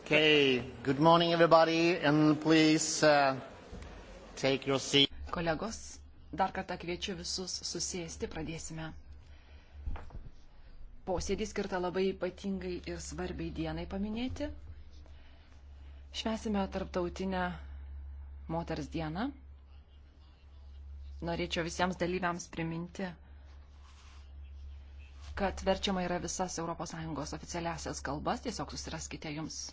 Okay, good morning everybody and please uh, take your seat. Kolegos, dar kartą kviečiu visus susėsti, pradėsime. Posėdį skirtą labai ypatingai ir svarbiai dienai paminėti. Švesime tarptautinę moters dieną. Norėčiau visiems dalyviams priminti, kad verčiama yra visas ES oficialiasias kalbas, tiesiog susiraskite jums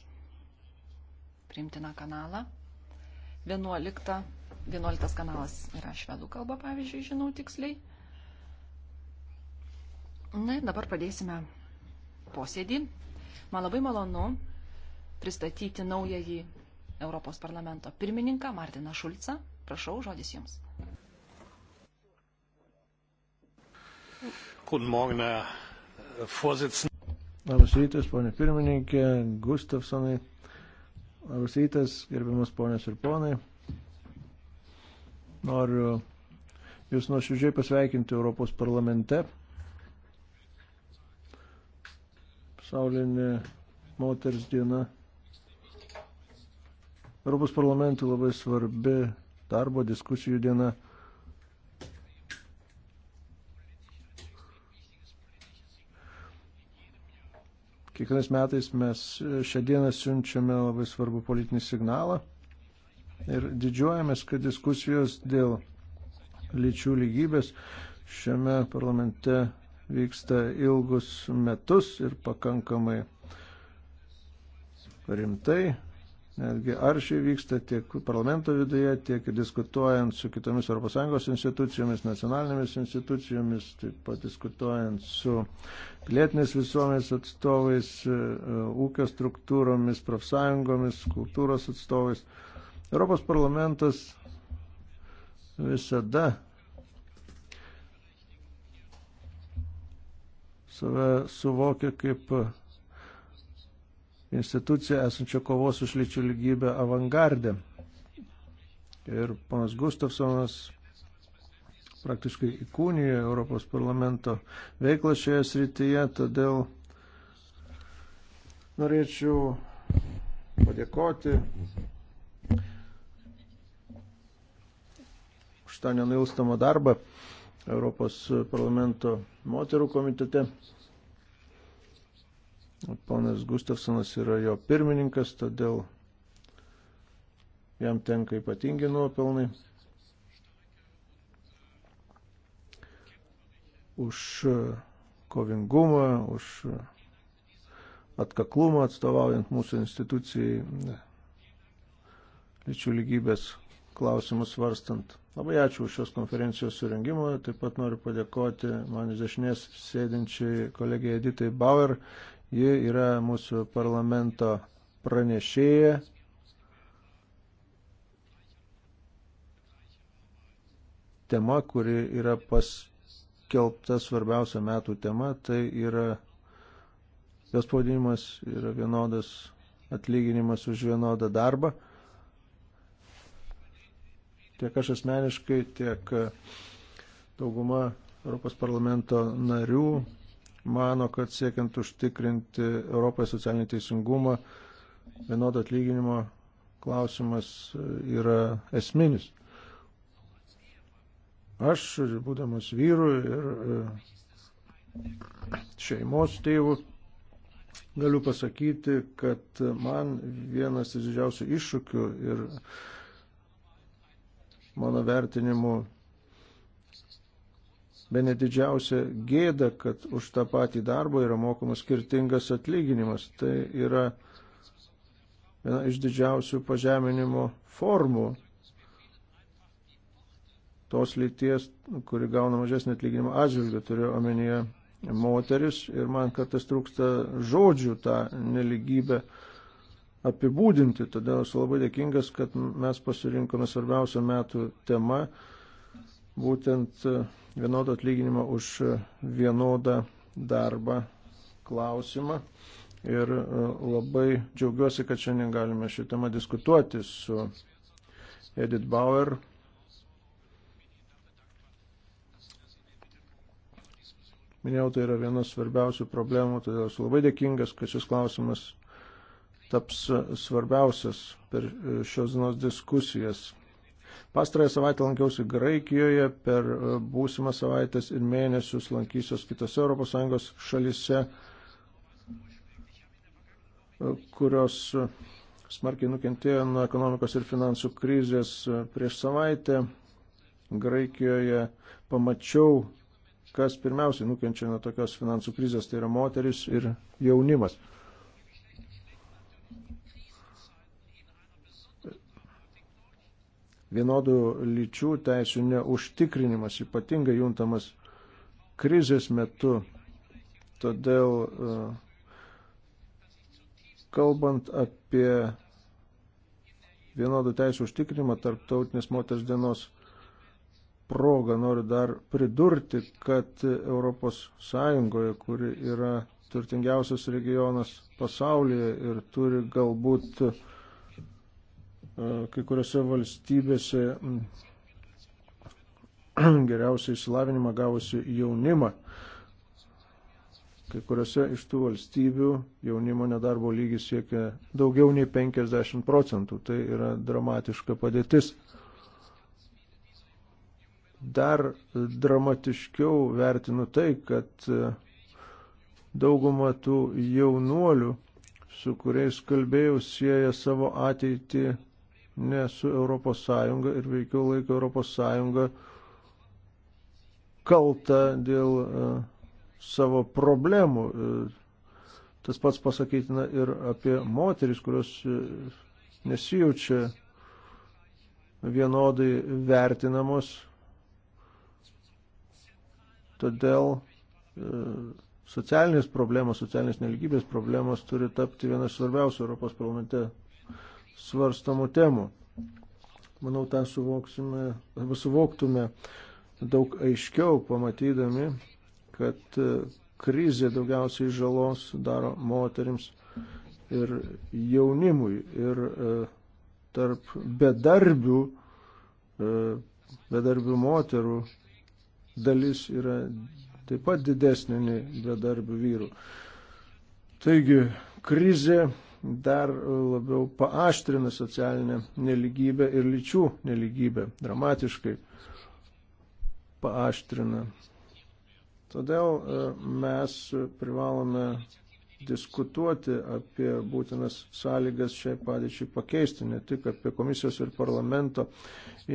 priimtiną kanalą. 11, 11 kanalas yra švedų kalba, pavyzdžiui, žinau tiksliai. Na ir dabar pradėsime posėdį. Man labai malonu pristatyti naująjį Europos parlamento pirmininką Martiną Šulcą. Prašau, žodis jums. Guten Morgen, Herr äh, Vorsitzender. Labas rytas, ponė pirmininkė, Gustafsonai. Labas rytas, gerbiamas ponės ir ponai. Noriu Jūs nuoširdžiai pasveikinti Europos parlamente. Pasaulinė moters diena. Europos parlamentui labai svarbi darbo diskusijų diena. Kiekvienais metais mes e, šią dieną siunčiame labai svarbu politinį signalą ir didžiuojamės, kad diskusijos dėl lyčių lygybės šiame parlamente vyksta ilgus metus ir pakankamai rimtai netgi aršiai vyksta tiek parlamento viduje, tiek ir diskutuojant su kitomis ES institucijomis, nacionalinėmis institucijomis, taip pat diskutuojant su pilietinės visuomenės atstovais, e, ūkio struktūromis, profsąjungomis, kultūros atstovais. Europos parlamentas visada save suvokia kaip instituciją esančią kovos už lyčių lygybę avangardę. Ir ponas Gustafsonas praktiškai įkūnijo Europos parlamento veiklą šioje srityje, todėl norėčiau padėkoti už tą nenuilstamą darbą Europos parlamento moterų komitete. Ponas Gustafsonas yra jo pirmininkas, todėl jam tenka ypatingi nuopelnai. Už kovingumą, už atkaklumą atstovaujant mūsų institucijai lyčių lygybės klausimus svarstant. Labai ačiū už šios konferencijos surengimą. Taip pat noriu padėkoti man iš dešinės sėdinčiai kolegijai Editai Bauer, Ji yra mūsų parlamento pranešėja. Tema, kuri yra paskelbta svarbiausia metų tema, tai yra jos pavadinimas yra vienodas atlyginimas už vienodą darbą. Tiek aš asmeniškai, tiek dauguma Europos parlamento narių mano, kad siekiant užtikrinti Europoje socialinį teisingumą, vienodo atlyginimo klausimas e, yra esminis. Aš, būdamas vyru ir e, šeimos tėvų, galiu pasakyti, kad man vienas iš didžiausių iššūkių ir mano vertinimu be nedidžiausia gėda, kad už tą patį darbą yra mokamas skirtingas atlyginimas. Tai yra viena iš didžiausių pažeminimo formų tos lyties, kuri gauna mažesnį atlyginimą atžvilgiu, turiu omenyje moteris ir man kartais trūksta žodžių tą neligybę apibūdinti. Todėl esu labai dėkingas, kad mes pasirinkome svarbiausią metų temą, būtent uh, vienodo atlyginimo už e, vienodą darbą klausimą. Ir e, labai džiaugiuosi, kad šiandien galime šį temą diskutuoti su Edith Bauer. Minėjau, tai yra vienas svarbiausių problemų, todėl esu labai dėkingas, kad šis klausimas taps svarbiausias per e, šios dienos diskusijas. Pastarąją savaitę lankiausi Graikijoje, per e, būsimą savaitęs ir mėnesius lankysiuos kitose ES šalise, e, kurios e, smarkiai nukentėjo nuo ekonomikos ir finansų krizės. Prieš savaitę Graikijoje pamačiau, kas pirmiausiai nukenčia nuo tokios finansų krizės, tai yra moteris ir jaunimas. vienodų lyčių teisų neužtikrinimas, ypatingai juntamas krizės metu. Todėl, e, kalbant apie vienodų teisų užtikrinimą tarptautinės moters dienos progą, noriu dar pridurti, kad Europos Sąjungoje, kuri yra turtingiausias regionas pasaulyje ir turi galbūt uh, kai kuriuose valstybėse mm, geriausią išsilavinimą gavusi jaunimą. Kai kuriuose iš tų valstybių jaunimo nedarbo lygis siekia daugiau nei 50 procentų. Tai yra dramatiška padėtis. Dar dramatiškiau vertinu tai, kad e, dauguma tų jaunuolių, su kuriais kalbėjau, sieja savo ateitį ne su ES ir veikiau laiko ES kalta dėl e, savo problemų. E, tas pats pasakytina ir apie moteris, kurios e, nesijaučia vienodai vertinamos. Todėl socialinės problemos, socialinės neligybės problemos turi tapti vienas svarbiausių Europos parlamente svarstamų temų. Manau, tą suvoksime, arba suvoktume daug aiškiau, pamatydami, kad e, krizė daugiausiai žalos daro moteriams ir jaunimui. Ir e, tarp bedarbių, e, bedarbių moterų dalis yra taip pat didesnė nei bedarbių vyrų. Taigi, krizė dar labiau paaštrina socialinę neligybę ir lyčių neligybę, dramatiškai paaštrina. Todėl e, mes privalome diskutuoti apie būtinas sąlygas šiai padėčiai pakeisti, ne tik apie komisijos ir parlamento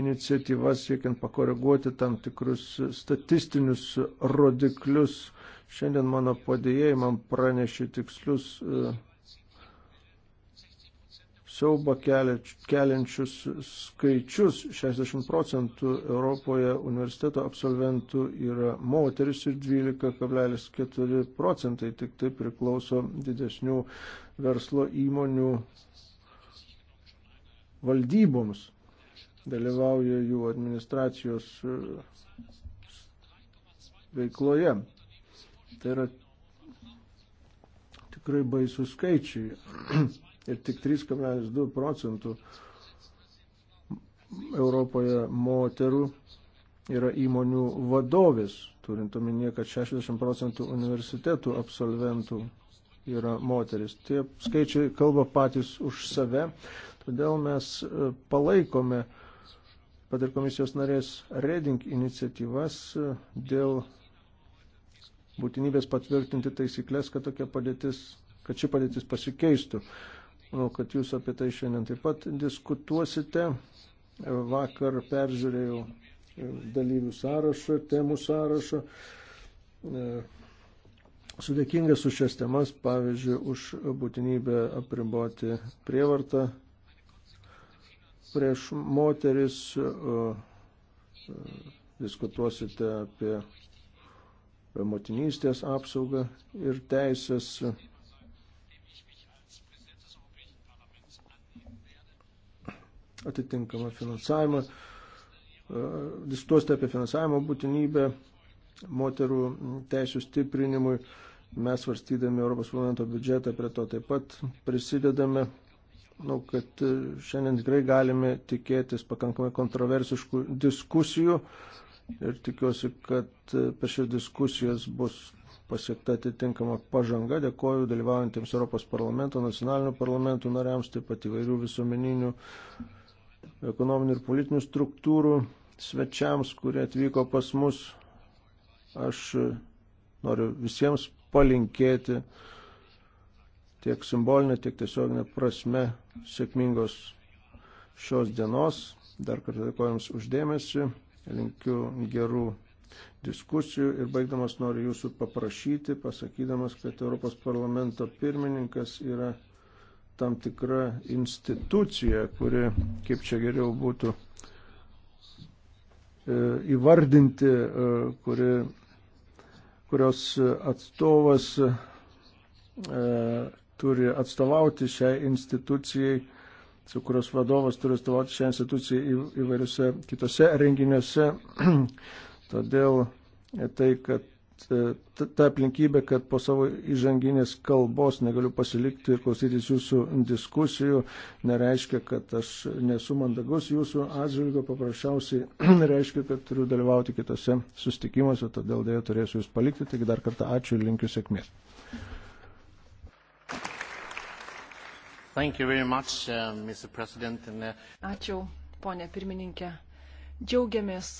iniciatyvas siekiant pakoreguoti tam tikrus statistinius rodiklius. Šiandien mano padėjėjai man pranešė tikslius e, siaubą keliančius skaičius. 60 procentų Europoje universiteto absolventų yra moteris ir 12,4 procentai tik tai priklauso didesnių verslo įmonių valdyboms. Dalyvauja jų administracijos e, veikloje. Tai yra tikrai baisų skaičiai. ir tik 3,2 procentų Europoje moterų yra įmonių vadovės, turint omenyje, kad 60 procentų universitetų absolventų yra moteris. Tie skaičiai kalba patys už save, todėl mes e, palaikome pat ir komisijos narės Reding iniciatyvas e, dėl būtinybės patvirtinti taisyklės, kad tokia padėtis, kad ši padėtis pasikeistų. Manau, kad jūs apie tai šiandien taip pat diskutuosite. Vakar peržiūrėjau dalyvių sąrašą, temų sąrašą. E, Sudėkingas už šias temas, pavyzdžiui, už būtinybę apriboti prievartą prieš moteris. E, diskutuosite apie motinystės apsaugą ir teisės atitinkamą finansavimą. E, diskutuosite apie finansavimo būtinybę moterų teisų stiprinimui. Mes varstydami Europos parlamento biudžetą prie to taip pat prisidedame. Manau, kad e, šiandien tikrai galime tikėtis pakankamai kontroversiškų diskusijų ir tikiuosi, kad e, per šias diskusijas bus pasiekta atitinkama pažanga. Dėkoju dalyvaujantiems Europos parlamento, nacionalinių parlamentų nariams, taip pat įvairių visuomeninių ekonominių ir politinių struktūrų svečiams, kurie atvyko pas mus. Aš noriu visiems palinkėti tiek simbolinė, tiek tiesioginė prasme sėkmingos šios dienos. Dar kartą dėkoju Jums uždėmesi, linkiu gerų diskusijų ir baigdamas noriu Jūsų paprašyti, pasakydamas, kad Europos parlamento pirmininkas yra tam tikra institucija, kuri, kaip čia geriau būtų e, įvardinti, e, kuri, kurios atstovas e, turi atstovauti šiai institucijai, su kurios vadovas turi atstovauti šią instituciją įvairiose kitose renginiuose. Todėl tai, kad E, ta aplinkybė, kad po savo įžanginės kalbos negaliu pasilikti ir klausytis jūsų diskusijų, nereiškia, kad aš nesu mandagus jūsų atžvilgio, paprasčiausiai reiškia, kad turiu dalyvauti kitose sustikimuose, todėl dėja turėsiu jūs palikti, taigi dar kartą ačiū ir linkiu sėkmės. Much, uh, uh, ačiū, ponė pirmininkė. Džiaugiamės,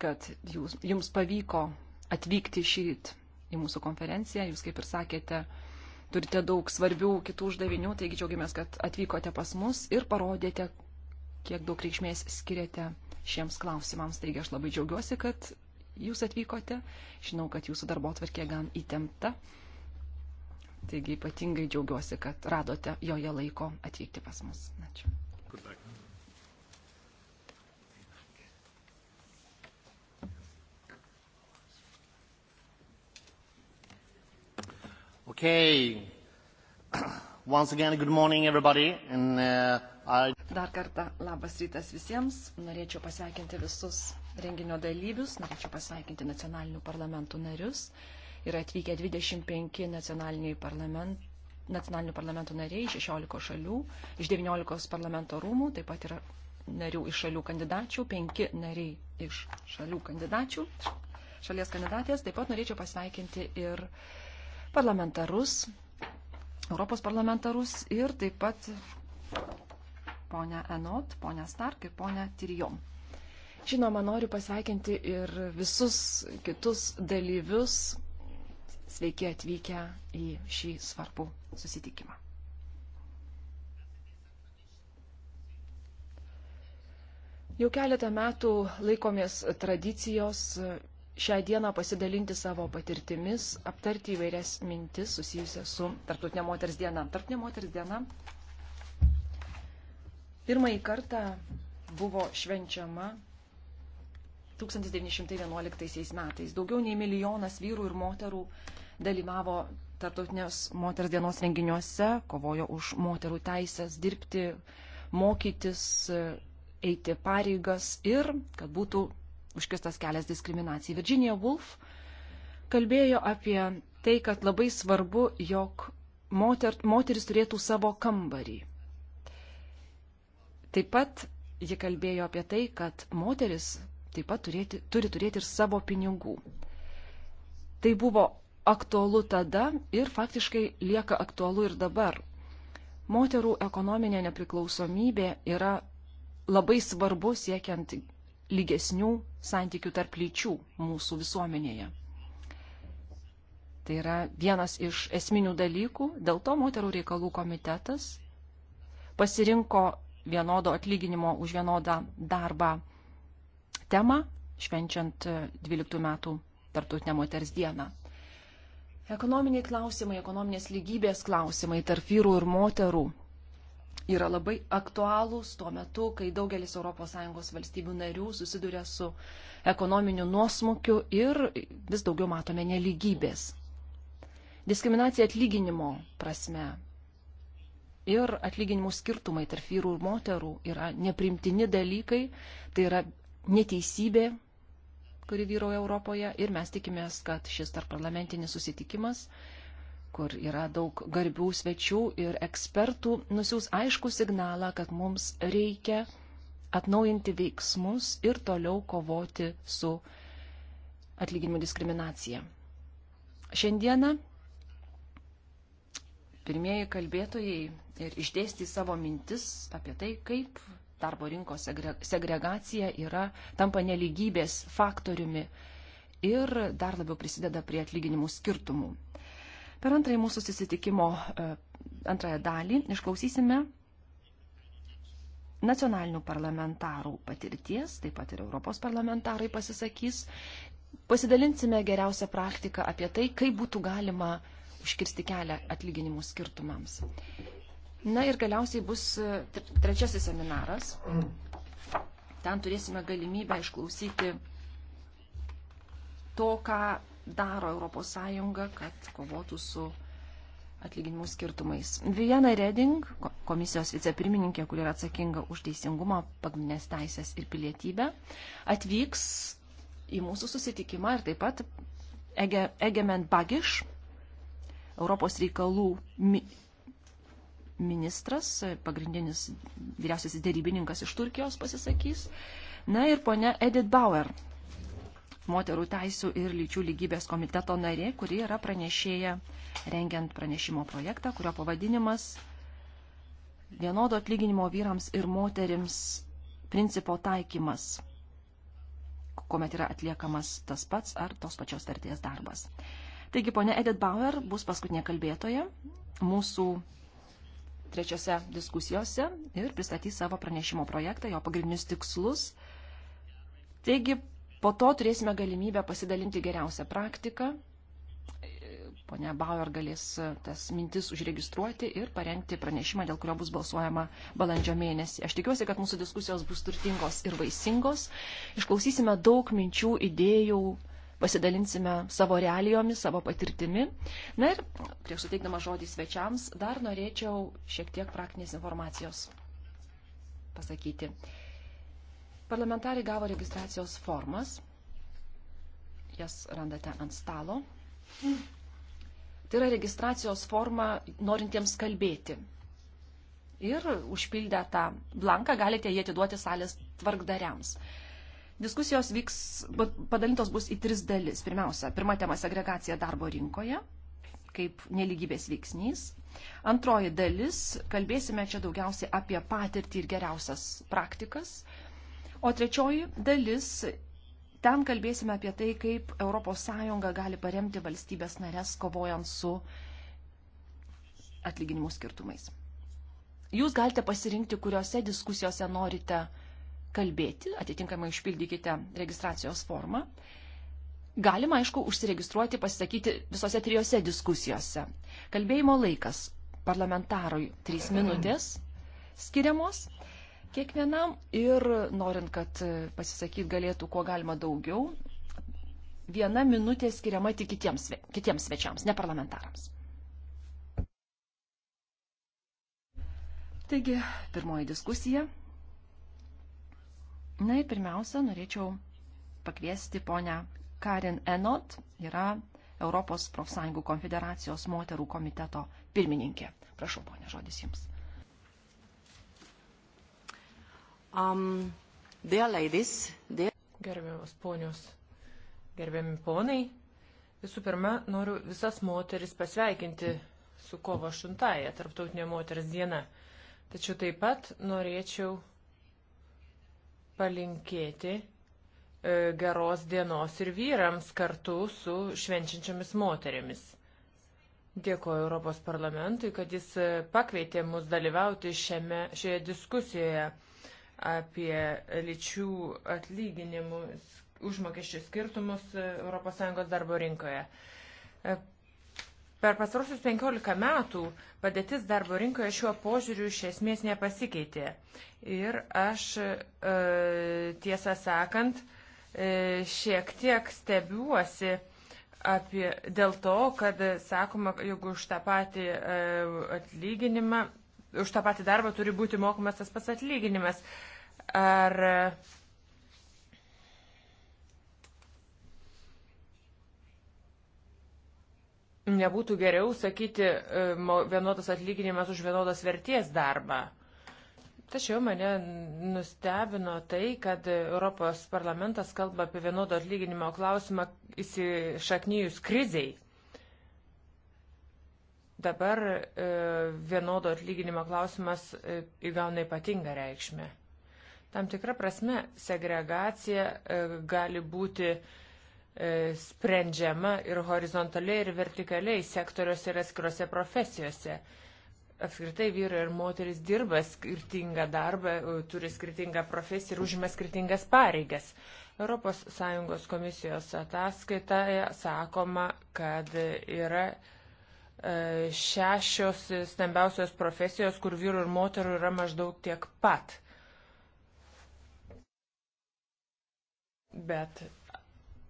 kad jūs, jums pavyko atvykti šį rytą į mūsų konferenciją. Jūs, kaip ir sakėte, turite daug svarbių kitų uždavinių, taigi džiaugiamės, kad atvykote pas mus ir parodėte, kiek daug reikšmės skiriate šiems klausimams. Taigi aš labai džiaugiuosi, kad jūs atvykote. Žinau, kad jūsų darbo atvarkė gan įtempta. Taigi ypatingai džiaugiuosi, kad radote joje laiko atvykti pas mus. Ačiū. Goodbye. Okay. Once again, good morning everybody. And, uh, I... Dar kartą labas rytas visiems. Norėčiau pasveikinti visus renginio dalyvius, norėčiau pasveikinti nacionalinių parlamentų narius. Yra atvykę 25 nacionaliniai parlament, nacionalinių parlamentų nariai iš 16 šalių, iš 19 parlamento rūmų, taip pat yra narių iš šalių kandidačių, 5 nariai iš šalių kandidačių, šalies kandidatės. Taip pat norėčiau pasveikinti ir uh, parlamentarus, Europos parlamentarus ir taip pat ponę Enot, ponę Stark ir ponę Tyrijom. Žinoma, noriu pasveikinti ir visus kitus dalyvius. Sveiki atvykę į šį svarbų susitikimą. Jau keletą metų laikomės tradicijos šią dieną pasidalinti savo patirtimis, aptarti įvairias mintis susijusias su Tartutinė moters diena. Tartutinė moters diena pirmąjį kartą buvo švenčiama 1911 metais. Daugiau nei milijonas vyrų ir moterų dalyvavo Tartutinės moters dienos renginiuose, kovojo už moterų teisės dirbti, mokytis, eiti pareigas ir kad būtų užkistas kelias diskriminacijai. Virginia Woolf kalbėjo apie tai, kad labai svarbu, jog moter, moteris turėtų savo kambarį. Taip pat ji kalbėjo apie tai, kad moteris taip pat turėti, turi turėti ir savo pinigų. Tai buvo aktualu tada ir faktiškai lieka aktualu ir dabar. Moterų ekonominė nepriklausomybė yra labai svarbu siekiant lygesnių santykių tarp lyčių mūsų visuomenėje. Tai yra vienas iš esminių dalykų, dėl to moterų reikalų komitetas pasirinko vienodo atlyginimo už vienodą darbą temą, švenčiant 12 e, metų tarptautinę moters dieną. Ekonominiai klausimai, ekonominės lygybės klausimai tarp vyrų ir moterų yra labai aktualūs tuo metu, kai daugelis ES valstybių narių susiduria su ekonominiu nuosmukiu ir vis daugiau matome neligybės. Diskriminacija atlyginimo prasme ir atlyginimų skirtumai tarp vyrų ir moterų yra neprimtini dalykai, tai yra neteisybė, kuri vyroja Europoje ir mes tikimės, kad šis tarp parlamentinis susitikimas kur yra daug garbių svečių ir ekspertų, nusiūs aišku signalą, kad mums reikia atnaujinti veiksmus ir toliau kovoti su atlyginimų diskriminacija. Šiandieną pirmieji kalbėtojai ir išdėstė savo mintis apie tai, kaip darbo rinkos segregacija yra tampa neligybės faktoriumi ir dar labiau prisideda prie atlyginimų skirtumų. Per antrąjį mūsų susitikimo e, antrąją dalį išklausysime nacionalinių parlamentarų patirties, taip pat ir Europos parlamentarai pasisakys. Pasidalinsime geriausią praktiką apie tai, kaip būtų galima užkirsti kelią atlyginimų skirtumams. Na ir galiausiai bus e, trečiasis seminaras. Ten turėsime galimybę išklausyti to, ką daro ES, kad kovotų su atlyginimų skirtumais. Viena Reding, komisijos vicepirmininkė, kuri yra atsakinga už teisingumą, pagrindinės teisės ir pilietybę, atvyks į mūsų susitikimą ir taip pat Ege, Egement Bagiš, Europos reikalų mi, ministras, pagrindinis vyriausiasis dėrybininkas iš Turkijos pasisakys. Na ir ponia Edith Bauer, moterų teisų ir lyčių lygybės komiteto narė, kuri yra pranešėja rengiant pranešimo projektą, kurio pavadinimas vienodo atlyginimo vyrams ir moterims principo taikymas, kuomet yra atliekamas tas pats ar tos pačios vertės darbas. Taigi, ponia Edith Bauer bus paskutinė kalbėtoja mūsų trečiose diskusijose ir pristatys savo pranešimo projektą, jo pagrindinius tikslus. Taigi, Po to turėsime galimybę pasidalinti geriausią praktiką. Pone Bauer galės tas mintis užregistruoti ir parengti pranešimą, dėl kurio bus balsuojama balandžio mėnesį. Aš tikiuosi, kad mūsų diskusijos bus turtingos ir vaisingos. Išklausysime daug minčių, idėjų, pasidalinsime savo realijomis, savo patirtimi. Na ir prieš suteikdama žodį svečiams dar norėčiau šiek tiek praktinės informacijos pasakyti. Parlamentarai gavo registracijos formas. Jas randate ant stalo. Tai yra registracijos forma norintiems kalbėti. Ir užpildę tą blanką galite jį atiduoti salės tvarkdariams. Diskusijos vyks, padalintos bus į tris dalis. Pirmiausia, pirma tema - segregacija darbo rinkoje, kaip neligybės veiksnys. Antroji dalis - kalbėsime čia daugiausiai apie patirtį ir geriausias praktikas. O trečioji dalis, ten kalbėsime apie tai, kaip ES gali paremti valstybės narės, kovojant su atlyginimų skirtumais. Jūs galite pasirinkti, kuriuose diskusijose norite kalbėti, atitinkamai išpildykite registracijos formą. Galima, aišku, užsiregistruoti, pasisakyti visose trijose diskusijose. Kalbėjimo laikas parlamentarui 3 minutės skiriamos kiekvienam ir norint, kad pasisakyti galėtų kuo galima daugiau, viena minutė skiriama tik kitiems, kitiems svečiams, ne parlamentarams. Taigi, pirmoji diskusija. Na ir pirmiausia, norėčiau pakviesti ponę Karin Enot, yra Europos profsąjungų konfederacijos moterų komiteto pirmininkė. Prašau, ponė, žodis jums. Um, ladies, dear... Gerbiamas ponios, gerbiami ponai, visų pirma, noriu visas moteris pasveikinti su kovo 8-ąją Tarptautinė moters diena. Tačiau taip pat norėčiau palinkėti e, geros dienos ir vyrams kartu su švenčiančiamis moterėmis. Dėkoju Europos parlamentui, kad jis e, pakvietė mus dalyvauti šiame, šioje diskusijoje apie lyčių atlyginimų užmokesčių skirtumus ES darbo rinkoje. Per pastarosius 15 metų padėtis darbo rinkoje šiuo požiūriu iš esmės nepasikeitė. Ir aš, e, tiesą sakant, e, šiek tiek stebiuosi apie, dėl to, kad sakoma, jeigu už tą patį e, atlyginimą, už tą patį darbą turi būti mokamas tas pats atlyginimas ar e, nebūtų geriau sakyti e, vienodas atlyginimas už vienodas verties darbą. Tačiau mane nustebino tai, kad Europos parlamentas kalba apie vienodo atlyginimo klausimą įsišaknyjus kriziai. Dabar e, vienodo atlyginimo klausimas įgauna ypatingą reikšmę. Tam tikra prasme segregacija e, gali būti e, sprendžiama ir horizontaliai, ir vertikaliai sektoriuose ir atskiruose profesijose. Apskritai vyrai ir moteris dirba skirtingą darbą, e, turi skirtingą profesiją ir užima skirtingas pareigas. ES komisijos ataskaita sakoma, kad yra šešios stambiausios profesijos, kur vyrų ir moterų yra maždaug tiek pat. Bet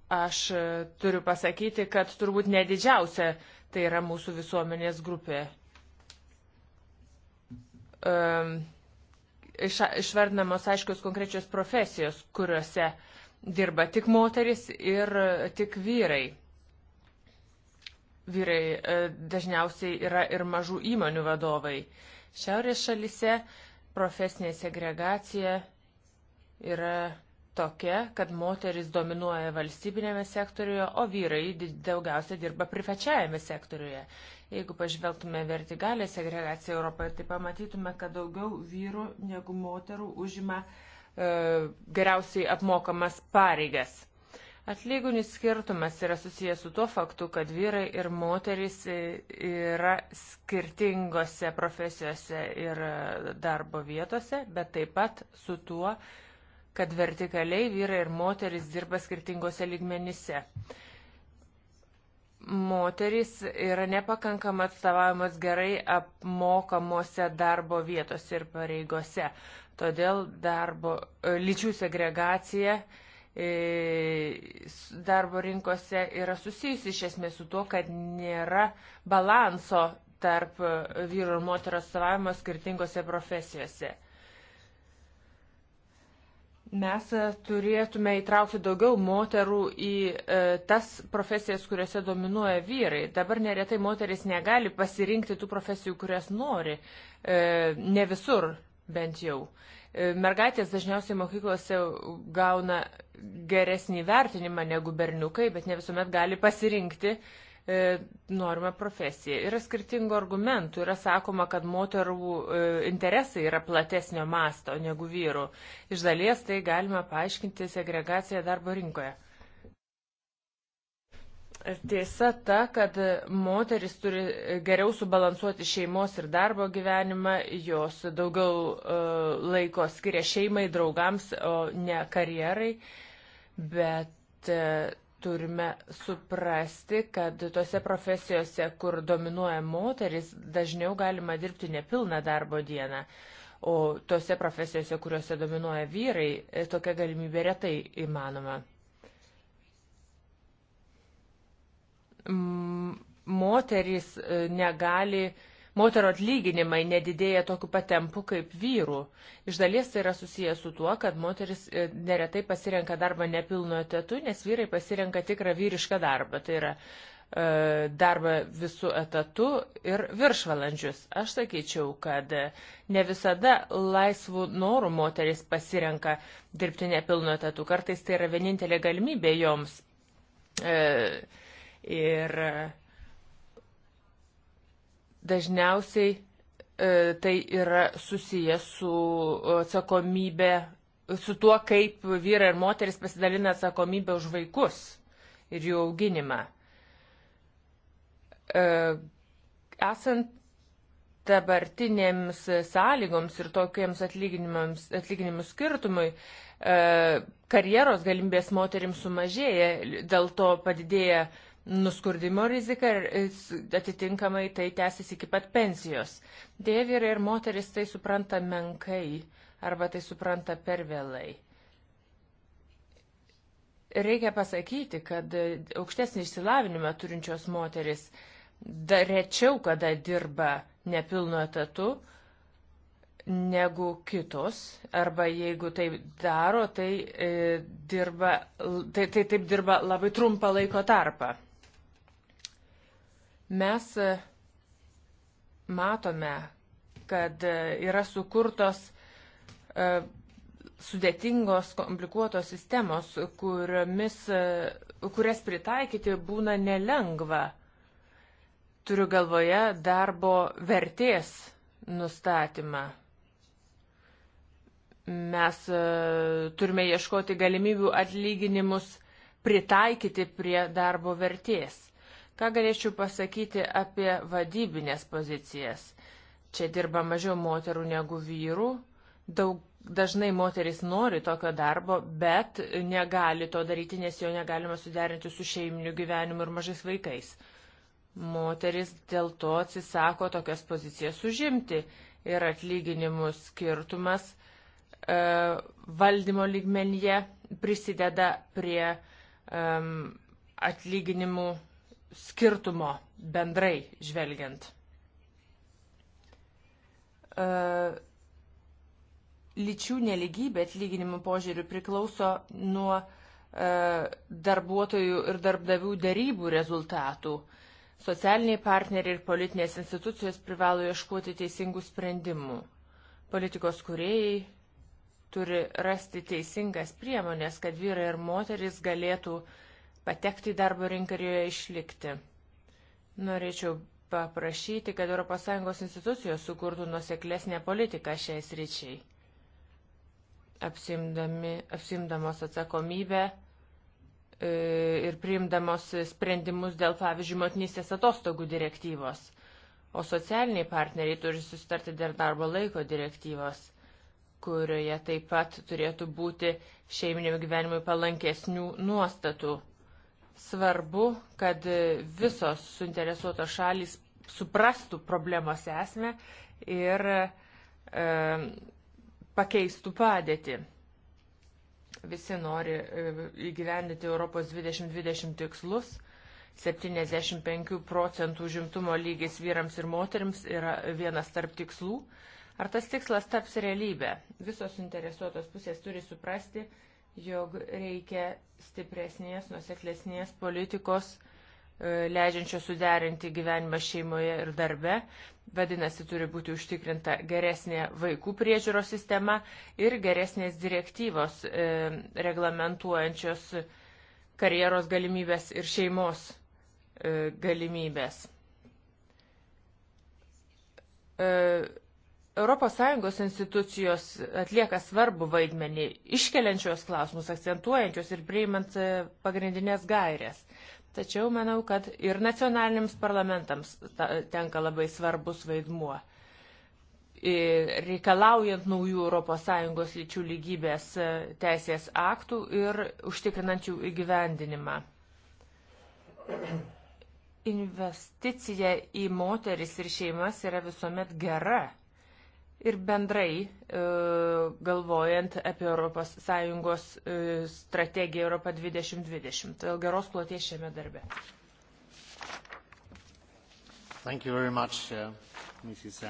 aš e, turiu pasakyti, kad turbūt nedidžiausia tai yra mūsų visuomenės grupė. Um, iš, išvardinamos aiškios konkrečios profesijos, kuriuose dirba tik moteris ir e, tik vyrai. Vyrai e, dažniausiai yra ir mažų įmonių vadovai. Šiaurės šalise profesinė segregacija yra tokia, kad moteris dominuoja valstybinėme sektoriuje, o vyrai daugiausia dirba privačiajame sektoriuje. Jeigu pažvelgtume vertikalę segregaciją Europoje, tai pamatytume, kad daugiau vyrų negu moterų užima e, geriausiai apmokamas pareigas. Atlyginių skirtumas yra susijęs su tuo faktu, kad vyrai ir moterys e, yra skirtingose profesijose ir e, darbo vietose, bet taip pat su tuo, kad vertikaliai vyrai ir moteris dirba skirtingose lygmenyse. Moterys yra nepakankama atstovavimas gerai apmokamuose darbo vietose ir pareigose. Todėl darbo, e, lyčių segregacija e, darbo rinkose yra susijusi iš esmės su tuo, kad nėra balanso tarp e, vyru ir moterų atstovavimo skirtingose profesijose. Mes e, turėtume įtraukti daugiau moterų į e, tas profesijas, kuriuose dominuoja vyrai. Dabar neretai moteris negali pasirinkti tų profesijų, kurias nori. E, ne visur bent jau. E, mergaitės dažniausiai mokyklose gauna geresnį vertinimą negu berniukai, bet ne visuomet gali pasirinkti uh, E, norima profesija. Yra skirtingų argumentų. Yra sakoma, kad moterų e, interesai yra platesnio masto negu vyrų. Iš dalies tai galima paaiškinti segregaciją darbo rinkoje. Tiesa ta, kad moteris turi geriau subalansuoti šeimos ir darbo gyvenimą, jos daugiau e, laiko skiria šeimai, draugams, o ne karjerai, bet turime suprasti, kad tose profesijose, kur dominuoja moteris, dažniau galima dirbti nepilną darbo dieną, o tose profesijose, kuriuose dominuoja vyrai, e, tokia galimybė retai įmanoma. Moterys e, negali uh, Moterų atlyginimai nedidėja tokiu patempu kaip vyrų. Iš dalies tai yra susijęs su tuo, kad moteris e, neretai pasirenka darbą nepilnu etatu, nes vyrai pasirenka tikrą vyrišką darbą. Tai yra e, darbą visų etatų ir viršvalandžius. Aš sakyčiau, kad ne visada laisvų norų moteris pasirenka dirbti nepilno etatų. Kartais tai yra vienintelė galimybė joms. E, ir Dažniausiai e, tai yra susijęs su atsakomybė, su tuo, kaip vyrai ir moteris pasidalina atsakomybę už vaikus ir jų auginimą. E, esant dabartinėms sąlygoms ir tokiems atlyginimų skirtumui, e, karjeros galimybės moterims sumažėja, dėl to padidėja nuskurdimo rizika ir atitinkamai tai tęsis iki pat pensijos. Dėja, vyrai ir moteris tai supranta menkai arba tai supranta per vėlai. Reikia pasakyti, kad aukštesnį išsilavinimą turinčios moteris rečiau kada dirba nepilnu etatu negu kitos, arba jeigu tai daro, tai, e, dirba, tai, tai taip dirba labai trumpą laiko tarpą. Mes e, matome, kad e, yra sukurtos e, sudėtingos, komplikuotos sistemos, kuriomis, kurias pritaikyti būna nelengva. Turiu galvoje darbo vertės nustatymą. Mes turime ieškoti galimybių atlyginimus pritaikyti prie darbo vertės. Ką galėčiau pasakyti apie vadybinės pozicijas? Čia dirba mažiau moterų negu vyrų. Daug, dažnai moteris nori tokio darbo, bet negali to daryti, nes jo negalima suderinti su šeiminiu gyvenimu ir mažais vaikais. Moteris dėl to atsisako tokias pozicijas užimti ir atlyginimų skirtumas e, valdymo lygmenyje prisideda prie e, atlyginimų skirtumo bendrai žvelgiant. E, lyčių neligybė atlyginimų požiūrių priklauso nuo e, darbuotojų ir darbdavių darybų rezultatų. Socialiniai partneriai ir politinės institucijos privalo ieškoti teisingų sprendimų. Politikos kuriejai turi rasti teisingas priemonės, kad vyrai ir moteris galėtų uh, patekti į darbo rinką ir joje išlikti. Norėčiau paprašyti, kad ES institucijos sukurtų nuseklesnę politiką šiais ryčiai, apsimdamos atsakomybę e, ir priimdamos sprendimus dėl, pavyzdžiui, motinystės atostogų direktyvos, o socialiniai partneriai turi susitarti dėl darbo laiko direktyvos kurioje taip pat turėtų būti šeiminiam gyvenimui palankesnių nuostatų Svarbu, kad visos suinteresuotos šalys suprastų problemos esmę ir e, pakeistų padėtį. Visi nori e, įgyvendinti Europos 2020 tikslus. 75 procentų žimtumo lygis vyrams ir moteriams yra vienas tarp tikslų. Ar tas tikslas taps realybė? Visos interesuotos pusės turi suprasti, jog reikia stipresnės, nuseklesnės politikos, e, leidžiančios suderinti gyvenimą šeimoje ir darbe. Vadinasi, turi būti užtikrinta geresnė vaikų priežiūros sistema ir geresnės direktyvos e, reglamentuojančios karjeros galimybės ir šeimos e, galimybės. E, ES institucijos atlieka svarbu vaidmenį, iškeliančios klausimus, akcentuojančios ir priimant e, pagrindinės gairės. Tačiau manau, kad ir nacionaliniams parlamentams tenka labai svarbus vaidmuo. E, reikalaujant naujų ES lyčių lygybės e, teisės aktų ir užtikrinančių įgyvendinimą. Investicija į moteris ir šeimas yra visuomet gera ir bendrai e, galvojant apie ES e, strategiją Europą 2020. Tai geros plotės šiame darbe. Much, uh,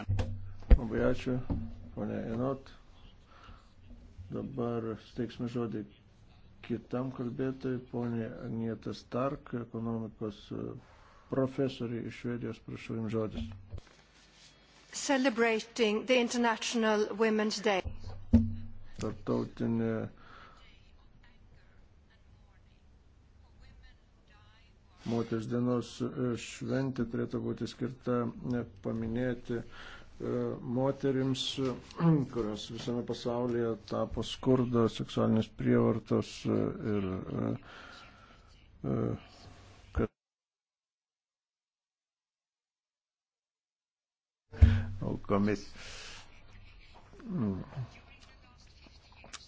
Labai ačiū, ponė Enot. Dabar steiksime žodį kitam kalbėtojui, ponė Agnieta Stark, ekonomikos e, profesorė iš Švedijos, prašau jums žodis celebrating the International Women's Day. Tartautinė moters dienos e, šventė turėtų būti skirta e, paminėti e, moterims, kurios visame pasaulyje tapo skurdo, seksualinės prievartos ir aukomis. Nu.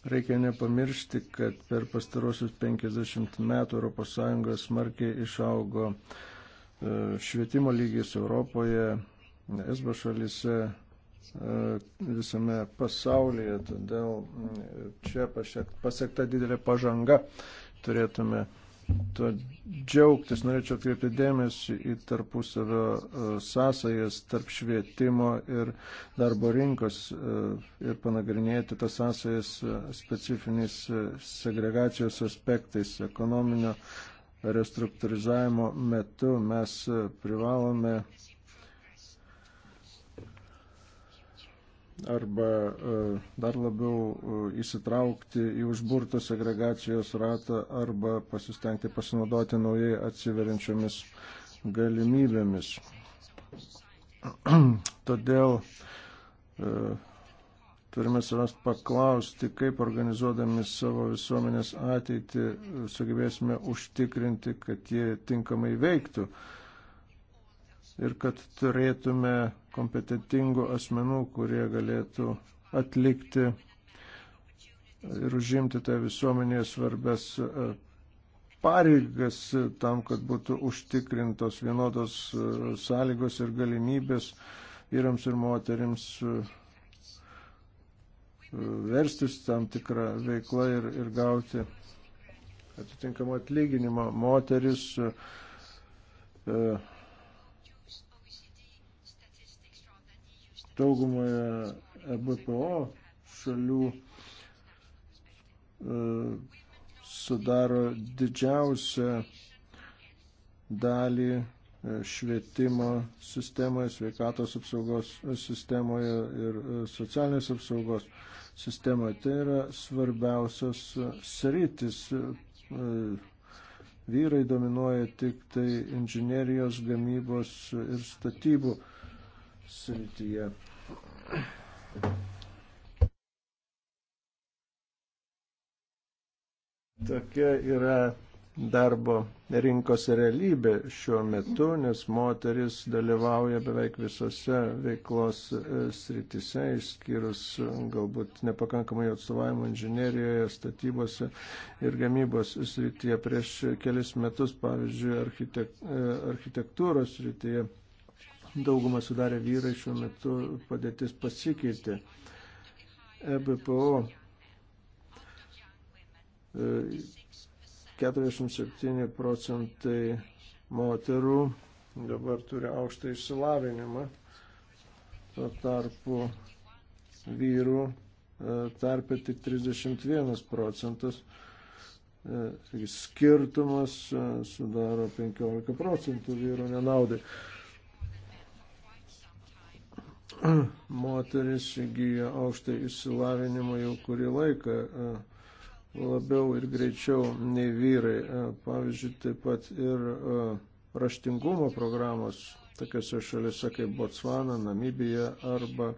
Reikia nepamiršti, kad per pastarosius 50 metų ES smarkiai išaugo e, švietimo lygis Europoje, esba šalise, e, visame pasaulyje, todėl čia pasiekta didelė pažanga turėtume tuo džiaugtis. Norėčiau atkreipti dėmesį į tarpusavio e, sąsajas tarp švietimo ir darbo rinkos e, ir panagrinėti tas sąsajas e, specifiniais segregacijos aspektais ekonominio restruktūrizavimo metu mes privalome arba e, dar labiau e, įsitraukti į užburtą segregacijos ratą arba pasistengti pasinaudoti naujai atsiveriančiomis galimybėmis. Todėl e, turime savęs paklausti, kaip organizuodami savo visuomenės ateitį sugebėsime užtikrinti, kad jie tinkamai veiktų ir kad turėtume kompetentingų asmenų, kurie galėtų atlikti ir užimti tą visuomenėje svarbes e, pareigas tam, kad būtų užtikrintos vienodos e, sąlygos ir galimybės vyrams ir moteriams e, verstis tam tikrą veiklą ir, ir gauti atitinkamą atlyginimą. Moteris daugumoje e BPO šalių e, sudaro didžiausią dalį e, švietimo sistemoje, sveikatos apsaugos sistemoje ir socialinės apsaugos sistemoje. Tai yra svarbiausios sritis. Vyrai dominuoja tik tai inžinerijos, gamybos ir statybų srityje. Tokia yra darbo rinkos realybė šiuo metu, nes moteris dalyvauja beveik visose veiklos e, sritise, išskyrus galbūt nepakankamai atstovavimo inžinerijoje, statybose ir gamybos srityje. Prieš kelis metus, pavyzdžiui, architek, e, architektūros srityje daugumą sudarė vyrai, šiuo metu padėtis pasikeitė. EBPO 47 e, procentai moterų dabar turi aukštą išsilavinimą, tuo tarpu vyrų e, tarpė tik 31 procentas. E, skirtumas sudaro 15 procentų vyrų nenaudai moteris įgyja aukštą išsilavinimą jau kurį laiką e, labiau ir greičiau nei vyrai. E, pavyzdžiui, taip pat ir e, raštingumo programos tokiose šalise kaip Botsvana, Namibija arba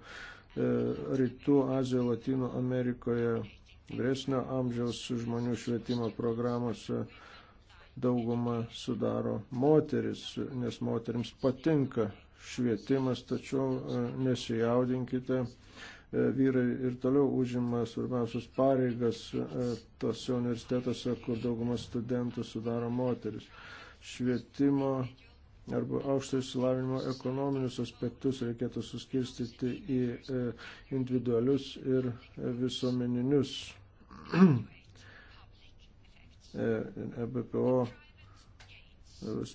Rytų Azijoje, Latino Amerikoje, vyresnio amžiaus žmonių švietimo programose daugumą sudaro moteris, nes moteriams patinka švietimas, tačiau e, nesijaudinkite, e, vyrai ir toliau užima svarbiausias pareigas e, tose universitetuose, kur dauguma studentų sudaro moteris. Švietimo arba aukšto išsilavinimo ekonominius aspektus reikėtų suskirstyti į individualius ir visuomeninius. EBPO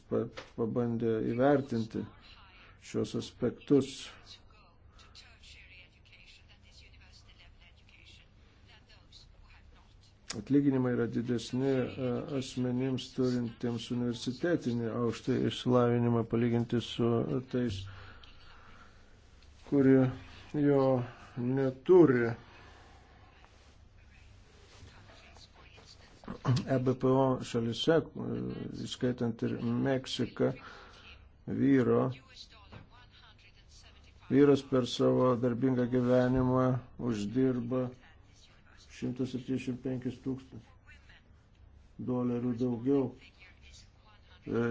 pabandė įvertinti šios aspektus. Atlyginimai yra didesni e, asmenims turintiems universitetinį aukštą išsilavinimą palyginti su tais, kurie jo neturi. EBPO šalise, e, įskaitant ir Meksiką, vyro Vyras per savo darbingą gyvenimą uždirba 175 tūkstančių dolerių daugiau e,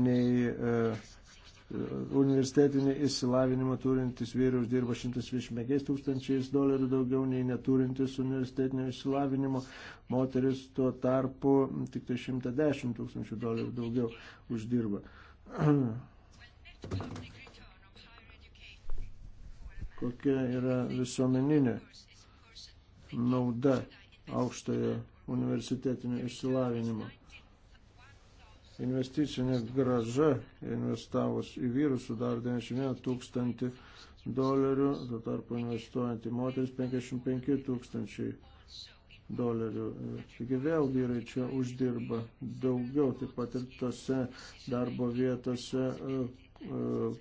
nei e, universitetinį įsilavinimą turintis vyrai uždirba 125 tūkstančiais dolerių daugiau nei neturintis universitetinio įsilavinimo, moteris tuo tarpu tik tai 110 tūkstančių dolerių daugiau uždirba. kokia yra visuomeninė nauda aukštojo universitetinio išsilavinimo. Investicinė graža investavus į vyrus sudaro 91 tūkstantį dolerių, tuo tarpu investuojant į moteris 55 tūkstančiai dolerių. Taigi vėl vyrai čia uždirba daugiau, taip pat ir tose darbo vietose, e, e,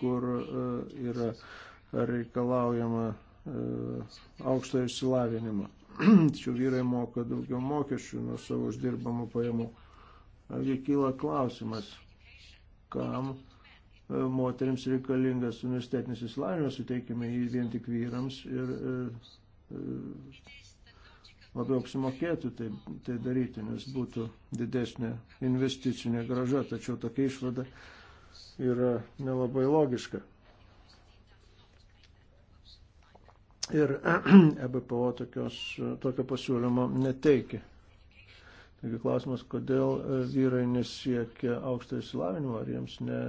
kur e, yra reikalaujama e, aukšto išsilavinimo. Tačiau vyrai moka daugiau mokesčių nuo savo uždirbamų pajamų. Argi kyla klausimas, kam e, moteriams reikalingas universitetinis įsilavinimas, suteikime jį vien tik vyrams ir e, labiau apsimokėtų tai, tai daryti, nes būtų didesnė investicinė graža, tačiau tokia išvada yra nelabai logiška. ir EBPO e tokios, tokio pasiūlymo neteikia. Taigi klausimas, kodėl e, vyrai nesiekia aukšto įsilavinimo, ar jiems ne,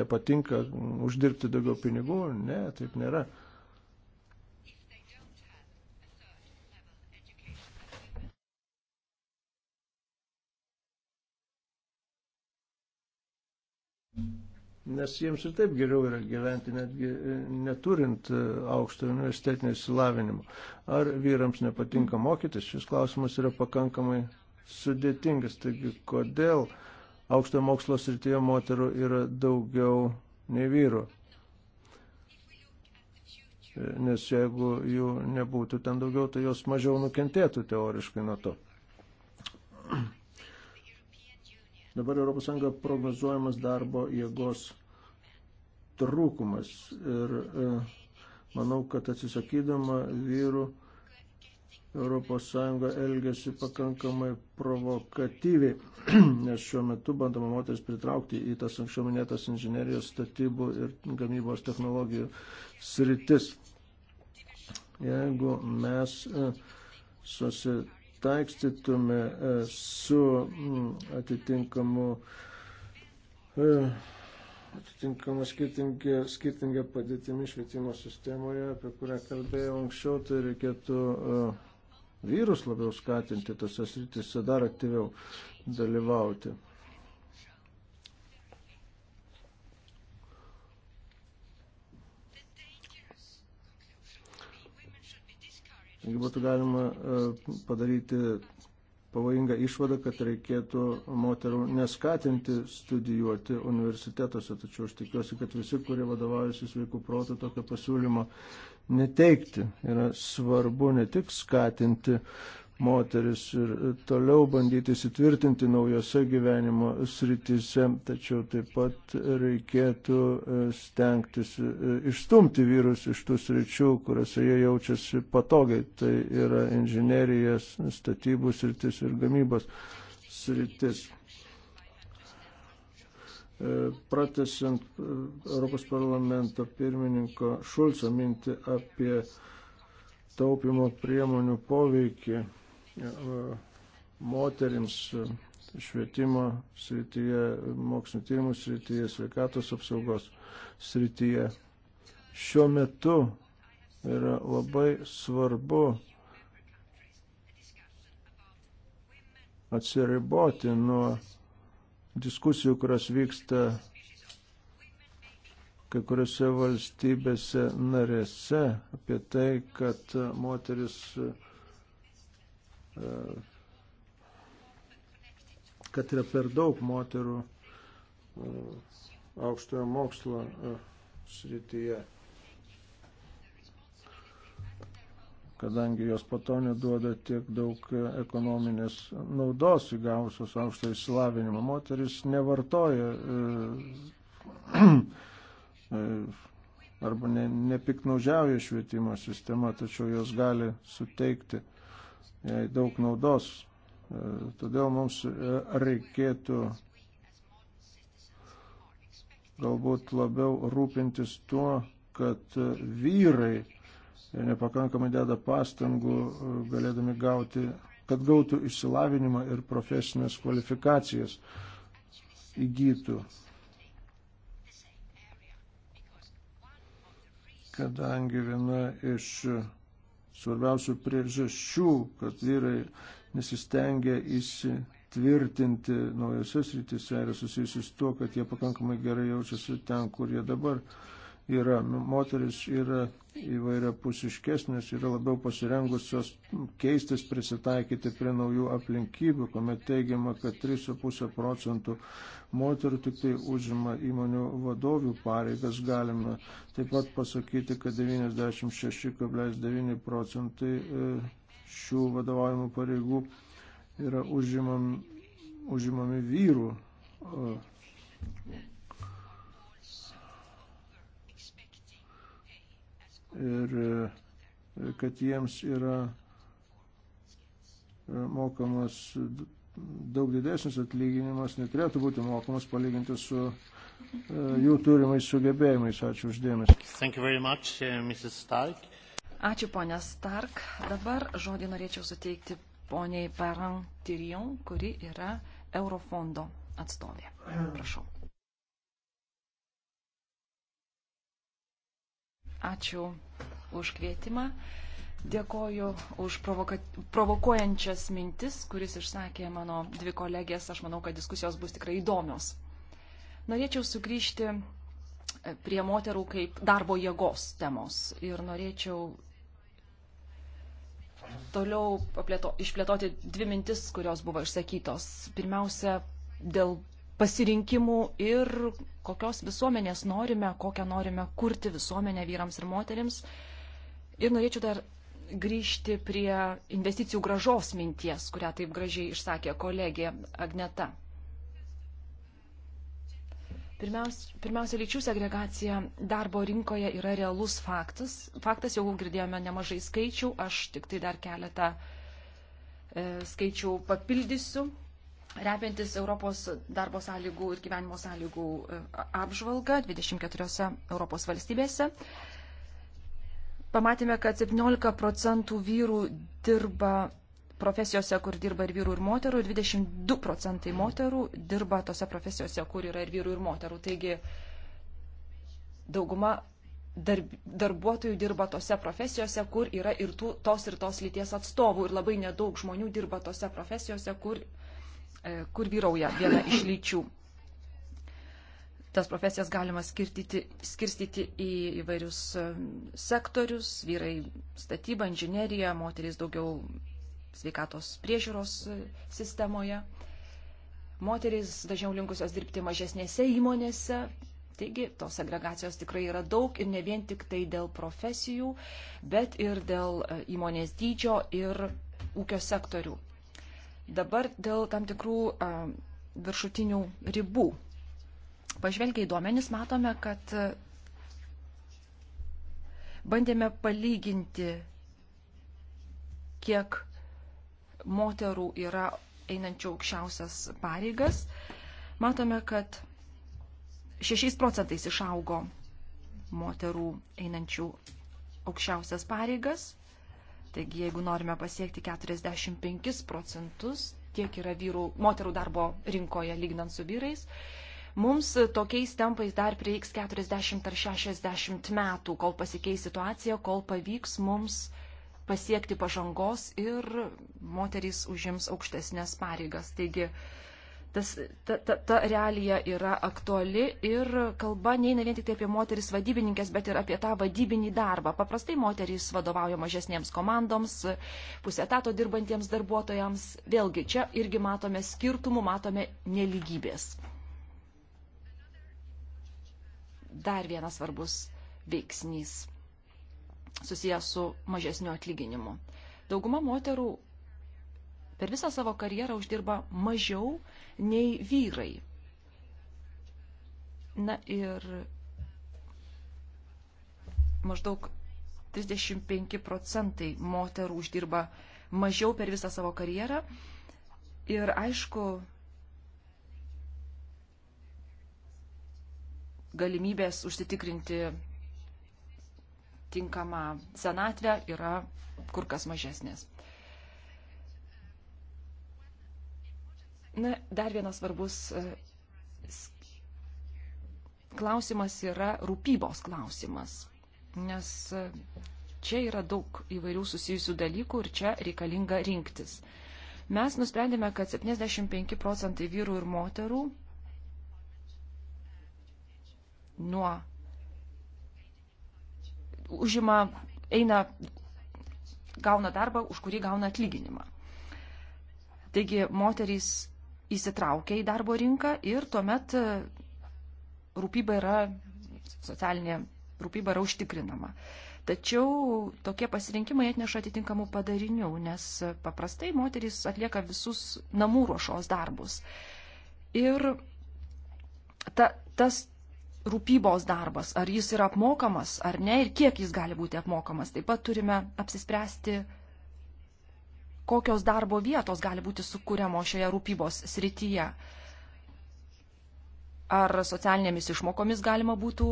nepatinka uždirbti daugiau pinigų, ne, taip nėra. nes jiems ir taip geriau yra gyventi, netgi e, neturint e, aukšto universitetinio įsilavinimo. Ar vyrams nepatinka mokytis, šis klausimas yra pakankamai sudėtingas. Taigi, kodėl aukšto mokslo srityje moterų yra daugiau nei vyrų? E, nes jeigu jų nebūtų ten daugiau, tai jos mažiau nukentėtų teoriškai nuo to. Dabar ES prognozuojamas darbo jėgos trūkumas ir e, manau, kad atsisakydama vyrų ES elgesi pakankamai provokatyviai, nes šiuo metu bandoma moteris pritraukti į tas anksčiau minėtas inžinerijos statybų ir gamybos technologijų sritis. Jeigu mes e, susitikime, susitaikstytume e, su atitinkamu e, atitinkama skirtingi, skirtinga padėtimi švietimo sistemoje, apie kurią kalbėjau anksčiau, tai reikėtų e, vyrus labiau skatinti tose srityse dar aktyviau dalyvauti. Jeigu būtų galima e, padaryti pavojingą išvadą, kad reikėtų moterų neskatinti studijuoti universitetuose, tačiau aš tikiuosi, kad visi, kurie vadovaujasi sveikų protų, tokio pasiūlymo neteikti. Yra svarbu ne tik skatinti uh, moteris ir toliau bandyti įsitvirtinti naujose gyvenimo srityse, tačiau taip pat reikėtų e, stengtis e, išstumti vyrus iš tų sričių, kuriuose jie jaučiasi patogiai. Tai yra inžinierijas, statybų sritis ir gamybos sritis. E, pratesiant Europos parlamento pirmininko Šulco mintį apie taupimo priemonių poveikį moterims e, švietimo srityje, mokslinio tyrimų srityje, sveikatos apsaugos srityje. Šiuo metu yra labai svarbu atsiriboti nuo diskusijų, kurios vyksta kai kuriuose valstybėse narėse apie tai, kad moteris uh, kad yra per daug moterų e, aukštojo mokslo e, srityje, kadangi jos po to neduoda tiek daug e, ekonominės naudos įgavusios aukšto įsilavinimo. Moteris nevartoja arba ne, nepiknaužiauja švietimo sistema, tačiau jos gali suteikti daug naudos. E, todėl mums e, reikėtų galbūt labiau rūpintis tuo, kad e, vyrai nepakankamai deda pastangų, galėdami gauti, kad gautų išsilavinimą ir profesinės kvalifikacijas įgytų. Kadangi viena iš svarbiausių priežasčių, kad vyrai nesistengia įsitvirtinti naujose srityse ir susijusius tuo, kad jie pakankamai gerai jaučiasi ten, kur jie dabar yra, nu, moteris yra įvairia pusiškesnės, yra labiau pasirengusios keistis, prisitaikyti prie naujų aplinkybių, kuomet teigiama, kad 3,5 procentų moterų tik tai užima įmonių vadovių pareigas, galime taip pat pasakyti, kad 96,9 procentai e, šių vadovavimo pareigų yra užimam, užimami vyrų. E, ir e, kad jiems yra e, mokamas daug didesnis atlyginimas, neturėtų būti mokamas palyginti su e, jų turimais sugebėjimais. Ačiū uždėmesi. Uh, Ačiū ponė Stark. Dabar žodį norėčiau suteikti poniai Paran Tyrion, kuri yra Eurofondo atstovė. Prašau. Ačiū už kvietimą. Dėkoju už provoka... provokuojančias mintis, kuris išsakė mano dvi kolegės. Aš manau, kad diskusijos bus tikrai įdomios. Norėčiau sugrįžti e, prie moterų kaip darbo jėgos temos ir norėčiau toliau plėto, išplėtoti dvi mintis, kurios buvo išsakytos. Pirmiausia, dėl pasirinkimų ir kokios visuomenės norime, kokią norime kurti visuomenę vyrams ir moteriams. Ir norėčiau dar grįžti prie investicijų gražos minties, kurią taip gražiai išsakė kolegė Agneta. Pirmiausia, pirmiausia, lyčių segregacija darbo rinkoje yra realus faktas. Faktas jau girdėjome nemažai skaičių, aš tik tai dar keletą e, skaičių papildysiu remiantis Europos darbo sąlygų ir gyvenimo sąlygų e, apžvalga 24 Europos valstybėse. Pamatėme, kad 17 procentų vyrų dirba profesijose, kur dirba ir vyrų, ir moterų, ir 22 procentai moterų dirba tose profesijose, kur yra ir vyrų, ir moterų. Taigi dauguma darb, darbuotojų dirba tose profesijose, kur yra ir tų, tos ir tos lyties atstovų, ir labai nedaug žmonių dirba tose profesijose, kur yra E, kur vyrauja viena iš lyčių. Tas profesijas galima skirtyti, skirstyti į įvairius e, sektorius - vyrai statyba, inžinierija, moterys daugiau sveikatos priežiūros e, sistemoje, moterys dažniau linkusios dirbti mažesnėse įmonėse. Taigi tos agregacijos tikrai yra daug ir ne vien tik tai dėl profesijų, bet ir dėl įmonės dydžio ir ūkio sektorių. Dabar dėl tam tikrų a, viršutinių ribų. Pažvelgiai duomenys matome, kad bandėme palyginti, kiek moterų yra einančių aukščiausias pareigas. Matome, kad 6 procentais išaugo moterų einančių aukščiausias pareigas Taigi, jeigu norime pasiekti 45 procentus, tiek yra vyrų, moterų darbo rinkoje lyginant su vyrais, mums tokiais tempais dar prieiks 40 ar 60 metų, kol pasikeis situacija, kol pavyks mums pasiekti pažangos ir moterys užims aukštesnės pareigas. Taigi, uh, tas, ta, ta, ta realija yra aktuali ir kalba neina vien tik tai apie moteris vadybininkės, bet ir apie tą vadybinį darbą. Paprastai moterys vadovauja mažesnėms komandoms, pusę tato dirbantiems darbuotojams. Vėlgi, čia irgi matome skirtumų, matome neligybės. Dar vienas svarbus veiksnys susijęs su mažesniu atlyginimu. Dauguma moterų per visą savo karjerą uždirba mažiau nei vyrai. Na ir maždaug 35 procentai moterų uždirba mažiau per visą savo karjerą. Ir aišku, galimybės užsitikrinti tinkamą senatvę yra kur kas mažesnės. Na, dar vienas svarbus e, klausimas yra rūpybos klausimas, nes e, čia yra daug įvairių susijusių dalykų ir čia reikalinga rinktis. Mes nusprendėme, kad 75 procentai vyrų ir moterų nuo užima, eina, gauna darbą, už kurį gauna atlyginimą. Taigi moterys įsitraukia į darbo rinką ir tuomet e, rūpyba yra socialinė rūpyba yra užtikrinama. Tačiau tokie pasirinkimai atneša atitinkamų padarinių, nes paprastai moterys atlieka visus namų ruošos darbus. Ir ta, tas rūpybos darbas, ar jis yra apmokamas ar ne ir kiek jis gali būti apmokamas, taip pat turime apsispręsti kokios darbo vietos gali būti sukūriamos šioje rūpybos srityje. Ar socialinėmis išmokomis galima būtų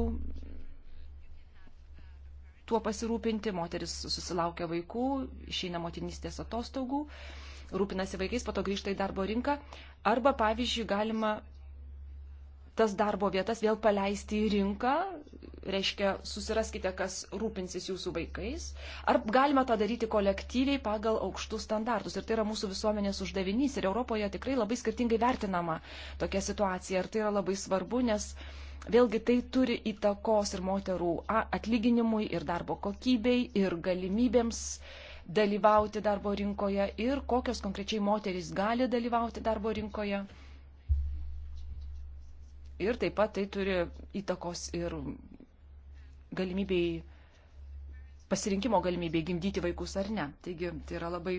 tuo pasirūpinti, moteris susilaukia vaikų, išeina motinystės atostogų, rūpinasi vaikais, pato grįžta į darbo rinką. Arba, pavyzdžiui, galima tas darbo vietas vėl paleisti į rinką, reiškia, susiraskite, kas rūpinsis jūsų vaikais, ar galima tą daryti kolektyviai pagal aukštus standartus. Ir tai yra mūsų visuomenės uždavinys ir Europoje tikrai labai skirtingai vertinama tokia situacija. Ir tai yra labai svarbu, nes vėlgi tai turi įtakos ir moterų atlyginimui, ir darbo kokybei, ir galimybėms dalyvauti darbo rinkoje, ir kokios konkrečiai moterys gali dalyvauti darbo rinkoje ir taip pat tai turi įtakos ir galimybėj, pasirinkimo galimybėj gimdyti vaikus ar ne. Taigi tai yra labai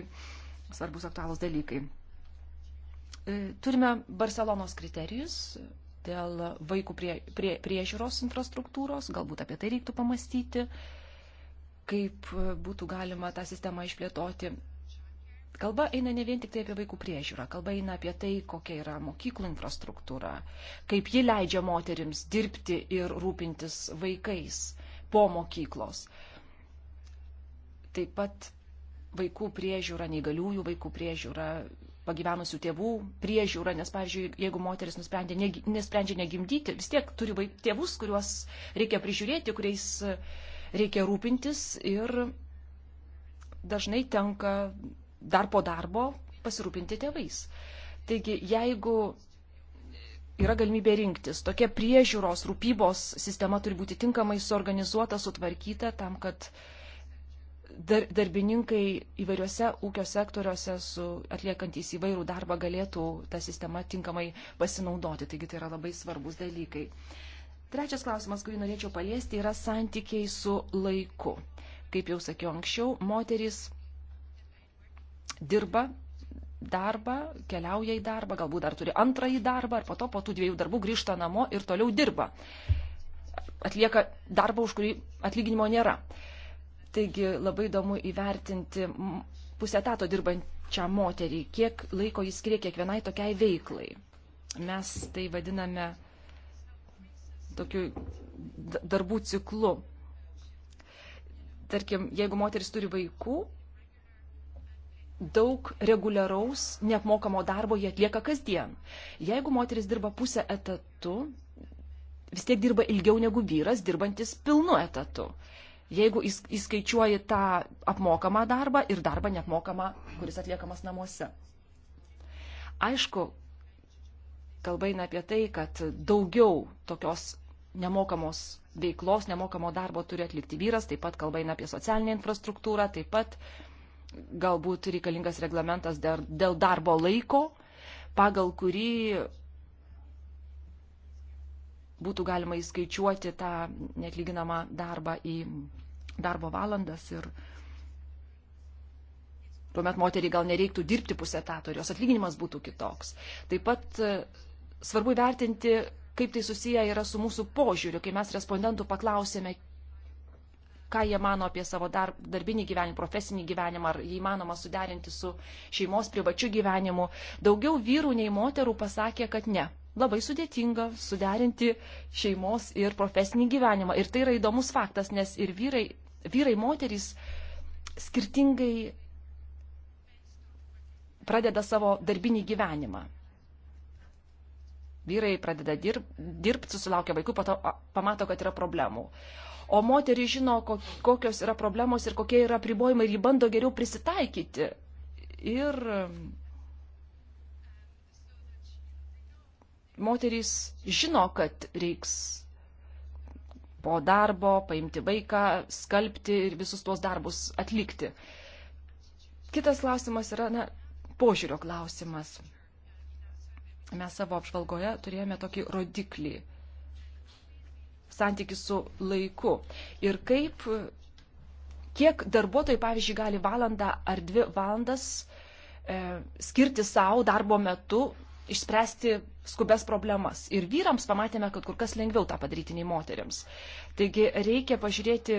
svarbus aktualūs dalykai. E, turime Barcelonos kriterijus dėl vaikų prie, prie, priežiūros infrastruktūros, galbūt apie tai reiktų pamastyti, kaip būtų galima tą sistemą išplėtoti Kalba eina ne vien tik tai apie vaikų priežiūrą, kalba eina apie tai, kokia yra mokyklų infrastruktūra, kaip ji leidžia moterims dirbti ir rūpintis vaikais po mokyklos. Taip pat vaikų priežiūra, neįgaliųjų vaikų priežiūra, pagyvenusių tėvų priežiūra, nes, pavyzdžiui, jeigu moteris nusprendė, negi, nesprendžia negimdyti, vis tiek turi vaik, tėvus, kuriuos reikia prižiūrėti, kuriais reikia rūpintis ir dažnai tenka dar po darbo pasirūpinti tėvais. Taigi, jeigu yra galimybė rinktis, tokia priežiūros, rūpybos sistema turi būti tinkamai suorganizuota, sutvarkyta tam, kad dar, darbininkai įvairiuose ūkio sektoriuose su atliekantys įvairų darbą galėtų tą sistemą tinkamai pasinaudoti. Taigi tai yra labai svarbus dalykai. Trečias klausimas, kurį norėčiau paliesti, yra santykiai su laiku. Kaip jau sakiau anksčiau, moterys dirba darbą, keliauja į darbą, galbūt dar turi antrąjį darbą ir po to po tų dviejų darbų grįžta namo ir toliau dirba. Atlieka darbą, už kurį atlyginimo nėra. Taigi labai įdomu įvertinti pusę tato dirbančią moterį, kiek laiko jis skiria kiekvienai tokiai veiklai. Mes tai vadiname tokiu darbų ciklu. Tarkim, jeigu moteris turi vaikų, daug reguliaraus neapmokamo darbo jie atlieka kasdien. Jeigu moteris dirba pusę etatu, vis tiek dirba ilgiau negu vyras, dirbantis pilnu etatu. Jeigu įskaičiuoji tą apmokamą darbą ir darbą neapmokamą, kuris atliekamas namuose. Aišku, kalba eina apie tai, kad daugiau tokios nemokamos veiklos, nemokamo darbo turi atlikti vyras, taip pat kalba eina apie socialinę infrastruktūrą, taip pat uh, galbūt reikalingas reglamentas dėl darbo laiko, pagal kurį būtų galima įskaičiuoti tą netlyginamą darbą į darbo valandas ir tuomet moteriai gal nereiktų dirbti pusę etato ir jos atlyginimas būtų kitoks. Taip pat e, svarbu vertinti, kaip tai susiję yra su mūsų požiūriu, kai mes respondentų paklausėme, ką jie mano apie savo dar, darbinį gyvenimą, profesinį gyvenimą, ar jį įmanoma suderinti su šeimos privačiu gyvenimu. Daugiau vyrų nei moterų pasakė, kad ne. Labai sudėtinga suderinti šeimos ir profesinį gyvenimą. Ir tai yra įdomus faktas, nes ir vyrai, vyrai moterys skirtingai pradeda savo darbinį gyvenimą vyrai pradeda dirb, dirbti, susilaukia vaikų, pato, pamato, kad yra problemų o moteris žino, kokios yra problemos ir kokie yra pribojimai ir ji bando geriau prisitaikyti. Ir mm, moterys žino, kad reiks po darbo paimti vaiką, skalbti ir visus tuos darbus atlikti. Kitas klausimas yra, na, požiūrio klausimas. Mes savo apžvalgoje turėjome tokį rodiklį – santykis su laiku. Ir kaip, kiek darbuotojai, pavyzdžiui, gali valandą ar dvi valandas e, skirti savo darbo metu, išspręsti skubes problemas. Ir vyrams pamatėme, kad kur kas lengviau tą padaryti nei moteriams. Taigi reikia pažiūrėti,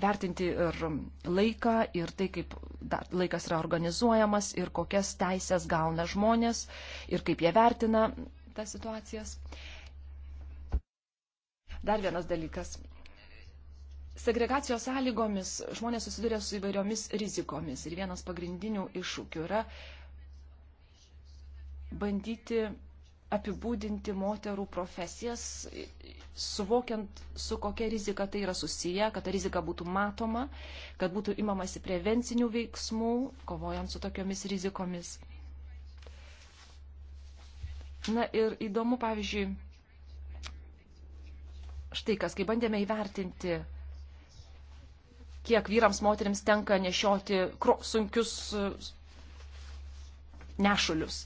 įvertinti ir laiką, ir tai, kaip dar, laikas yra organizuojamas, ir kokias teisės gauna žmonės, ir kaip jie vertina tas situacijas. E, Dar vienas dalykas. Segregacijos sąlygomis žmonės susiduria su įvairiomis rizikomis ir vienas pagrindinių iššūkių yra bandyti apibūdinti moterų profesijas, suvokiant, su kokia rizika tai yra susiję, kad ta rizika būtų matoma, kad būtų imamasi prevencinių veiksmų, kovojant su tokiomis rizikomis. Na ir įdomu, pavyzdžiui, štai kas, kai bandėme įvertinti, kiek vyrams, moteriams tenka nešioti kro, sunkius e, nešulius.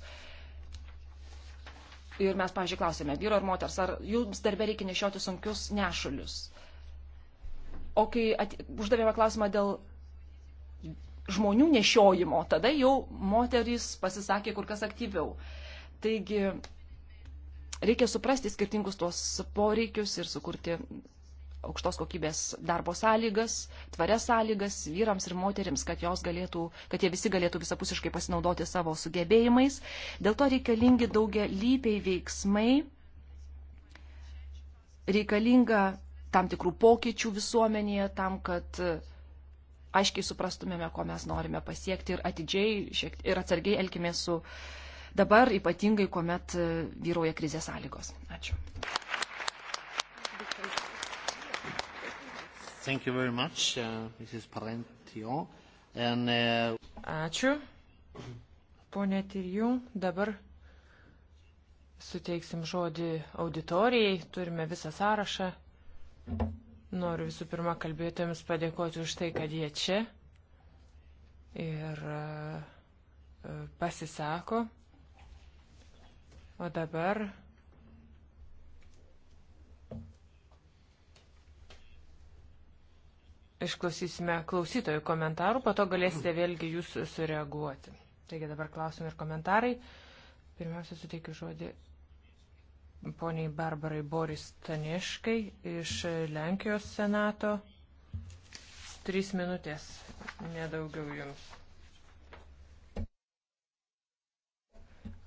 Ir mes, pažiūrėjau, klausėme vyro ir moters, ar jums darbė reikia nešioti sunkius nešulius. O kai at, uždavėme klausimą dėl žmonių nešiojimo, tada jau moterys pasisakė kur kas aktyviau. Taigi reikia suprasti skirtingus tuos poreikius ir sukurti aukštos kokybės darbo sąlygas, tvarias sąlygas vyrams ir moterims, kad, galėtų, kad jie visi galėtų visapusiškai pasinaudoti savo sugebėjimais. Dėl to reikalingi daugia lypiai veiksmai, reikalinga tam tikrų pokyčių visuomenėje, tam, kad aiškiai suprastumėme, ko mes norime pasiekti ir atidžiai šiek, ir atsargiai elkime su uh, dabar ypatingai, kuomet e, vyroja krizės sąlygos. Ačiū. Thank you very much, uh, Mrs. Parentio. And, uh... Ačiū. Pone Tirijų, dabar suteiksim žodį auditorijai, turime visą sąrašą. Noriu visų pirma kalbėtojams padėkoti už tai, kad jie čia ir e, e, pasisako. O dabar išklausysime klausytojų komentarų, po to galėsite vėlgi jūs sureaguoti. Taigi dabar klausimai ir komentarai. Pirmiausia, suteikiu žodį poniai Barbarai Boris Taniškai iš Lenkijos senato. Trys minutės, nedaugiau jums.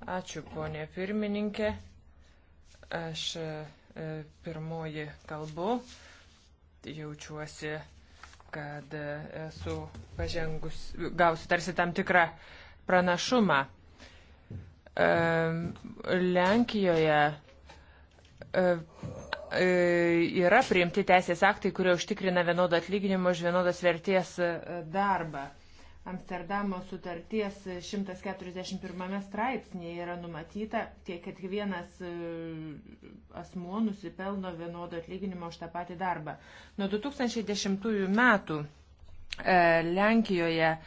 Ačiū, ponė pirmininkė. Aš e, pirmoji kalbu. Jaučiuosi, kad e, esu pažengus, gausiu tarsi tam tikrą pranašumą. E, Lenkijoje yra priimti teisės aktai, kurie užtikrina vienodą atlyginimą už vienodas verties darbą. Amsterdamo sutarties 141 straipsnėje yra numatyta, tiek kiekvienas e, asmuo nusipelno vienodo atlyginimo už tą patį darbą. Nuo 2010 metų e, Lenkijoje e,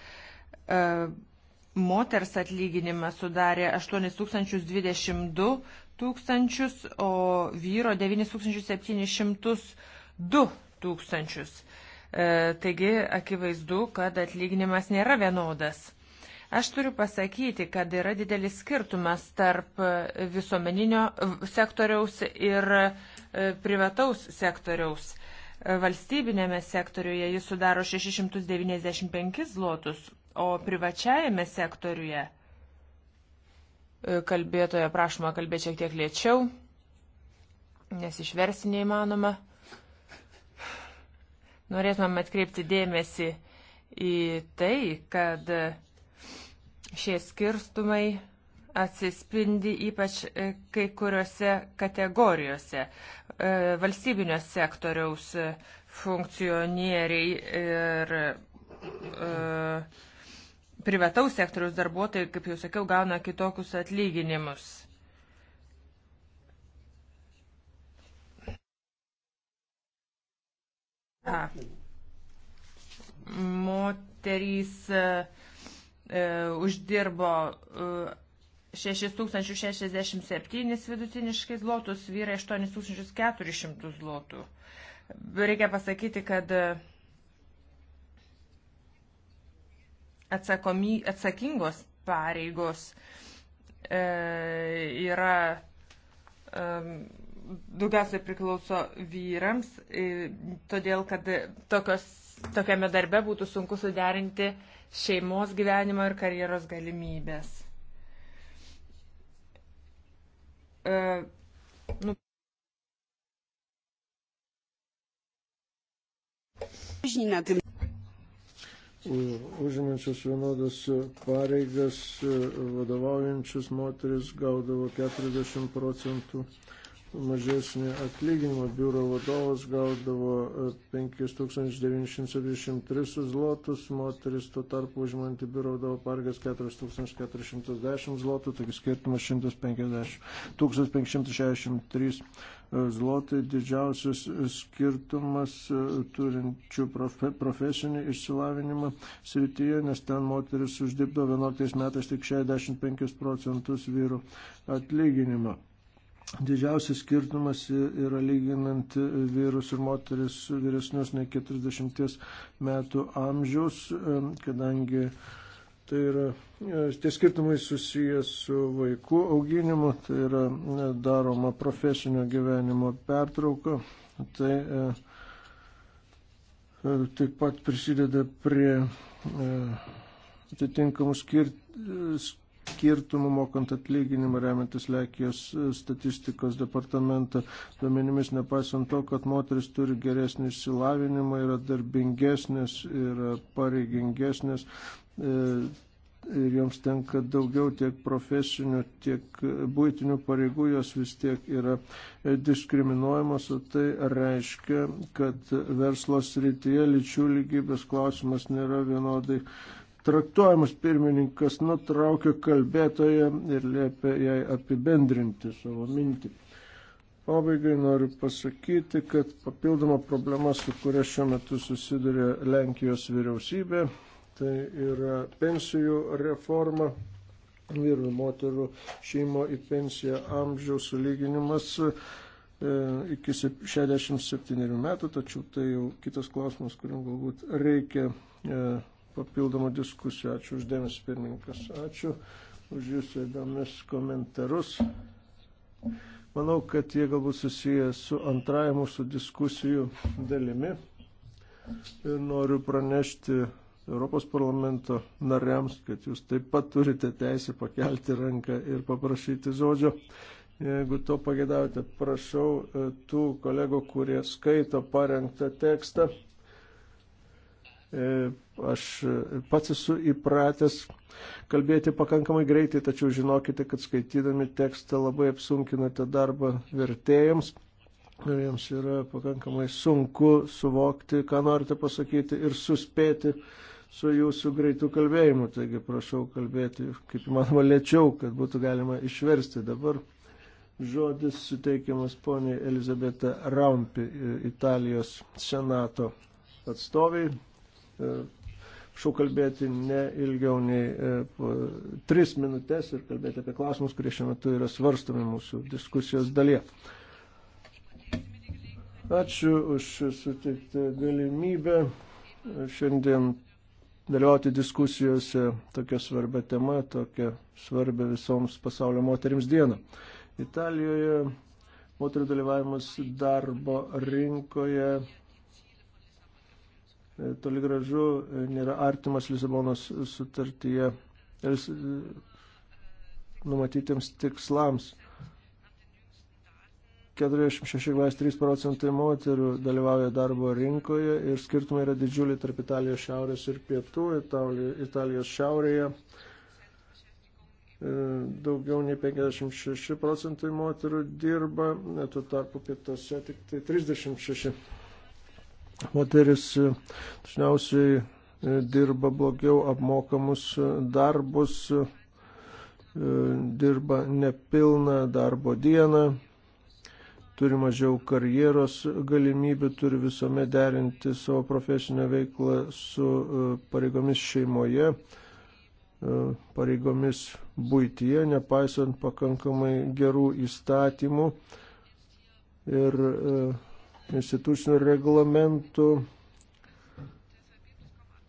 moters atlyginimas sudarė 8022 tūkstančius, o vyro 9702 tūkstančius. E, taigi akivaizdu, kad atlyginimas nėra vienodas. Aš turiu pasakyti, kad yra didelis skirtumas tarp visuomeninio sektoriaus ir e, privataus sektoriaus. E, valstybinėme sektoriuje jis sudaro 695 zlotus, o privačiajame sektoriuje kalbėtoje prašoma kalbėti šiek tiek lėčiau, nes išversi neįmanoma. Norėtumėm atkreipti dėmesį į tai, kad šie skirstumai atsispindi ypač e, kai kuriuose kategorijose. E, valstybinio sektoriaus e, funkcionieriai ir privataus sektoriaus darbuotojai, kaip jau sakiau, gauna kitokius atlyginimus. A. Moterys e, e uždirbo e, 6067 vidutiniškai zlotus, vyrai 8400 zlotų. Reikia pasakyti, kad e, atsakomy, atsakingos pareigos e, yra e, daugiausiai priklauso vyrams, todėl kad tokios, tokiame darbe būtų sunku suderinti šeimos gyvenimo ir karjeros galimybės. E, nu, užimančius vienodas pareigas e, vadovaujančius moteris gaudavo 40 procentų mažesnį atlyginimą. Biuro vadovas gaudavo 5973 e, zlotus, moteris tuo tarpu užmanti biuro vadovo pargas 4410 zlotų, taigi skirtumas 150, 1563 e, zlotai. Didžiausias skirtumas e, turinčių profe, profesinį išsilavinimą srityje, nes ten moteris uždirbdavo 11 metais tik 65 procentus vyrų atlyginimą. Didžiausias skirtumas yra lyginant vyrus ir moteris vyresnius nei 40 metų amžiaus, kadangi tai yra, tie skirtumai susijęs su vaikų auginimu, tai yra e, daroma profesinio gyvenimo pertrauka. Tai e, e, taip pat prisideda prie atitinkamų skirtumų skirtumų mokant atlyginimą remiantis Lenkijos e, statistikos departamento duomenimis, nepaisant to, kad moteris turi geresnį išsilavinimą, yra darbingesnės, yra pareigingesnės e, ir joms tenka daugiau tiek profesinių, tiek būtinių pareigų, jos vis tiek yra e, diskriminuojamos, o tai reiškia, kad verslo srityje lyčių lygybės klausimas nėra vienodai traktuojamas pirmininkas nutraukė kalbėtoją ir liepė jai apibendrinti savo mintį. Pabaigai noriu pasakyti, kad papildoma problema, su kuria šiuo metu susiduria Lenkijos vyriausybė, tai yra pensijų reforma, vyrų ir moterų šeimo į pensiją amžiaus sulyginimas e, iki 67 metų, tačiau tai jau kitas klausimas, kuriam galbūt reikia e, papildomų diskusijų. Ačiū uždėmesi, pirmininkas. Ačiū už jūsų įdomius komentarus. Manau, kad jie galbūt susiję su antraja mūsų diskusijų dalimi. Ir noriu pranešti Europos parlamento nariams, kad jūs taip pat turite teisę pakelti ranką ir paprašyti žodžio. Jeigu to pagėdavote, prašau e, tų kolegų, kurie skaito parengtą tekstą, e, Aš e, pats esu įpratęs kalbėti pakankamai greitai, tačiau žinokite, kad skaitydami tekstą labai apsunkinate darbą vertėjams. Ir jiems yra pakankamai sunku suvokti, ką norite pasakyti ir suspėti su jūsų greitų kalbėjimu. Taigi prašau kalbėti kaip įmanoma lėčiau, kad būtų galima išversti. Dabar žodis suteikiamas poniai Elizabeta Rampi, e, Italijos senato atstoviai. E, Prašau kalbėti ne ilgiau nei e, tris minutės ir kalbėti apie klausimus, kurie šiuo metu yra svarstomi mūsų diskusijos dalyje. Ačiū už suteiktą galimybę šiandien dalyvauti diskusijose tokia svarbia tema, tokia svarbia visoms pasaulio moterims diena. Italijoje moterų dalyvavimas darbo rinkoje E, toli gražu e, nėra artimas Lisabonos sutartyje e, numatytiems tikslams. 46,3 procentai moterų dalyvauja darbo rinkoje ir skirtumai yra didžiuliai tarp Italijos šiaurės ir pietų. Italijos šiaurėje daugiau nei 56 procentai moterų dirba, tuo tarpu pietuose tik tai 36 Moteris e, dažniausiai e, dirba blogiau apmokamus e, darbus, dirba nepilną darbo dieną, turi mažiau karjeros galimybių, turi visuomet derinti savo profesinę veiklą su pareigomis šeimoje, pareigomis būtyje, nepaisant pakankamai gerų įstatymų. Ir institucinių reglamentų,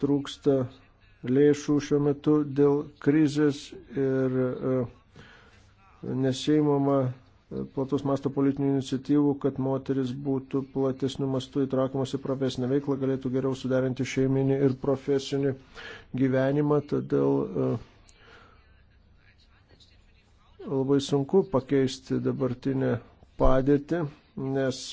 trūksta lėšų šiuo metu dėl krizės ir e, nesėjimama e, platus masto politinių iniciatyvų, kad moteris būtų platesnių mastų įtraukiamas į profesinę veiklą, galėtų geriau suderinti šeiminį ir profesinį gyvenimą. Todėl e, labai sunku pakeisti dabartinę padėtį, nes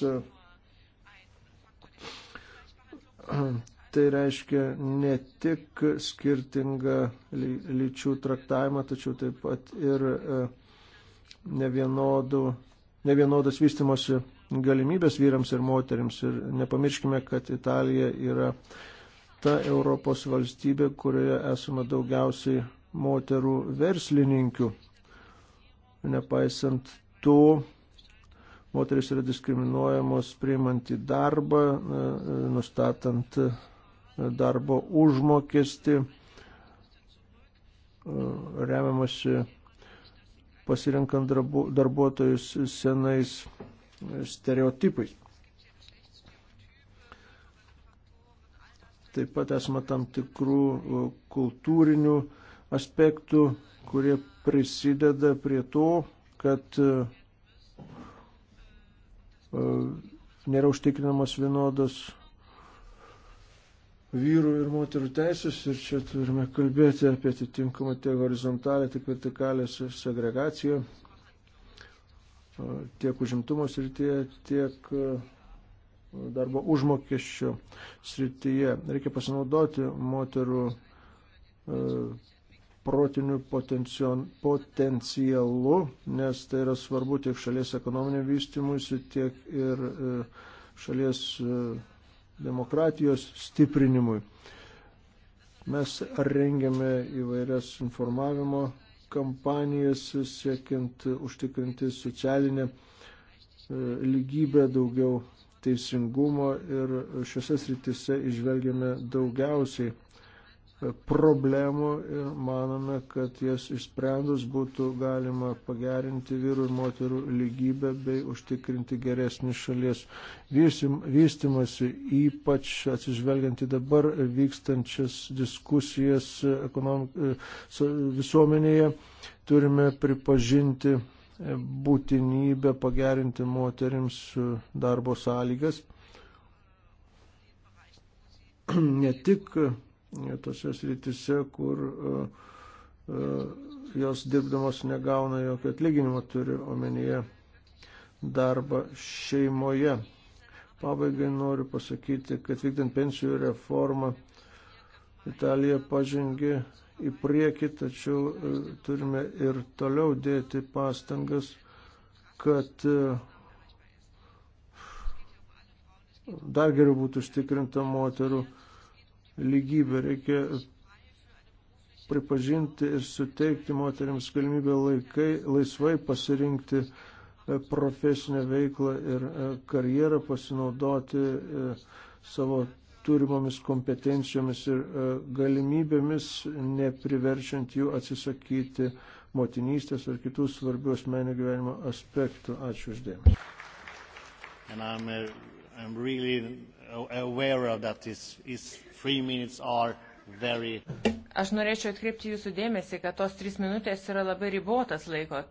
Tai reiškia ne tik skirtingą lyčių traktavimą, tačiau taip pat ir e, nevienodų, nevienodas vystimosi galimybės vyrams ir moteriams. Ir nepamirškime, kad Italija yra ta Europos valstybė, kurioje esame daugiausiai moterų verslininkių. Nepaisant to, moteris yra diskriminuojamos priimant į darbą, e, e, nustatant e, darbo užmokesti, remiamasi pasirinkant darbu, darbuotojus senais stereotipais. Taip pat esame tam tikrų kultūrinių aspektų, kurie prisideda prie to, kad E, nėra užtikrinamos vienodos vyrų ir moterų teisės ir čia turime kalbėti apie atitinkamą tiek horizontalę, tiek vertikalę segregaciją e, tiek užimtumo srityje, tiek e, darbo užmokesčio srityje. Reikia pasinaudoti moterų protiniu potencialu, nes tai yra svarbu tiek šalies ekonominiam vystimuisi, tiek ir e, šalies e, demokratijos stiprinimui. Mes rengiame įvairias informavimo kampanijas siekiant užtikrinti socialinę e, lygybę, daugiau teisingumo ir šiose sritise išvelgiame daugiausiai problemų ir manome, kad jas išsprendus būtų galima pagerinti vyrų ir moterų lygybę bei užtikrinti geresnį šalies vystimasi, ypač atsižvelgiant į dabar vykstančias diskusijas ekonomik... E, visuomenėje, turime pripažinti būtinybę pagerinti moterims darbo sąlygas. Ne tik tose sritise, kur e, e, jos dirbdamos negauna jokio atlyginimo, turi omenyje darbą šeimoje. Pabaigai noriu pasakyti, kad vykdant pensijų reformą Italija pažengė į priekį, tačiau e, turime ir toliau dėti pastangas, kad dar geriau būtų užtikrinta moterų lygybę. Reikia pripažinti ir suteikti moteriams galimybę laikai, laisvai pasirinkti e, profesinę veiklą ir e, karjerą, pasinaudoti e, savo turimomis kompetencijomis ir galimybėmis, nepriverčiant jų atsisakyti motinystės ar kitų svarbių asmenio gyvenimo aspektų. Ačiū uždėmesi. I'm, uh, I'm really aware of that. It's, it's very... Aš norėčiau atkreipti jūsų dėmesį, kad tos trys minutės yra labai ribotas laiko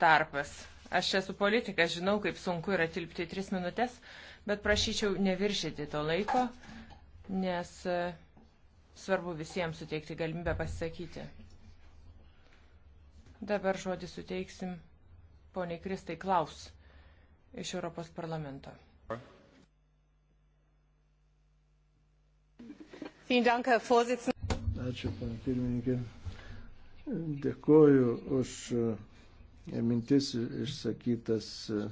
tarpas. Aš esu politikas, žinau, kaip sunku yra tilpti tris minutės, bet prašyčiau neviršyti to laiko, nes e, svarbu visiems suteikti galimybę pasisakyti. Dabar žodį suteiksim poniai Kristai Klaus iš Europos parlamento. Ačiū, pana pirmininkė. Dėkoju už e, mintis išsakytas e,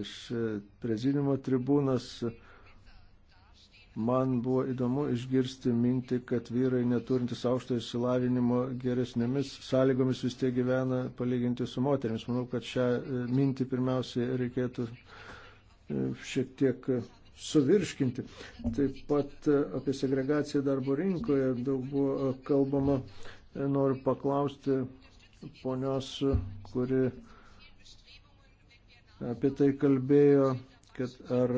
iš e, prezinimo tribūnos. Man buvo įdomu išgirsti mintį, kad vyrai neturintis aukšto išsilavinimo geresnėmis sąlygomis vis tiek gyvena palyginti su moterimis. Manau, kad šią mintį pirmiausiai reikėtų šiek tiek suvirškinti. Taip pat e, apie segregaciją darbo rinkoje daug buvo e, kalbama. E, noriu paklausti ponios, kuri apie tai kalbėjo, kad ar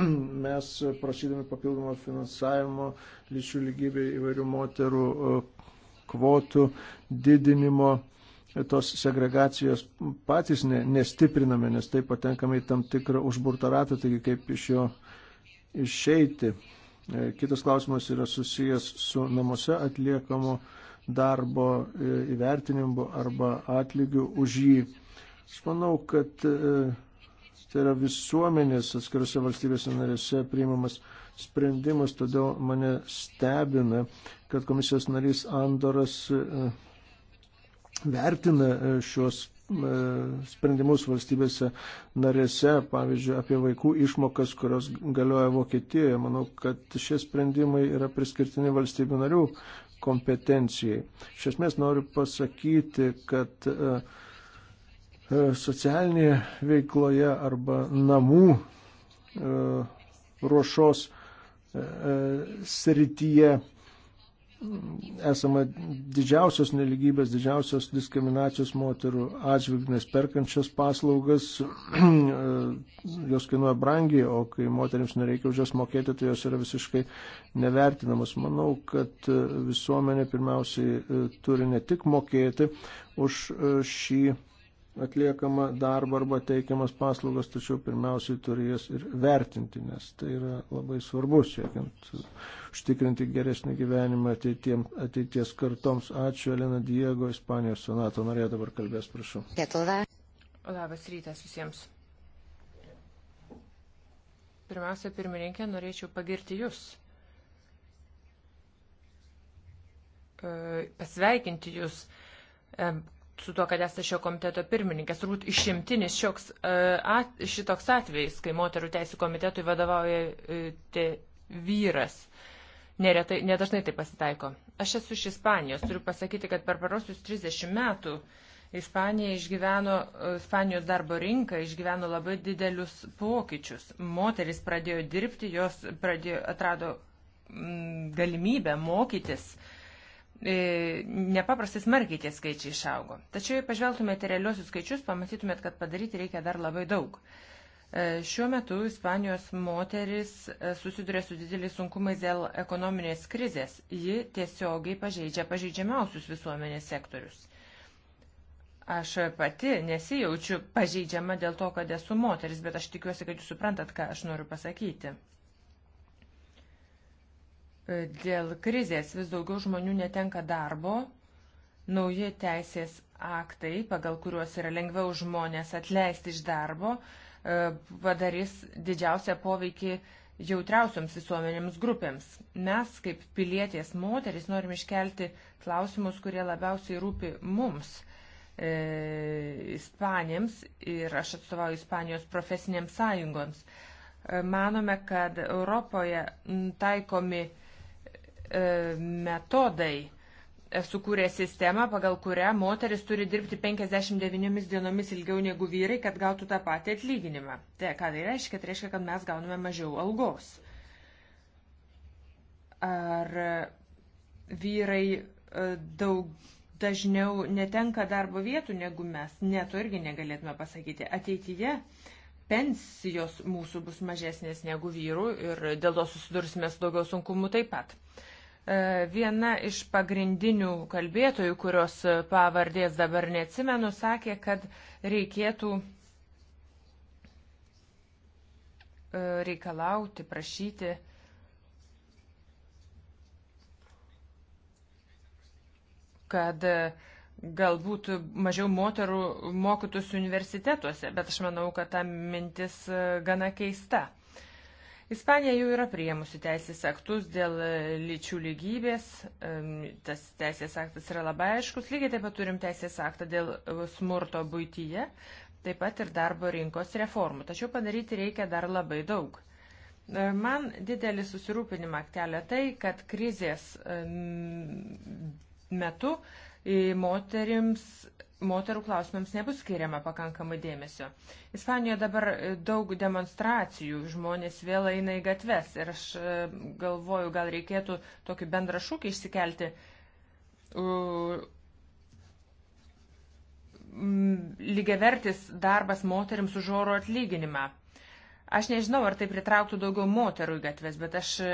mes prašydami papildomą finansavimo lyčių lygybė įvairių moterų kvotų didinimo tos segregacijos patys ne, nestipriname, nes tai patenkame į tam tikrą užburtą ratą, taigi kaip iš jo išeiti. E, kitas klausimas yra susijęs su namuose atliekamu darbo e, įvertinimu arba atlygiu už jį. Aš manau, kad e, tai yra visuomenės atskirose valstybėse narėse priimamas sprendimas, todėl mane stebina, kad komisijos narys Andoras vertina e, šios e, sprendimus valstybėse narėse, pavyzdžiui, apie vaikų išmokas, kurios galioja Vokietijoje. Manau, kad šie sprendimai yra priskirtini valstybių narių kompetencijai. Iš esmės noriu pasakyti, kad e, socialinėje veikloje arba namų ruošos srityje esama didžiausios neligybės, didžiausios diskriminacijos moterų atžvilgių, nes perkančios paslaugas e, jos kainuoja brangiai, o kai moteriams nereikia už jas mokėti, tai jos yra visiškai nevertinamos. Manau, kad e, visuomenė pirmiausiai e, turi ne tik mokėti už šį atliekamą darbą arba teikiamas paslaugas, tačiau pirmiausiai turi jas ir vertinti, nes tai yra labai svarbu siekiant užtikrinti geresnį gyvenimą ateitiem, ateities kartoms. Ačiū, Elena Diego, Ispanijos senato norėjo dabar kalbės, prašau. Lietuva. Labas rytas visiems. Pirmiausia, pirmininkė, norėčiau pagirti Jūs. E, pasveikinti Jūs e, su tuo, kad esate šio komiteto pirmininkas. Turbūt išimtinis šioks, e, at, šitoks atvejis, kai moterų teisų komitetui vadovauja te vyras neretai, nedažnai tai pasitaiko. Aš esu iš Ispanijos, turiu pasakyti, kad per parosius 30 metų Ispanija išgyveno, Ispanijos darbo rinka išgyveno labai didelius pokyčius. Moteris pradėjo dirbti, jos pradėjo, atrado mm, galimybę mokytis. E, nepaprastai smarkiai tie skaičiai išaugo. Tačiau jei pažvelgtumėte realiuosius skaičius, pamatytumėt, kad padaryti reikia dar labai daug. E, E, šiuo metu Ispanijos moteris e, susiduria su dideliais sunkumais dėl ekonominės krizės. Ji tiesiogiai pažeidžia pažeidžiamiausius visuomenės sektorius. Aš pati nesijaučiu pažeidžiama dėl to, kad esu moteris, bet aš tikiuosi, kad jūs suprantat, ką aš noriu pasakyti. E, dėl krizės vis daugiau žmonių netenka darbo, nauji teisės aktai, pagal kuriuos yra lengviau žmonės atleisti iš darbo, E, padarys didžiausią poveikį jautriausioms visuomenėms grupėms. Mes, kaip pilietės moteris, norim iškelti klausimus, kurie labiausiai rūpi mums, e, ispanėms, ir aš atstovauju Ispanijos profesinėms sąjungoms. E, manome, kad Europoje taikomi e, metodai, sukūrė sistemą, pagal kurią moteris turi dirbti 59 dienomis ilgiau negu vyrai, kad gautų tą patį atlyginimą. Tai ką tai reiškia? Tai reiškia, kad mes gauname mažiau algos. Ar e, vyrai e, daug dažniau netenka darbo vietų negu mes? Ne, to irgi negalėtume pasakyti. Ateityje pensijos mūsų bus mažesnės negu vyrų ir dėl to susidursime su daugiau sunkumų taip pat. E, viena iš pagrindinių kalbėtojų, kurios pavardės dabar neatsimenu, sakė, kad reikėtų e, reikalauti, prašyti kad e, galbūt mažiau moterų mokytųsi universitetuose, bet aš manau, kad ta mintis gana keista. Ispanija jau yra priėmusi teisės aktus dėl e, lyčių lygybės, tas teisės aktas yra labai aiškus, lygiai taip pat turim teisės aktą dėl e, smurto būtyje, taip pat ir darbo rinkos reformų, tačiau padaryti reikia dar labai daug. E, man didelį susirūpinimą kelia tai, kad krizės metu moterims moterų klausimams nebus skiriama pakankamai dėmesio. Ispanijoje dabar e, daug demonstracijų, žmonės vėl eina į gatves ir aš e, galvoju, gal reikėtų tokį bendrą šūkį išsikelti. Lygiavertis darbas moteriams už oro atlyginimą. Aš nežinau, ar tai pritrauktų daugiau moterų į gatves, bet aš e,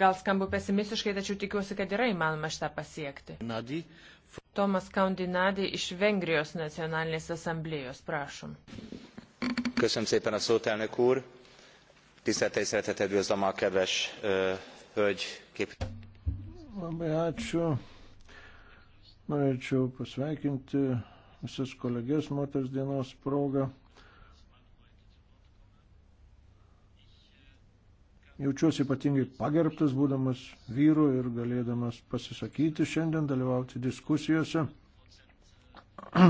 gal skambu pesimistiškai, tačiau tikiuosi, kad yra įmanoma šitą pasiekti. Nadi, Tomas Kaundinadė iš Vengrijos nacionalinės asamblėjos, prašom. Köszönöm szépen a szót, elnök úr. Tiszteltel szeretettel üdvözlöm a kedves ö, hölgy kép. Labai ačiū. Norėčiau pasveikinti visas kolegės moters dienos progą. Jaučiuosi ypatingai pagerbtas, būdamas vyru ir galėdamas pasisakyti šiandien, dalyvauti diskusijose.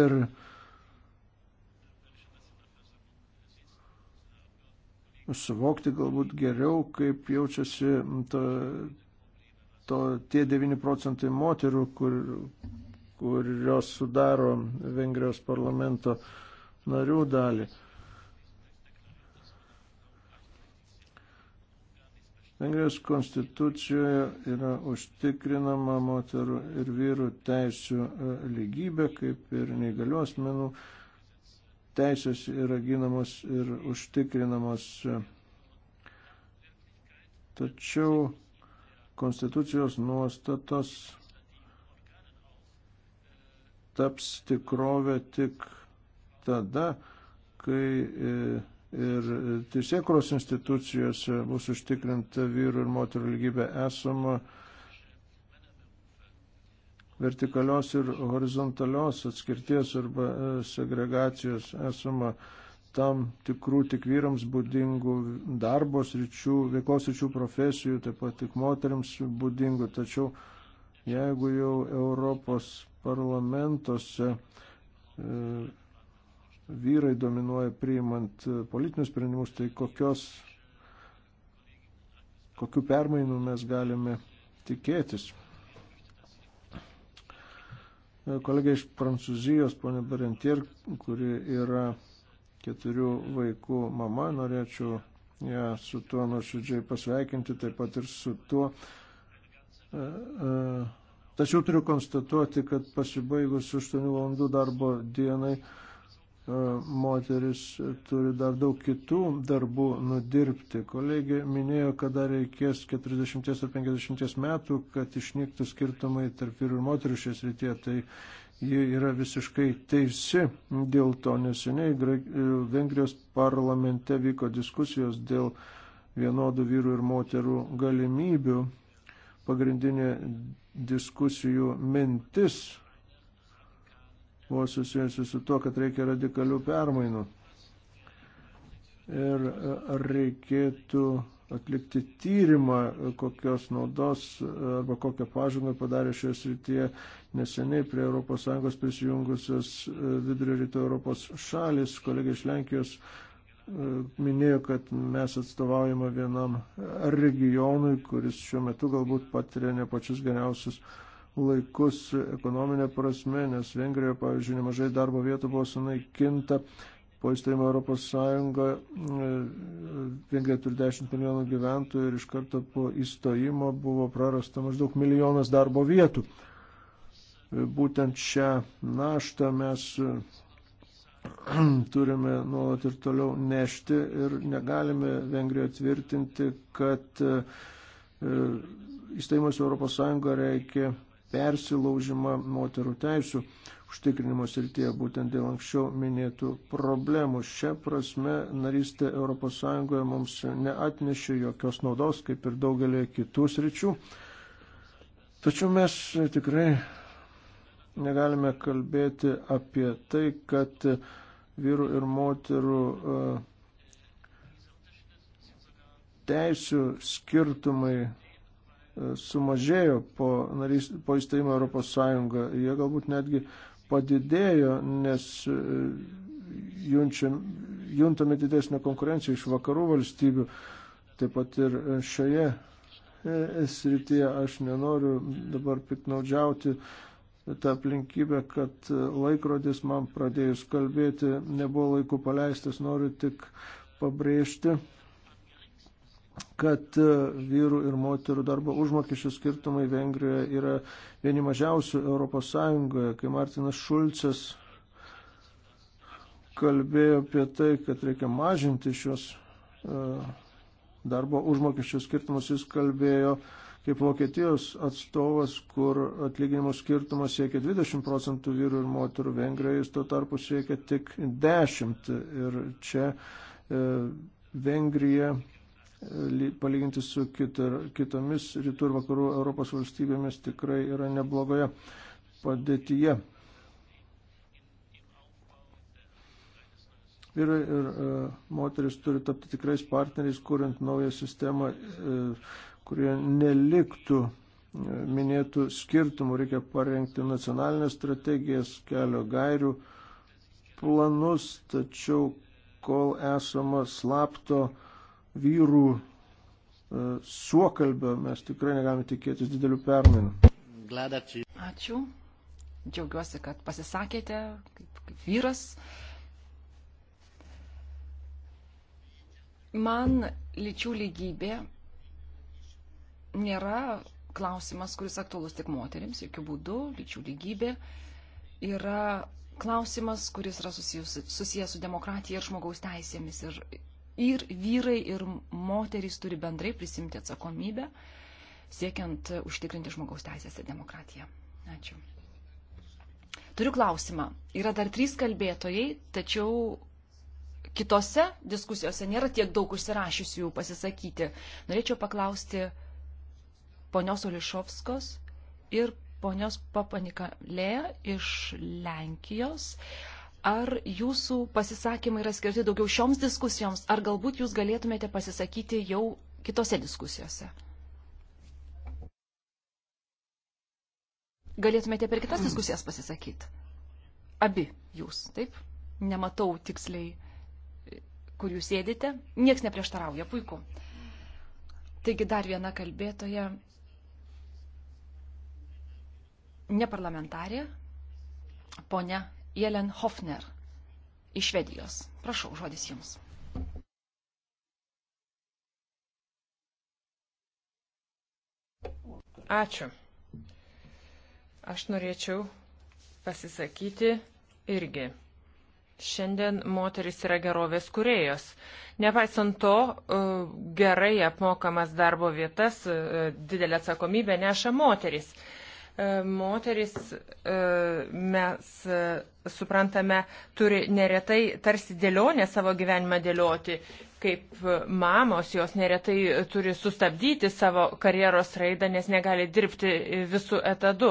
ir suvokti galbūt geriau, kaip jaučiasi to, to, tie 9 procentai moterų, kur, kurios sudaro Vengrijos parlamento narių dalį. Vengrijos konstitucijoje yra užtikrinama moterų ir vyrų teisų e, lygybė, kaip ir neįgalios menų teisės yra ginamos ir užtikrinamos. Tačiau konstitucijos nuostatos taps tikrovę tik tada, kai e, ir e, teisėkuros institucijose bus užtikrinta vyrų ir moterų lygybė esama vertikalios ir horizontalios atskirties arba e, segregacijos esama tam tikrų tik vyrams būdingų darbo sričių, veiklos sričių profesijų, taip pat tik moteriams būdingų. Tačiau jeigu jau Europos parlamentuose e, vyrai dominuoja priimant e, politinius sprendimus, tai kokios, kokių permainų mes galime tikėtis. E, Kolegė iš Prancūzijos, ponė Berentier, kuri yra keturių vaikų mama, norėčiau ją su tuo nuoširdžiai pasveikinti, taip pat ir su tuo. E, tačiau turiu konstatuoti, kad pasibaigus 8 valandų darbo dienai E, moteris turi dar daug kitų darbų nudirbti. Kolegė minėjo, kad dar reikės 40 ar 50 metų, kad išnyktų skirtumai tarp vyrų ir moterų šios rytie. Tai ji yra visiškai teisi dėl to. Neseniai e, Vengrijos parlamente vyko diskusijos dėl vienodų vyrų ir moterų galimybių. Pagrindinė diskusijų mintis buvo susijusi su tuo, kad reikia radikalių permainų. Ir e, reikėtų atlikti tyrimą, e, kokios naudos e, arba kokią pažangą padarė šioje srityje neseniai prie ES prisijungusios vidurio rytų Europos šalis. Kolegė iš Lenkijos minėjo, kad mes atstovaujame vienam regionui, kuris šiuo metu galbūt patiria ne pačius geriausius laikus ekonominė prasme, nes Vengrijoje, pavyzdžiui, nemažai darbo vietų buvo sunaikinta. Po įstojimo Europos Sąjungą e, Vengrija turi 10 milijonų gyventojų ir iš karto po įstojimo buvo prarasta maždaug milijonas darbo vietų. E, būtent šią naštą mes e, turime nuolat ir toliau nešti ir negalime Vengrijoje tvirtinti, kad įstojimas Europos Sąjungą reikia persilaužimą moterų teisų užtikrinimo srityje, būtent dėl anksčiau minėtų problemų. Šią prasme narystė ES mums neatnešė jokios naudos, kaip ir daugelį kitų sričių. Tačiau mes tikrai negalime kalbėti apie tai, kad vyrų ir moterų e, teisų skirtumai sumažėjo po, narys, po įstojimo Europos Sąjungą. Jie galbūt netgi padidėjo, nes e, junčiam, juntame didesnę konkurenciją iš vakarų valstybių. Taip pat ir šioje e, srityje aš nenoriu dabar piknaudžiauti tą aplinkybę, kad e, laikrodis man pradėjus kalbėti nebuvo laiku paleistas, noriu tik pabrėžti, kad e, vyrų ir moterų darbo užmokesčių skirtumai Vengrijoje yra vieni mažiausių Europos Sąjungoje. Kai Martinas Šulcas kalbėjo apie tai, kad reikia mažinti šios e, darbo užmokesčių skirtumus, jis kalbėjo kaip Vokietijos atstovas, kur atlyginimo skirtumas siekia 20 procentų vyrų ir moterų, Vengrijoje jis tuo tarpu siekia tik 10. Ir čia e, Vengrija palyginti su kitar, kitomis rytų ir vakarų Europos valstybėmis tikrai yra neblogoje padėtyje. Vyrai ir e, moteris turi tapti tikrais partneriais, kuriant naują sistemą, e, kurie neliktų e, minėtų skirtumų, reikia parengti nacionalinės strategijas, kelio gairių, planus, tačiau kol esama slapto vyrų e, suokalbio mes tikrai negalime tikėtis didelių permainų. Ačiū. Džiaugiuosi, kad pasisakėte kaip, kaip vyras. Man lyčių lygybė nėra klausimas, kuris aktuolus tik moteriams, jokių būdų, lyčių lygybė yra klausimas, kuris yra susijęs, susijęs su demokratija ir žmogaus teisėmis ir ir vyrai, ir moterys turi bendrai prisimti atsakomybę, siekiant užtikrinti žmogaus teisės ir demokratiją. Ačiū. Turiu klausimą. Yra dar trys kalbėtojai, tačiau kitose diskusijose nėra tiek daug užsirašysių jų pasisakyti. Norėčiau paklausti ponios Olišovskos ir ponios Papanika Lėja iš Lenkijos. Uh, ar jūsų pasisakymai yra skirti daugiau šioms diskusijoms, ar galbūt jūs galėtumėte pasisakyti jau kitose diskusijose? Galėtumėte per kitas diskusijas pasisakyti? Abi jūs, taip? Nematau tiksliai, kur jūs sėdite. Niekas neprieštarauja, puiku. Taigi dar viena kalbėtoja, ne parlamentarė, ponia Jelen Hofner iš Švedijos. Prašau, žodis jums. Ačiū. Aš norėčiau pasisakyti irgi. Šiandien moteris yra gerovės kuriejos. Nepaisant to, e, gerai apmokamas darbo vietas, e, didelę atsakomybę neša moteris. E, moteris, e, mes e, suprantame, turi neretai tarsi dėlionę savo gyvenimą dėlioti, kaip mamos, jos neretai turi sustabdyti savo karjeros raidą, nes negali dirbti visų etadų.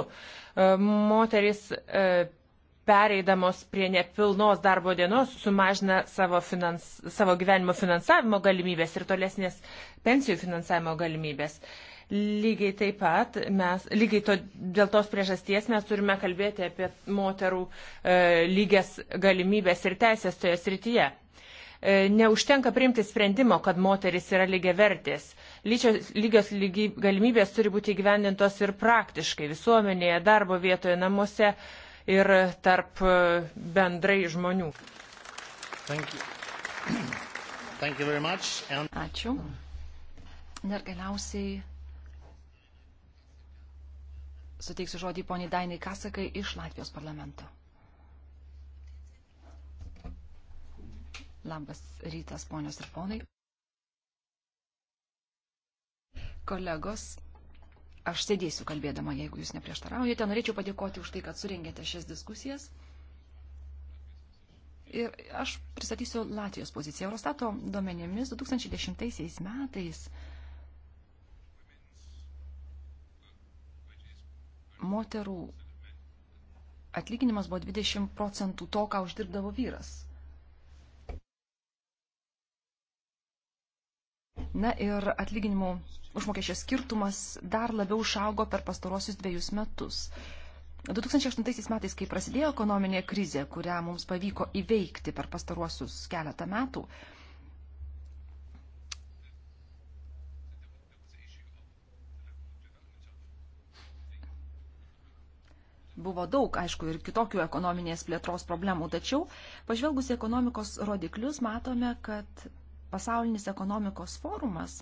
Moteris pereidamos prie nepilnos darbo dienos sumažina savo, finans, savo gyvenimo finansavimo galimybės ir tolesnės pensijų finansavimo galimybės. Uh, Lygiai taip pat mes, lygiai to, dėl tos priežasties mes turime kalbėti apie moterų e, lygias galimybės ir teisės toje srityje. E, neužtenka priimti sprendimo, kad moteris yra lygiai vertės. Lyčios, lygios lygi, galimybės turi būti įgyvendintos ir praktiškai visuomenėje, darbo vietoje, namuose ir tarp e, bendrai žmonių. Thank you. Thank you And... Ačiū. Dar galiausiai suteiksiu žodį poniai Dainai Kasakai iš Latvijos parlamento. Labas rytas, ponios ir ponai. Kolegos, aš sėdėsiu kalbėdama, jeigu jūs neprieštaraujate. Norėčiau padėkoti už tai, kad surengėte šias diskusijas. Ir aš pristatysiu Latvijos poziciją. Eurostato duomenimis 2010 metais moterų atlyginimas buvo 20 procentų to, ką uždirbdavo vyras. Na ir atlyginimų užmokesčio skirtumas dar labiau išaugo per pastarosius dviejus metus. 2008 metais, kai prasidėjo ekonominė krizė, kurią mums pavyko įveikti per pastaruosius keletą metų, Buvo daug, aišku, ir kitokių ekonominės plėtros problemų, tačiau pažvelgus į ekonomikos rodiklius matome, kad pasaulinis ekonomikos forumas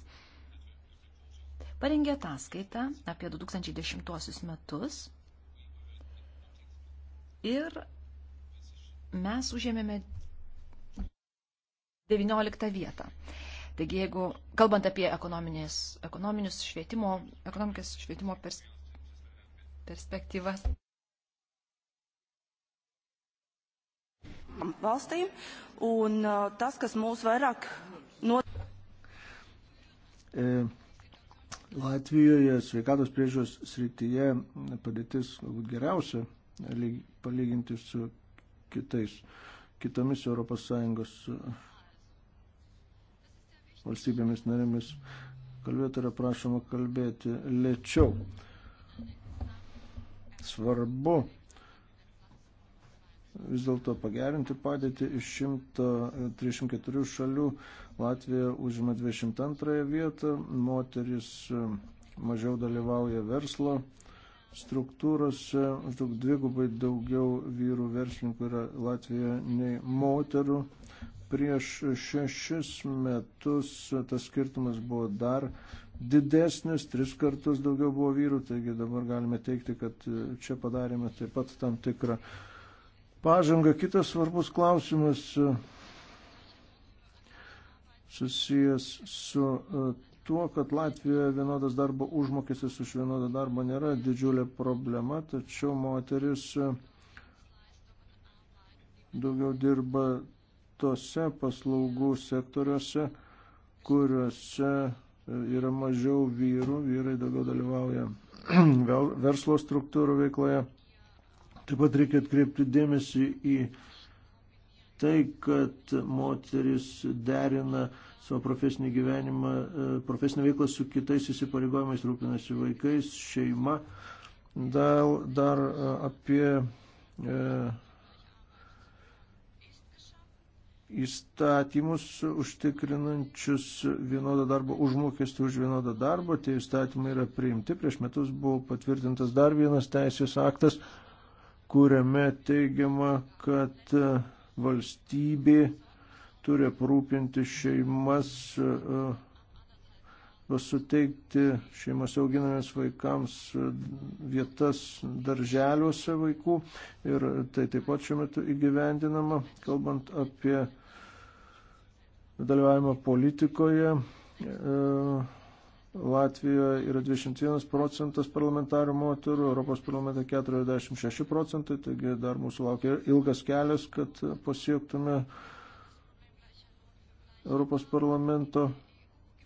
parengė ataskaitą apie 2010 metus ir mes užėmėme 19 vietą. Taigi, jeigu kalbant apie ekonominius švietimo, ekonomikės švietimo pers, perspektyvas, valstīm. Un uh, tas, kas mūs vairāk no. E, Latvijoje sveikatos priežiūros srityje padėtis galbūt geriausia lyg, palyginti su kitais, kitomis ES uh, valstybėmis narėmis. Kalbėti yra prašoma kalbėti lėčiau. Svarbu vis dėlto pagerinti padėtį iš 134 e, šalių. Latvija užima 22 vietą, moteris e, mažiau dalyvauja verslo struktūrose, maždaug dvigubai daugiau vyrų verslininkų yra Latvijoje nei moterų. Prieš šešis metus e, tas skirtumas buvo dar didesnis, tris kartus daugiau buvo vyrų, taigi dabar galime teikti, kad čia padarėme taip pat tam tikrą uh, pažangą. Kitas svarbus klausimas e, susijęs su e, tuo, kad Latvijoje vienodas darbo užmokestis už vienodą darbą nėra didžiulė problema, tačiau moteris e, daugiau dirba tose paslaugų sektoriuose, kuriuose yra mažiau vyrų, vyrai daugiau dalyvauja verslo struktūrų veikloje. Taip pat reikia atkreipti dėmesį į tai, kad moteris derina savo profesinį gyvenimą, e, profesinę veiklą su kitais įsipareigojimais, rūpinasi vaikais, šeima. Dar, dar e, apie e, įstatymus užtikrinančius vienodą darbą, užmokestį už vienodą darbą, tie įstatymai yra priimti. Prieš metus buvo patvirtintas dar vienas teisės aktas, kuriame teigiama, kad e, valstybė turi aprūpinti šeimas, e, e, suteikti šeimas auginamiems vaikams vietas darželiuose vaikų ir tai taip pat šiuo metu įgyvendinama, kalbant apie dalyvavimą politikoje. E, Latvijoje yra 21 procentas parlamentarių moterų, Europos parlamente 46 procentai, taigi dar mūsų laukia ilgas kelias, kad pasiektume Europos parlamento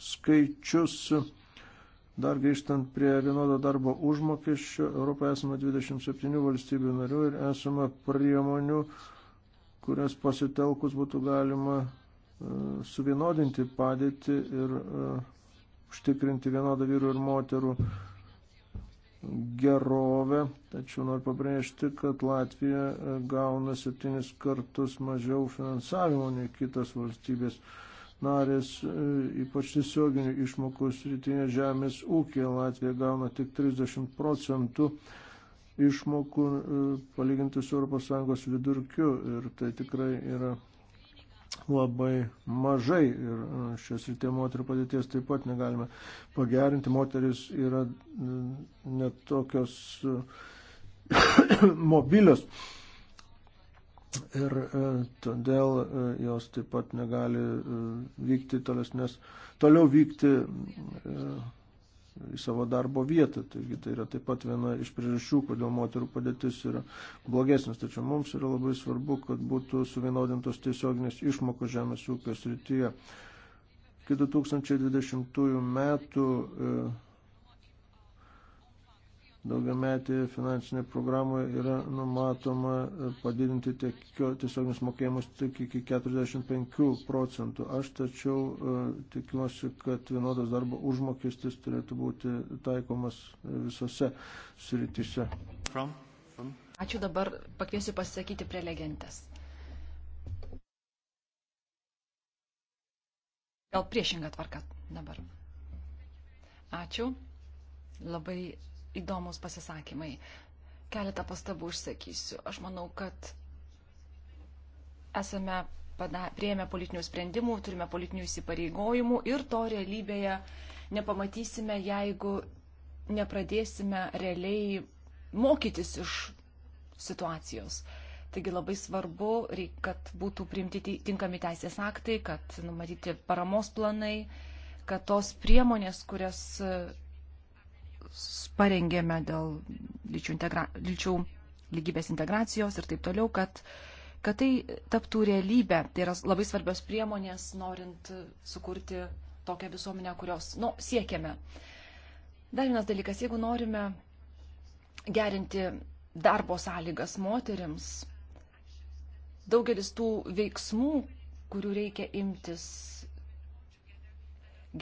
skaičius. Dar grįžtant prie vienodo darbo užmokesčio, Europoje esame 27 valstybių narių ir esame priemonių, kurias pasitelkus būtų galima e, suvienodinti padėtį ir uh, užtikrinti vienodą vyrų ir moterų gerovę, tačiau noriu pabrėžti, kad Latvija e, gauna septynis kartus mažiau finansavimo nei kitas valstybės narės, e, ypač tiesioginių išmokų sritinė žemės ūkė. Latvija gauna tik 30 procentų išmokų e, palyginti su ES vidurkiu ir tai tikrai yra labai mažai ir e, šios rytė moterų padėties taip pat negalime pagerinti. Moteris yra e, netokios e, mobilios ir todėl jos taip pat negali vykti tolesnės, toliau vykti į savo darbo vietą. Taigi tai yra taip pat viena iš priežasčių, kodėl moterų padėtis yra blogesnis. Tačiau mums yra labai svarbu, kad būtų suvienodintos tiesioginės išmokos žemės ūkio srityje. Iki 2020 metų e, daugiametį finansinę programą yra numatoma e, padidinti tiesioginius mokėjimus tik iki 45 procentų. Aš tačiau e, tikiuosi, kad vienodas darbo užmokestis turėtų būti taikomas e, visose sritise. From, from. Ačiū dabar pakviesiu pasisakyti prelegentės. Gal priešinga tvarka dabar. Ačiū. Labai įdomus pasisakymai. Keletą pastabų užsakysiu. Aš manau, kad esame prieėmę politinių sprendimų, turime politinių įsipareigojimų ir to realybėje nepamatysime, jeigu nepradėsime realiai mokytis iš situacijos. Taigi labai svarbu, kad būtų priimti tinkami teisės aktai, kad numatyti paramos planai, kad tos priemonės, kurias parengėme dėl lyčių, integra, lyčių lygybės integracijos ir taip toliau, kad, kad tai taptų realybė. Tai yra labai svarbios priemonės, norint sukurti tokią visuomenę, kurios nu, siekiame. Dar vienas dalykas, jeigu norime gerinti darbo sąlygas moteriams, daugelis tų veiksmų, kurių reikia imtis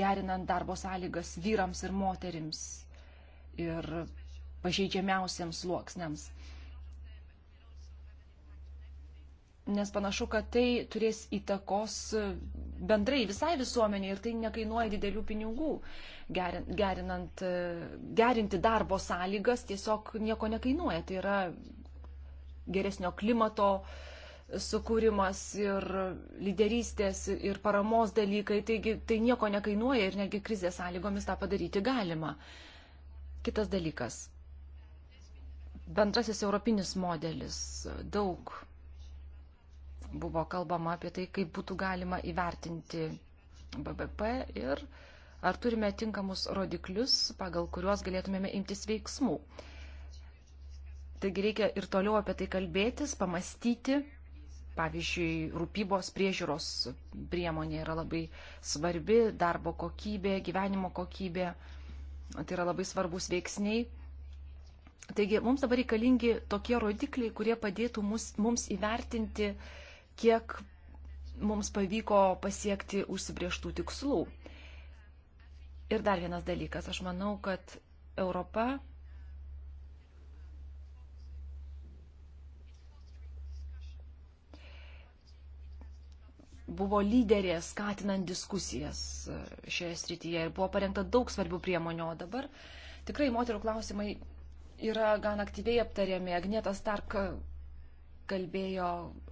gerinant darbo sąlygas vyrams ir moterims, ir pažeidžiamiausiems sluoksniams. Nes panašu, kad tai turės įtakos bendrai visai visuomeniai ir tai nekainuoja didelių pinigų. Gerinant, gerinti darbo sąlygas tiesiog nieko nekainuoja. Tai yra geresnio klimato, sukūrimas ir lyderystės ir paramos dalykai, taigi tai nieko nekainuoja ir netgi krizės sąlygomis tą padaryti galima. Kitas dalykas. Bendrasis europinis modelis. Daug buvo kalbama apie tai, kaip būtų galima įvertinti BBP ir ar turime tinkamus rodiklius, pagal kuriuos galėtumėme imtis veiksmų. Taigi reikia ir toliau apie tai kalbėtis, pamastyti. Pavyzdžiui, rūpybos priežiūros priemonė yra labai svarbi, darbo kokybė, gyvenimo kokybė. Tai yra labai svarbus veiksniai. Taigi mums dabar reikalingi tokie rodikliai, kurie padėtų mus, mums įvertinti, kiek mums pavyko pasiekti užsibrieštų tikslų. Ir dar vienas dalykas, aš manau, kad Europa buvo lyderė skatinant diskusijas e, šioje srityje ir buvo parengta daug svarbių priemonių, o dabar tikrai moterų klausimai yra gan aktyviai aptariami. Agnėtas Stark kalbėjo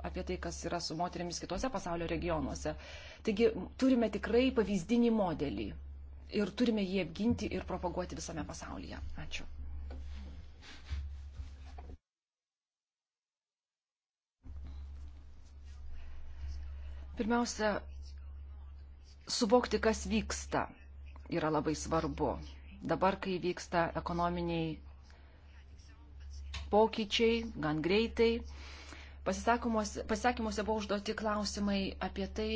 apie tai, kas yra su moterimis kitose pasaulio regionuose. Taigi turime tikrai pavyzdinį modelį ir turime jį apginti ir propaguoti visame pasaulyje. Ačiū. Pirmiausia, suvokti, kas vyksta, yra labai svarbu. Dabar, kai vyksta ekonominiai pokyčiai, gan greitai, pasisakymuose buvo užduoti klausimai apie tai,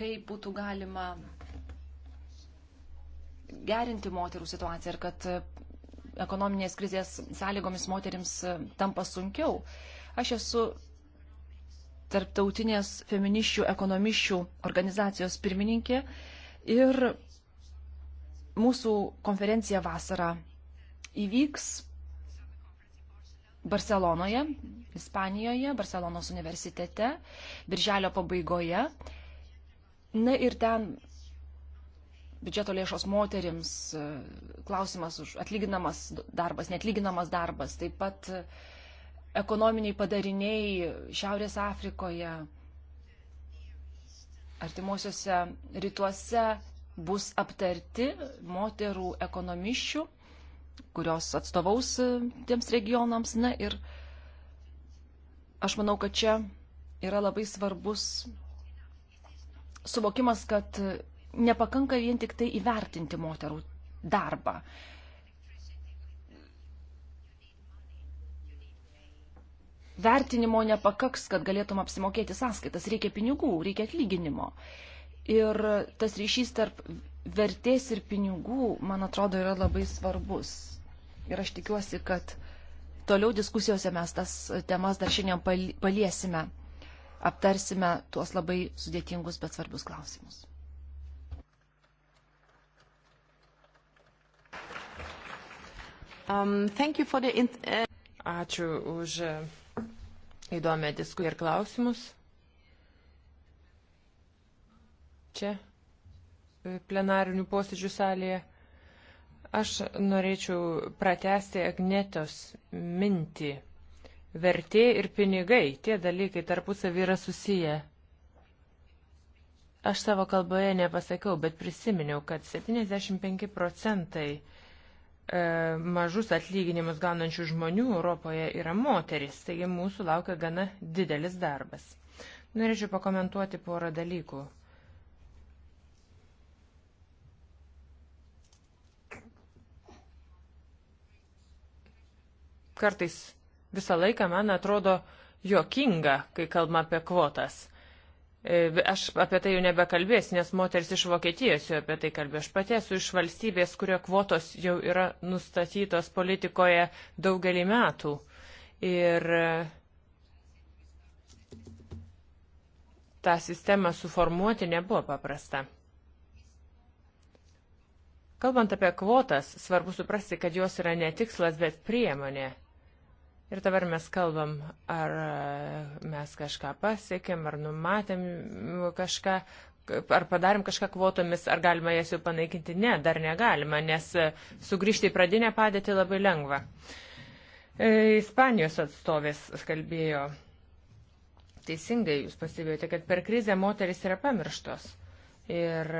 kaip būtų galima gerinti moterų situaciją ir kad ekonominės krizės sąlygomis moterims tampa sunkiau. Aš esu tarptautinės feminiščių, ekonomiščių organizacijos pirmininkė. Ir mūsų konferencija vasarą įvyks Barcelonoje, Ispanijoje, Barcelonos universitete, birželio pabaigoje. Na ir ten biudžeto lėšos moterims, e, klausimas už atlyginamas darbas, netlyginamas darbas, taip pat uh, ekonominiai padariniai Šiaurės Afrikoje, artimuosiuose rytuose bus aptarti moterų ekonomiščių, kurios atstovaus e, tiems regionams. Na ir aš manau, kad čia yra labai svarbus suvokimas, kad nepakanka vien tik tai įvertinti moterų darbą. vertinimo nepakaks, kad galėtum apsimokėti sąskaitas, reikia pinigų, reikia atlyginimo. Ir tas ryšys tarp vertės ir pinigų, man atrodo, yra labai svarbus. Ir aš tikiuosi, kad toliau diskusijose mes tas temas dar šiandien paliesime, aptarsime tuos labai sudėtingus, bet svarbius klausimus. Um, in... Uh Ačiū už įdomią diskusiją ir klausimus. Čia e, plenarinių posėdžių salėje. Aš norėčiau pratesti Agnetos mintį. Vertė ir pinigai, tie dalykai tarpusavį yra susiję. Aš savo kalboje nepasakiau, bet prisiminiau, kad 75 procentai E, mažus atlyginimus gaunančių žmonių Europoje yra moteris, taigi mūsų laukia gana didelis darbas. Norėčiau pakomentuoti porą dalykų. Kartais visą laiką man atrodo jokinga, kai kalbam apie kvotas. E, aš apie tai jau nebekalbėsiu, nes moteris iš Vokietijos jau apie tai kalbė. Aš pati esu iš valstybės, kurio kvotos jau yra nustatytos politikoje daugelį metų. Ir e, tą sistemą suformuoti nebuvo paprasta. Kalbant apie kvotas, svarbu suprasti, kad jos yra ne tikslas, bet priemonė. Ir dabar mes kalbam, ar e, mes kažką pasiekėm, ar numatėm kažką, ar padarėm kažką kvotomis, ar galima jas jau panaikinti. Ne, dar negalima, nes e, sugrįžti į pradinę padėtį labai lengva. E, Ispanijos atstovės kalbėjo. Teisingai jūs pastebėjote, kad per krizę moteris yra pamirštos. Ir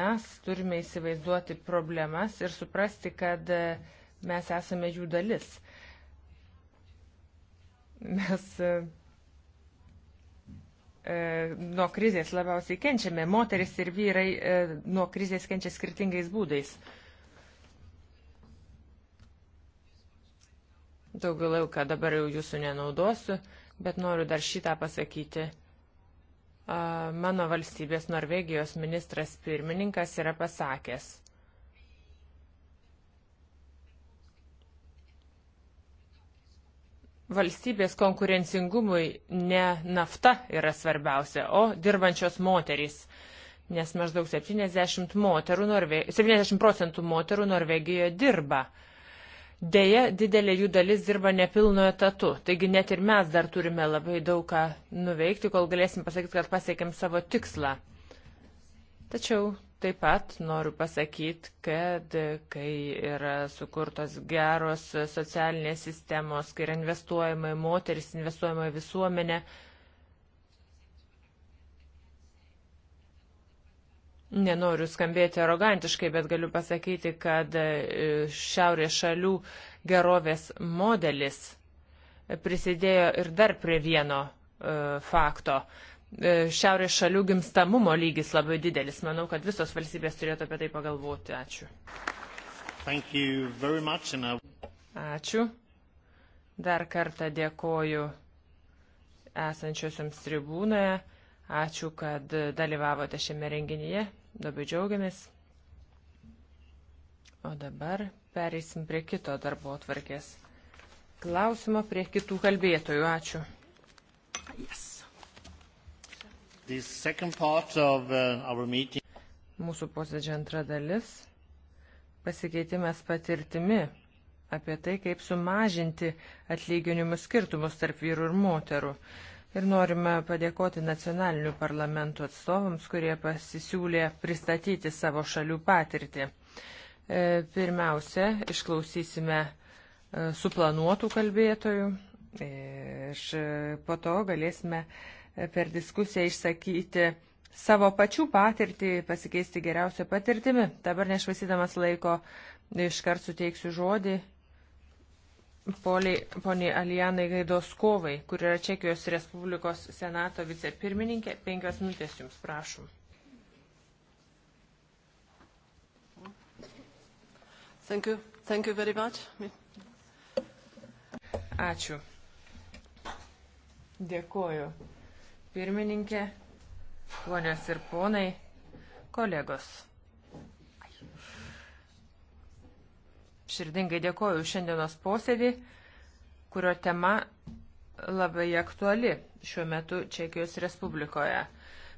mes turime įsivaizduoti problemas ir suprasti, kad mes esame jų dalis Mes e, e, nuo krizės labiausiai kenčiame. Moteris ir vyrai e, nuo krizės kenčia skirtingais būdais. Daugiau laiko dabar jau jūsų nenaudosiu, bet noriu dar šitą pasakyti. Mano valstybės Norvegijos ministras pirmininkas yra pasakęs, valstybės konkurencingumui ne nafta yra svarbiausia, o dirbančios moterys. Nes maždaug 70, moterų Norve... 70 procentų moterų Norvegijoje dirba. Deja, didelė jų dalis dirba nepilnu etatu, taigi net ir mes dar turime labai daug ką nuveikti, kol galėsim pasakyti, kad pasiekėm savo tikslą. Tačiau Taip pat noriu pasakyti, kad kai yra sukurtos geros socialinės sistemos, kai yra investuojama į moteris, investuojama į visuomenę, nenoriu skambėti arogantiškai, bet galiu pasakyti, kad e, šiaurės šalių gerovės modelis prisidėjo ir dar prie vieno e, fakto. E, šiaurės šalių gimstamumo lygis labai didelis. Manau, kad visos valstybės turėtų apie tai pagalvoti. Ačiū. Much, I... Ačiū. Dar kartą dėkoju esančiosiams tribūnoje. Ačiū, kad dalyvavote šiame renginyje. Labai džiaugiamės. O dabar pereisim prie kito darbo atvarkės klausimo, prie kitų kalbėtojų. Ačiū. Yes. Uh, Mūsų posėdžio antra dalis - pasikeitimas patirtimi apie tai, kaip sumažinti atlyginimų skirtumus tarp vyrų ir moterų. Ir norime padėkoti nacionalinių parlamentų atstovams, kurie pasisiūlė pristatyti savo šalių patirtį. E, pirmiausia, išklausysime e, suplanuotų kalbėtojų e, ir po to galėsime per diskusiją išsakyti savo pačių patirtį, pasikeisti geriausią patirtimi. Dabar nešvaisydamas laiko iškart suteiksiu žodį poniai Alijanai Gaidoskovai, kur yra Čekijos Respublikos Senato vicepirmininkė. Penkias minutės jums prašom. Thank you. Thank you very much. Ačiū. Dėkuoju pirmininkė, ponios ir ponai, kolegos. Širdingai dėkoju šiandienos posėdį, kurio tema labai aktuali šiuo metu Čekijos Respublikoje.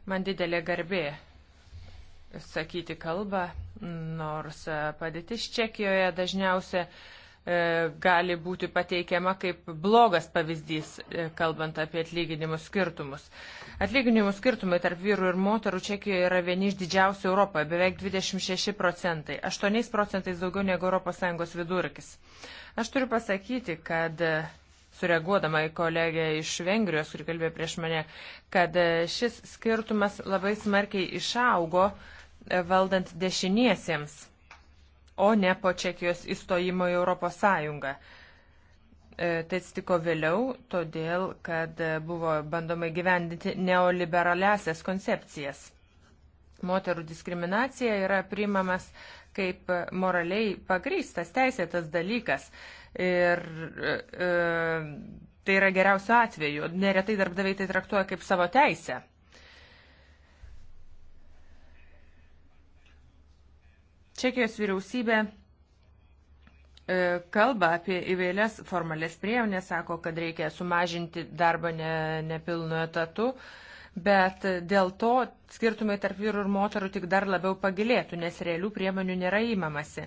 Man didelė garbė sakyti kalbą, nors padėtis Čekijoje dažniausiai E, gali būti pateikiama kaip blogas pavyzdys, e, kalbant apie atlyginimų skirtumus. Atlyginimų skirtumai tarp vyrų ir moterų Čekijoje yra vieni iš didžiausių Europoje - beveik 26 procentai, 8 procentais daugiau negu ES vidurkis. Aš turiu pasakyti, kad e, sureaguodama į kolegę iš Vengrijos, kuri kalbėjo prieš mane, kad šis skirtumas labai smarkiai išaugo valdant dešiniesiems o ne po Čekijos įstojimo į Europos Sąjungą. E, tai atsitiko vėliau, todėl, kad buvo bandoma gyvendinti neoliberaliasias koncepcijas. Moterų diskriminacija yra priimamas kaip moraliai pagrystas, teisėtas dalykas. Ir e, e, tai yra geriausio atveju. Neretai darbdaviai tai traktuoja kaip savo teisę. Čekijos vyriausybė e, kalba apie įvairias formalės priemonės, sako, kad reikia sumažinti darbą ne, nepilnu etatu, bet dėl to skirtumai tarp vyrų ir moterų tik dar labiau pagilėtų, nes realių priemonių nėra įmamasi.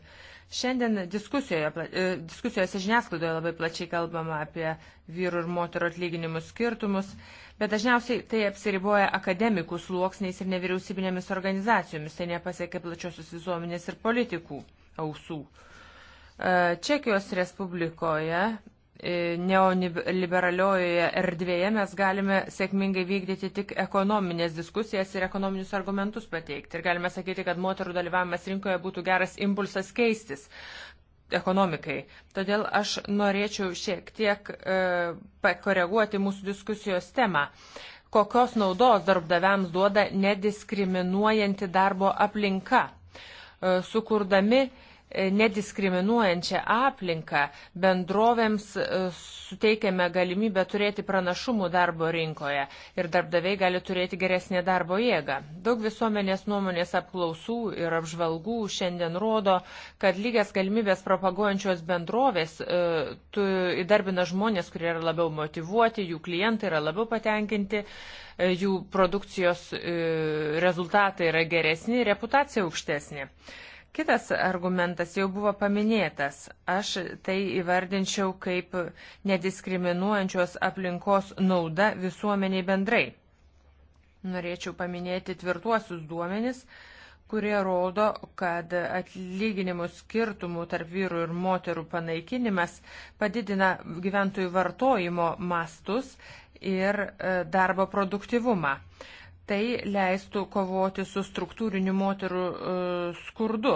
Šiandien e, diskusijose žiniasklaidoje labai plačiai kalbama apie vyrų ir moterų atlyginimų skirtumus, bet dažniausiai tai apsiriboja akademikų sluoksniais ir nevyriausybinėmis organizacijomis, tai nepasiekia plačiosios visuomenės ir politikų ausų. E, Čekijos Respublikoje E, neoliberaliojoje erdvėje mes galime sėkmingai vykdyti tik ekonominės diskusijas ir ekonominius argumentus pateikti. Ir galime sakyti, kad moterų dalyvavimas rinkoje būtų geras impulsas keistis ekonomikai. Todėl aš norėčiau šiek tiek e, pakoreguoti mūsų diskusijos temą. Kokios naudos darbdaviams duoda nediskriminuojanti darbo aplinka, e, sukurdami e, nediskriminuojančią aplinką bendrovėms e, suteikiame galimybę turėti pranašumų darbo rinkoje ir darbdaviai gali turėti geresnį darbo jėgą. Daug visuomenės nuomonės apklausų ir apžvalgų šiandien rodo, kad lygias galimybės propaguojančios bendrovės e, įdarbina žmonės, kurie yra labiau motivuoti, jų klientai yra labiau patenkinti, e, jų produkcijos rezultatai yra geresni, reputacija aukštesnė. Kitas argumentas jau buvo paminėtas. Aš tai įvardinčiau kaip nediskriminuojančios aplinkos nauda visuomeniai bendrai. Norėčiau paminėti tvirtuosius duomenis, kurie rodo, kad atlyginimų skirtumų tarp vyrų ir moterų panaikinimas padidina gyventojų vartojimo mastus ir e, darbo produktivumą. Tai leistų kovoti su struktūriniu moterų e, skurdu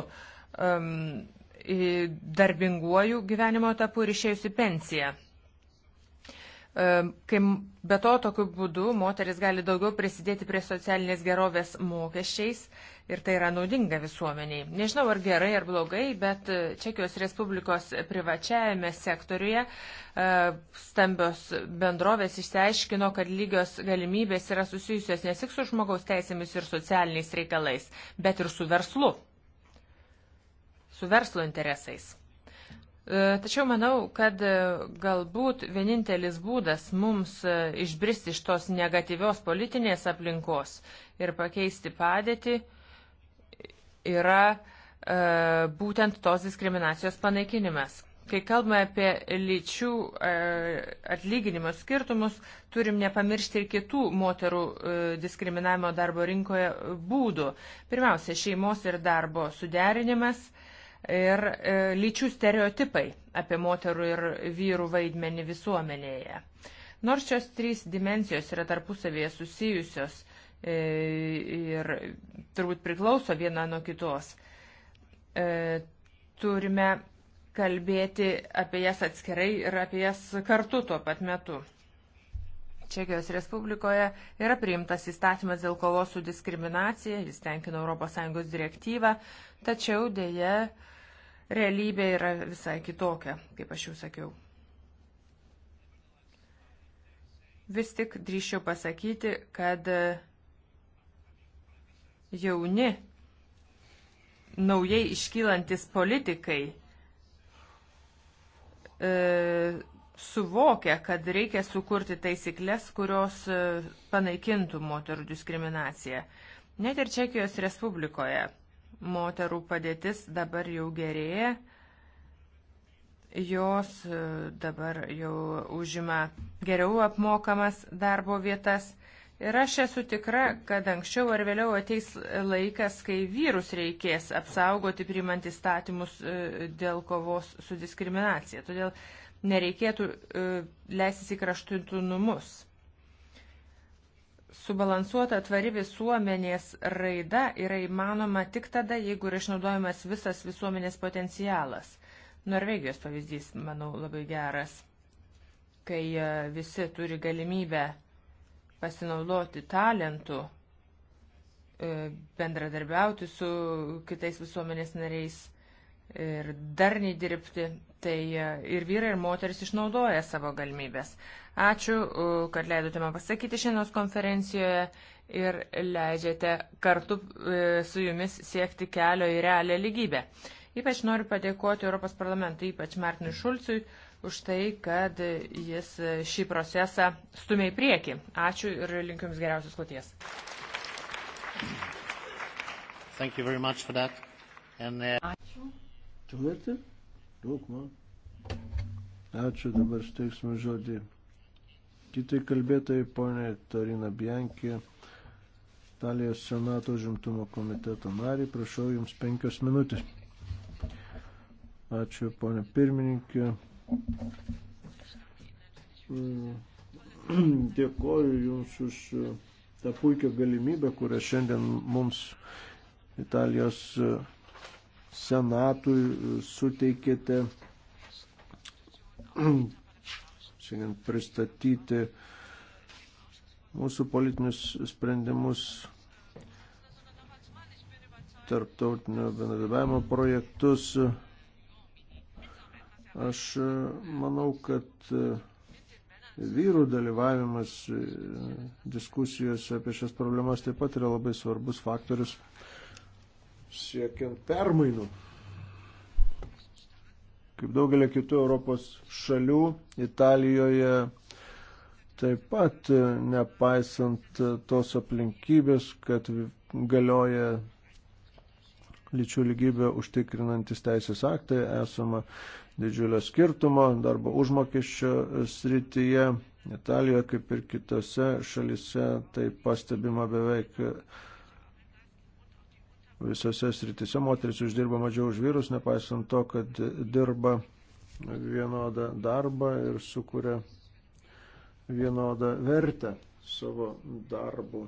darbinguoju gyvenimo etapu ir išėjusi pensiją. Kai be to tokiu būdu moteris gali daugiau prisidėti prie socialinės gerovės mokesčiais ir tai yra naudinga visuomeniai. Nežinau ar gerai ar blogai, bet e, Čekijos Respublikos privačiajame sektoriuje e, stambios bendrovės išsiaiškino, kad lygios galimybės yra susijusios ne tik su žmogaus teisėmis ir socialiniais reikalais, bet ir su verslu, su verslo interesais. E, tačiau manau, kad e, galbūt vienintelis būdas mums e, išbristi iš tos negatyvios politinės aplinkos ir pakeisti padėtį yra būtent tos diskriminacijos panaikinimas. Kai kalbame apie lyčių atlyginimo skirtumus, turim nepamiršti ir kitų moterų diskriminavimo darbo rinkoje būdų. Pirmiausia, šeimos ir darbo suderinimas – ir e, lyčių stereotipai apie moterų ir vyrų vaidmenį visuomenėje. Nors šios trys dimensijos yra tarpusavėje susijusios e, ir turbūt priklauso viena nuo kitos, e, turime kalbėti apie jas atskirai ir apie jas kartu tuo pat metu. Čekijos Respublikoje yra priimtas įstatymas dėl kovos su diskriminacija, jis tenkina ES direktyvą, tačiau dėje realybė yra visai kitokia, kaip aš jau sakiau. Vis tik drįšiau pasakyti, kad jauni, naujai iškylantis politikai e, suvokia, kad reikia sukurti taisyklės, kurios e, panaikintų moterų diskriminaciją. Net ir Čekijos Respublikoje moterų padėtis dabar jau gerėja, jos e, dabar jau užima geriau apmokamas darbo vietas. Ir aš esu tikra, kad anksčiau ar vėliau ateis laikas, kai vyrus reikės apsaugoti primant įstatymus e, dėl kovos su diskriminacija. Todėl nereikėtų e, leistis į kraštutinumus. Subalansuota tvari visuomenės raida yra įmanoma tik tada, jeigu yra išnaudojamas visas visuomenės potencialas. Norvegijos pavyzdys, manau, labai geras, kai e, visi turi galimybę pasinaudoti talentų, e, bendradarbiauti su kitais visuomenės nariais ir darniai dirbti, tai e, ir vyrai, ir moteris išnaudoja savo galimybės. Ačiū, kad leidote man pasakyti šiandienos konferencijoje ir leidžiate kartu e, su jumis siekti kelio į realią lygybę. Ypač noriu padėkoti Europos parlamentui, ypač Martinui Šulciui, už tai, kad jis e, šį procesą stumia į priekį. Ačiū ir linkiu Jums geriausios kloties. Uh, Ačiū. Turite? Daug man. Ačiū, dabar steiksime žodį. Kitai kalbėtojai, ponė Tarina Biankė, Italijos Senato žimtumo komiteto nariai, prašau jums penkios minutės. Ačiū, ponė pirmininkė. Mm, dėkoju jums už uh, tą puikią galimybę, kurią šiandien mums Italijos uh, senatui e, suteikėte šiandien pristatyti mūsų politinius sprendimus tarptautinio bendradarbiavimo projektus. Aš e, manau, kad e, vyrų dalyvavimas diskusijose apie šias problemas taip pat yra labai svarbus faktorius siekiant permainų. Kaip daugelio kitų Europos šalių, Italijoje taip pat, e, nepaisant e, tos aplinkybės, kad galioja lyčių lygybę užtikrinantis teisės aktai, esama didžiulio skirtumo darbo užmokesčio e, srityje. Italijoje, kaip ir kitose šalise, tai pastebima beveik visose sritise. Moteris uždirba mažiau už vyrus, nepaisant to, kad dirba vienodą darbą ir sukuria vienodą vertę savo darbų.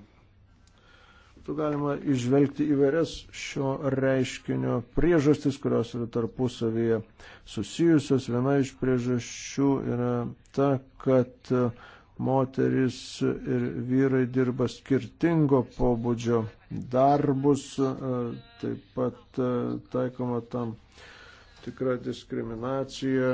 Tu galima išvelgti įvairias šio reiškinio priežastis, kurios yra tarpusavyje susijusios. Viena iš priežasčių yra ta, kad moteris ir vyrai dirba skirtingo pobūdžio darbus, e, taip pat e, taikoma tam tikra diskriminacija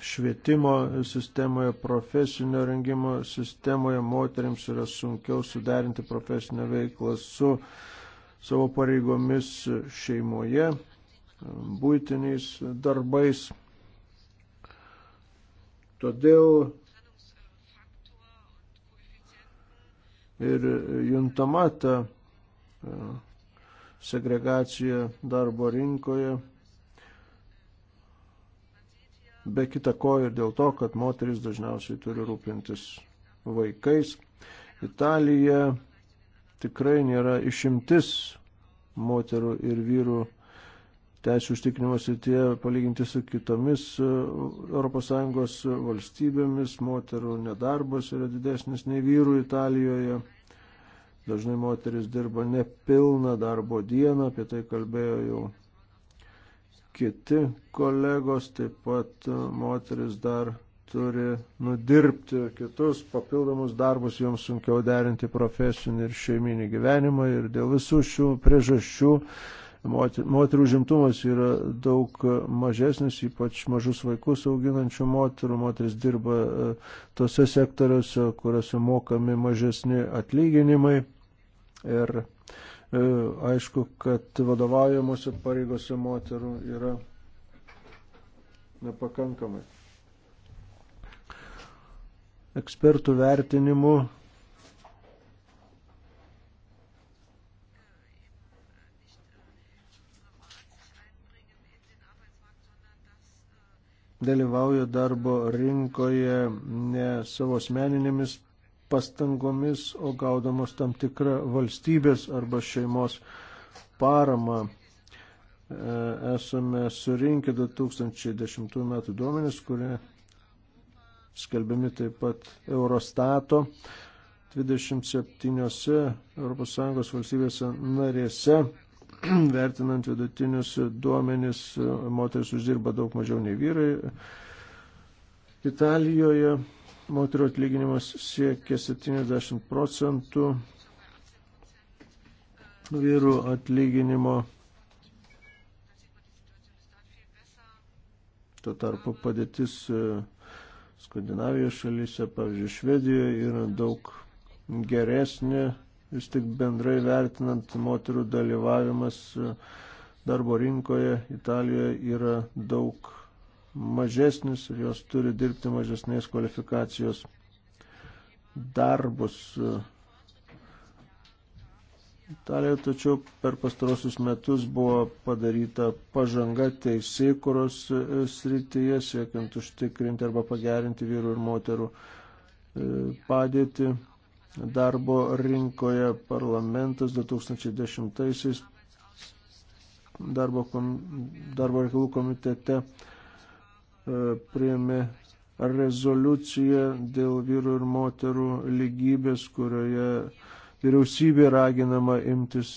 švietimo sistemoje, profesinio rengimo sistemoje moteriams yra sunkiau suderinti profesinę veiklą su savo pareigomis šeimoje, būtiniais darbais. Todėl ir juntama ta e, segregacija darbo rinkoje, be kita ko ir dėl to, kad moteris dažniausiai turi rūpintis vaikais. Italija tikrai nėra išimtis moterų ir vyrų teisų užtikrinimo srityje palyginti su kitomis ES valstybėmis. Moterų nedarbas yra didesnis nei vyrų Italijoje. Dažnai moteris dirba nepilną darbo dieną, apie tai kalbėjo jau kiti kolegos, taip pat e, moteris dar turi nudirbti kitus papildomus darbus, joms sunkiau derinti profesinį ir šeiminį gyvenimą ir dėl visų šių priežasčių uh, Moterų žimtumas yra daug mažesnis, ypač mažus vaikus auginančių moterų. Moteris dirba e, tose sektoriuose, kuriuose mokami mažesni atlyginimai. Ir e, aišku, kad vadovaujamuose pareigose moterų yra nepakankamai. Ekspertų vertinimu dalyvauja darbo rinkoje ne savo asmeninėmis pastangomis, o gaudamos tam tikrą valstybės arba šeimos paramą. E, esame surinkę 2010 m. duomenis, kurie skelbiami taip pat Eurostato 27 ES valstybėse narėse vertinant vidutinius duomenis, moteris uždirba daug mažiau nei vyrai. Italijoje moterio atlyginimas siekia 70 procentų vyrų atlyginimo. Tuo tarpu padėtis e, Skandinavijos šalyse, pavyzdžiui, Švedijoje yra daug geresnė vis tik bendrai vertinant moterų dalyvavimas e, darbo rinkoje Italijoje yra daug mažesnis ir jos turi dirbti mažesnės kvalifikacijos darbus. E, Italijoje tačiau per pastarosius metus buvo padaryta pažanga teisėkuros e, srityje, siekiant užtikrinti arba pagerinti vyrų ir moterų padėtį darbo rinkoje parlamentas 2010-aisiais darbo, kom, darbo reikalų komitete e, priėmė rezoliuciją dėl vyrų ir moterų lygybės, kurioje vyriausybė raginama imtis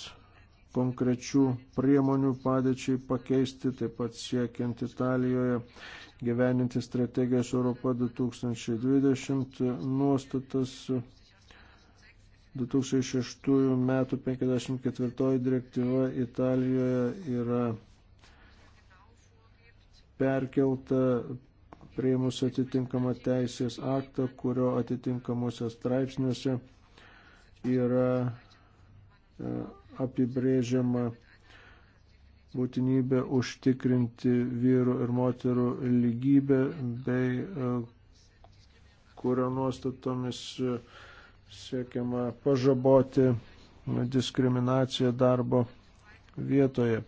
konkrečių priemonių padėčiai pakeisti, taip pat siekiant Italijoje gyveninti strategijos Europa 2020 nuostatas 2006 metų 54 direktyva Italijoje yra perkelta prieimus atitinkamą teisės aktą, kurio atitinkamuose straipsniuose yra e, apibrėžiama būtinybė užtikrinti vyrų ir moterų lygybę bei e, kurio nuostatomis uh, siekiama pažaboti diskriminaciją darbo vietoje.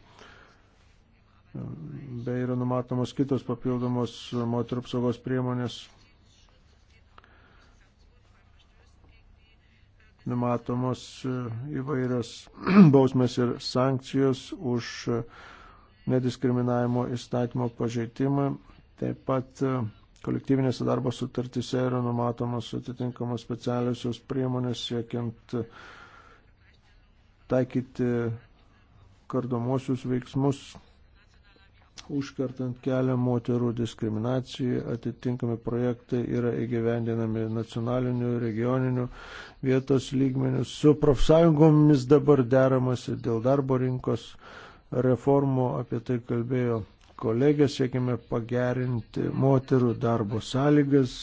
Bei yra numatomos kitos papildomos moterų apsaugos priemonės. Numatomos įvairios bausmės ir sankcijos už nediskriminavimo įstatymo pažeidimą. Taip pat kolektyvinėse darbo sutartyse yra numatomos atitinkamos specialiosios priemonės siekiant taikyti kardomosius veiksmus, užkartant kelią moterų diskriminacijai, atitinkami projektai yra įgyvendinami nacionaliniu, regioniniu, vietos lygmeniu. Su profsąjungomis dabar deramasi dėl darbo rinkos reformų, apie tai kalbėjo kolegę, siekime pagerinti moterų darbo sąlygas,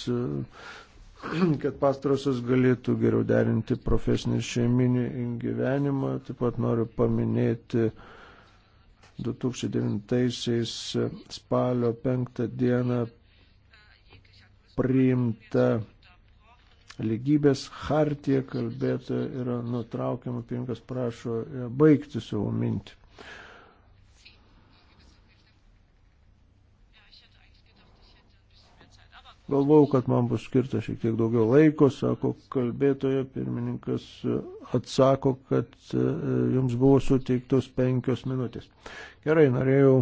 kad pastarosios galėtų geriau derinti profesinį ir šeiminį gyvenimą. Taip pat noriu paminėti 2009 spalio 5 dieną priimta lygybės hartija kalbėta yra nutraukiama, pinkas prašo baigti savo mintį. Galvau, kad man bus skirta šiek tiek daugiau laiko, sako kalbėtojo pirmininkas, atsako, kad e, jums buvo suteiktos penkios minutės. Gerai, norėjau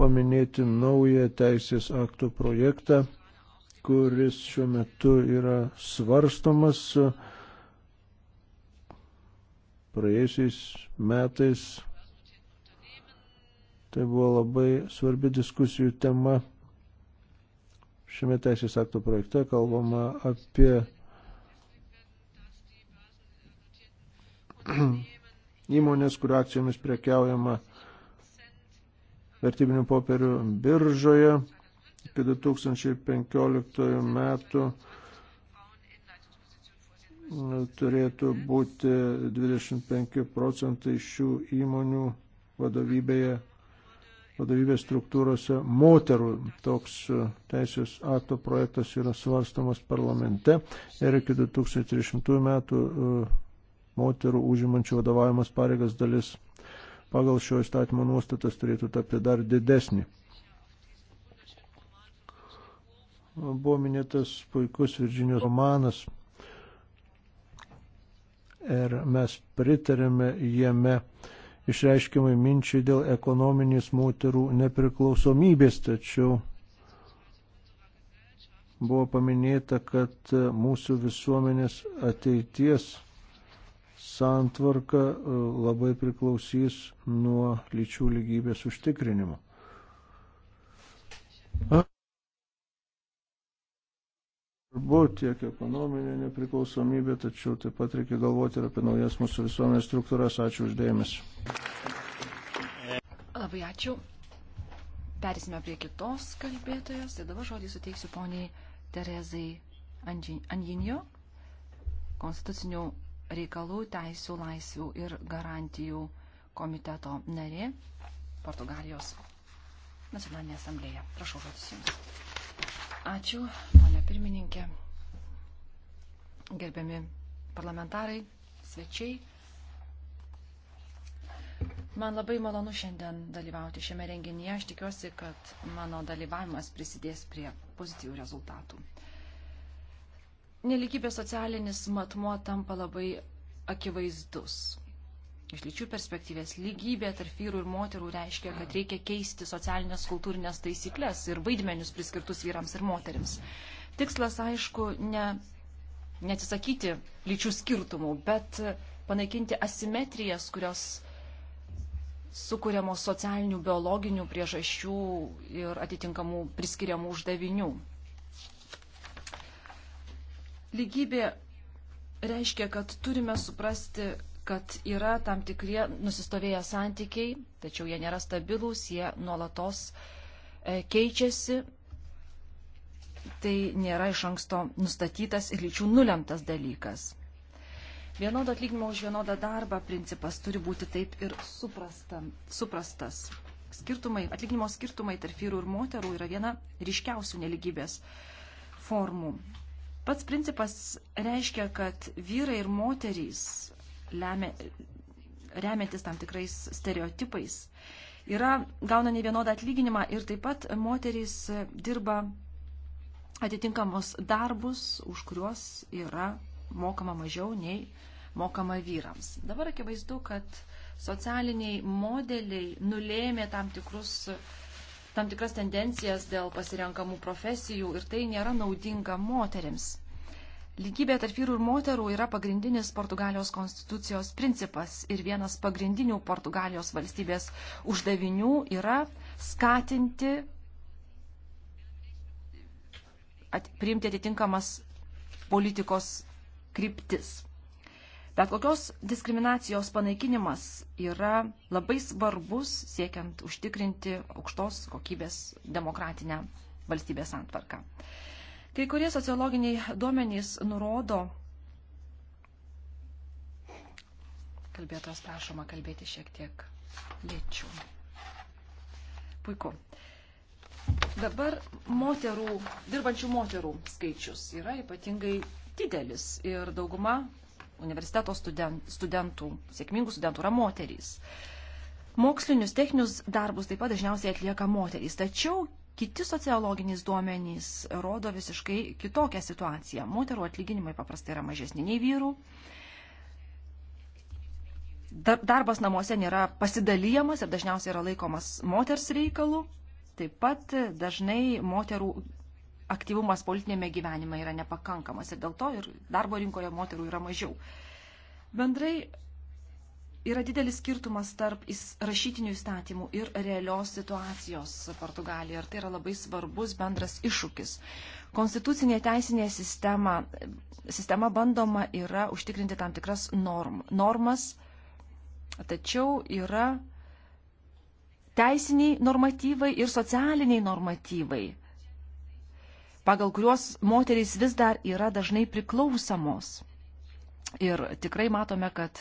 paminėti naują teisės aktų projektą, kuris šiuo metu yra svarstomas. Praėjusiais metais tai buvo labai svarbi diskusijų tema Šiame teisės akto projekte kalbama apie įmonės, kurio akcijomis prekiaujama vertybinių popierių biržoje iki 2015 metų turėtų būti 25 procentai šių įmonių vadovybėje vadovybės struktūrose moterų. Toks e, teisės akto projektas yra svarstamas parlamente ir iki 2030 metų e, moterų užimančių vadovavimas pareigas dalis pagal šio įstatymo nuostatas turėtų tapti dar didesnį. Buvo minėtas puikus Virginijos romanas ir mes pritarėme jame uh, išreiškiamai minčiai dėl ekonominės moterų nepriklausomybės, tačiau buvo paminėta, kad mūsų visuomenės ateities santvarka e, labai priklausys nuo lyčių lygybės užtikrinimo svarbu tiek ekonominė nepriklausomybė, tačiau taip pat reikia galvoti ir apie naujas mūsų visuomenės struktūras. Ačiū uždėmesi. Labai ačiū. Perėsime prie kitos kalbėtojos ir tai dabar žodį suteiksiu poniai Terezai Anjinio, konstitucinių reikalų, teisų, laisvių ir garantijų komiteto narė Portugalijos nacionalinė asamblėje. Prašau žodis jums. Ačiū, ponia pirmininkė. Gerbiami parlamentarai, svečiai. Man labai malonu šiandien dalyvauti šiame renginyje. Aš tikiuosi, kad mano dalyvavimas prisidės prie pozityvių rezultatų. Neligybės socialinis matmuo tampa labai akivaizdus iš lyčių perspektyvės lygybė tarp vyrų ir moterų reiškia, kad reikia keisti socialinės kultūrinės taisyklės ir vaidmenius priskirtus vyrams ir moteriams. Tikslas, aišku, ne, neatsisakyti lyčių skirtumų, bet panaikinti asimetrijas, kurios sukūriamos socialinių, biologinių priežasčių ir atitinkamų priskiriamų uždavinių. Lygybė reiškia, kad turime suprasti kad yra tam tikrie nusistovėję santykiai, tačiau jie nėra stabilūs, jie nuolatos e, keičiasi. Tai nėra iš anksto nustatytas ir lyčių nulemtas dalykas. Vienodo atlyginimo už vienodą darbą principas turi būti taip ir suprasta, suprastas. Skirtumai, atlyginimo skirtumai tarp vyrų ir moterų yra viena ryškiausių neligybės formų. Pats principas reiškia, kad vyrai ir moterys lemia, remiantis tam tikrais stereotipais. Yra, gauna ne vienodą atlyginimą ir taip pat moterys dirba atitinkamus darbus, už kuriuos yra mokama mažiau nei mokama vyrams. Dabar akivaizdu, kad socialiniai modeliai nulėmė tam tikrus tam tikras tendencijas dėl pasirenkamų profesijų ir tai nėra naudinga moteriams. Lygybė tarp vyrų ir moterų yra pagrindinis Portugalijos konstitucijos principas ir vienas pagrindinių Portugalijos valstybės uždavinių yra skatinti at, priimti atitinkamas politikos kryptis. Bet kokios diskriminacijos panaikinimas yra labai svarbus siekiant užtikrinti aukštos kokybės demokratinę valstybės antvarką. Kai kurie sociologiniai duomenys nurodo, kalbėtos prašoma kalbėti šiek tiek lėčiau. Puiku. Dabar moterų, dirbančių moterų skaičius yra ypatingai didelis ir dauguma universiteto student, studentų, sėkmingų studentų yra moterys. Mokslinius techninius darbus taip pat dažniausiai atlieka moterys, tačiau Kiti sociologinis duomenys rodo visiškai kitokią situaciją. Moterų atlyginimai paprastai yra mažesni nei vyrų. Darbas namuose nėra pasidalyjamas ir dažniausiai yra laikomas moters reikalu. Taip pat dažnai moterų aktyvumas politinėme gyvenime yra nepakankamas ir dėl to ir darbo rinkoje moterų yra mažiau. Bendrai yra didelis skirtumas tarp rašytinių įstatymų ir realios situacijos Portugalijoje. Ir tai yra labai svarbus bendras iššūkis. Konstitucinė teisinė sistema, sistema bandoma yra užtikrinti tam tikras norm, normas, tačiau yra teisiniai normatyvai ir socialiniai normatyvai, pagal kuriuos moterys vis dar yra dažnai priklausomos. Ir tikrai matome, kad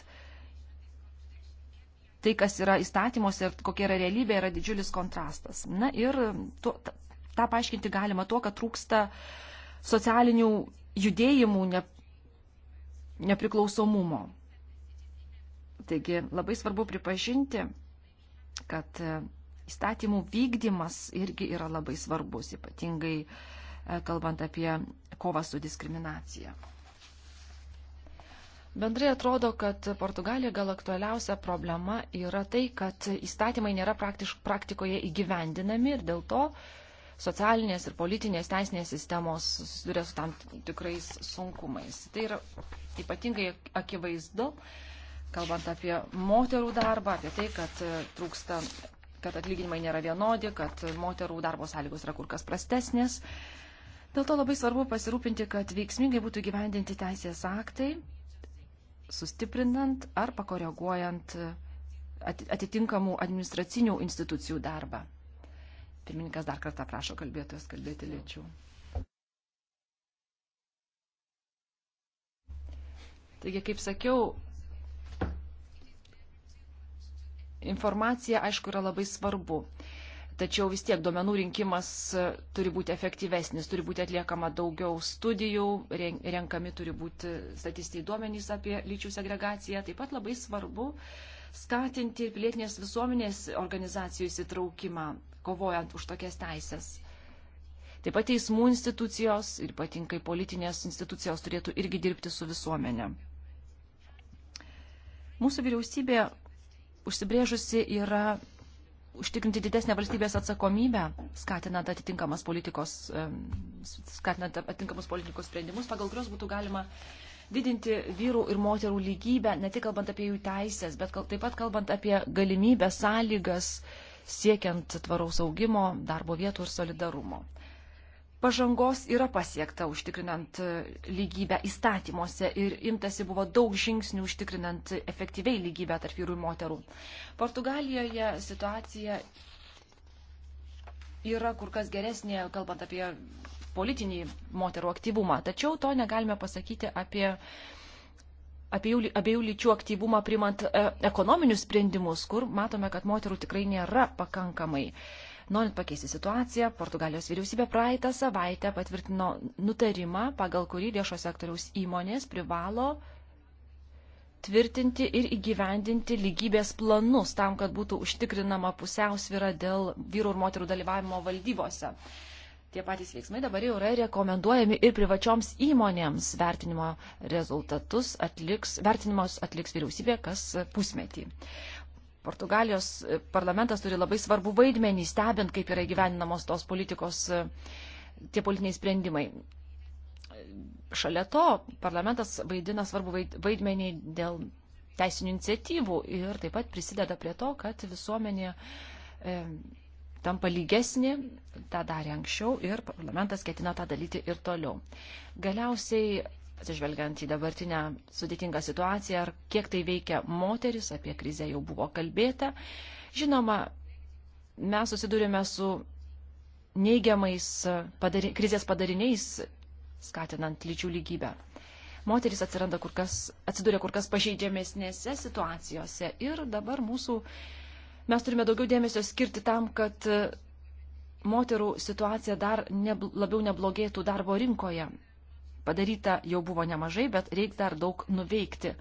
tai, kas yra įstatymuose ir kokia yra realybė, yra didžiulis kontrastas. Na ir to, tą paaiškinti galima tuo, kad trūksta socialinių judėjimų ne, nepriklausomumo. Taigi labai svarbu pripažinti, kad e, įstatymų vykdymas irgi yra labai svarbus, ypatingai e, kalbant apie kovą su diskriminacija. Bendrai atrodo, kad Portugalija gal aktualiausia problema yra tai, kad įstatymai nėra praktiš, praktikoje įgyvendinami ir dėl to socialinės ir politinės teisinės sistemos susiduria su tam tikrais sunkumais. Tai yra ypatingai akivaizdu, kalbant apie moterų darbą, apie tai, kad trūksta, kad atlyginimai nėra vienodi, kad moterų darbo sąlygos yra kur kas prastesnės. Dėl to labai svarbu pasirūpinti, kad veiksmingai būtų gyvendinti teisės aktai sustiprinant ar pakoreguojant e, atitinkamų administracinių institucijų darbą. Pirmininkas dar kartą prašo kalbėtojas kalbėti lėčiau. Taigi, kaip sakiau, informacija, aišku, yra labai svarbu. Tačiau vis tiek duomenų rinkimas e, turi būti efektyvesnis, turi būti atliekama daugiau studijų, renkami turi būti statistiniai duomenys apie lyčių segregaciją. Taip pat labai svarbu skatinti pilietinės visuomenės organizacijų įsitraukimą, kovojant už tokias teisės. Taip pat teismų institucijos ir ypatingai politinės institucijos turėtų irgi dirbti su visuomenė. Mūsų vyriausybė užsibrėžusi yra užtikrinti didesnę valstybės atsakomybę, skatinant atitinkamas politikos, skatinant atitinkamus politikos sprendimus, pagal kurios būtų galima didinti vyrų ir moterų lygybę, ne tik kalbant apie jų teisės, bet taip pat kalbant apie galimybę, sąlygas siekiant tvaraus augimo, darbo vietų ir solidarumo pažangos yra pasiekta užtikrinant e, lygybę įstatymuose ir imtasi buvo daug žingsnių užtikrinant efektyviai lygybę tarp vyrų ir moterų. Portugalijoje situacija yra kur kas geresnė, kalbant apie politinį moterų aktyvumą. Tačiau to negalime pasakyti apie abiejų, abiejų lyčių aktyvumą primant e, ekonominius sprendimus, kur matome, kad moterų tikrai nėra pakankamai. E, Norint pakeisti situaciją, Portugalijos vyriausybė praeitą savaitę patvirtino nutarimą, pagal kurį viešo sektoriaus įmonės privalo tvirtinti ir įgyvendinti lygybės planus tam, kad būtų užtikrinama pusiausvyra dėl vyrų ir moterų dalyvavimo valdybose. Tie patys veiksmai dabar jau yra rekomenduojami ir privačioms įmonėms. Vertinimo rezultatus atliks, vertinimus atliks vyriausybė kas pusmetį. Portugalijos parlamentas turi labai svarbų vaidmenį, stebint, kaip yra gyveninamos tos politikos, tie politiniai sprendimai. Šalia to parlamentas vaidina svarbu vaidmenį dėl teisinių iniciatyvų ir taip pat prisideda prie to, kad visuomenė e, tampa lygesnė, tą darė anksčiau ir parlamentas ketina tą daryti ir toliau. Galiausiai atsižvelgiant į dabartinę sudėtingą situaciją, ar kiek tai veikia moteris, apie krizę jau buvo kalbėta. Žinoma, mes susidurime su neigiamais padari, krizės padariniais, skatinant lyčių lygybę. Moteris atsiranda kur kas, atsiduria kur kas pažeidžiamesnėse situacijose ir dabar mūsų, mes turime daugiau dėmesio skirti tam, kad moterų situacija dar ne, labiau neblogėtų darbo rinkoje. Padaryta jau buvo nemažai, bet reiks dar daug nuveikti.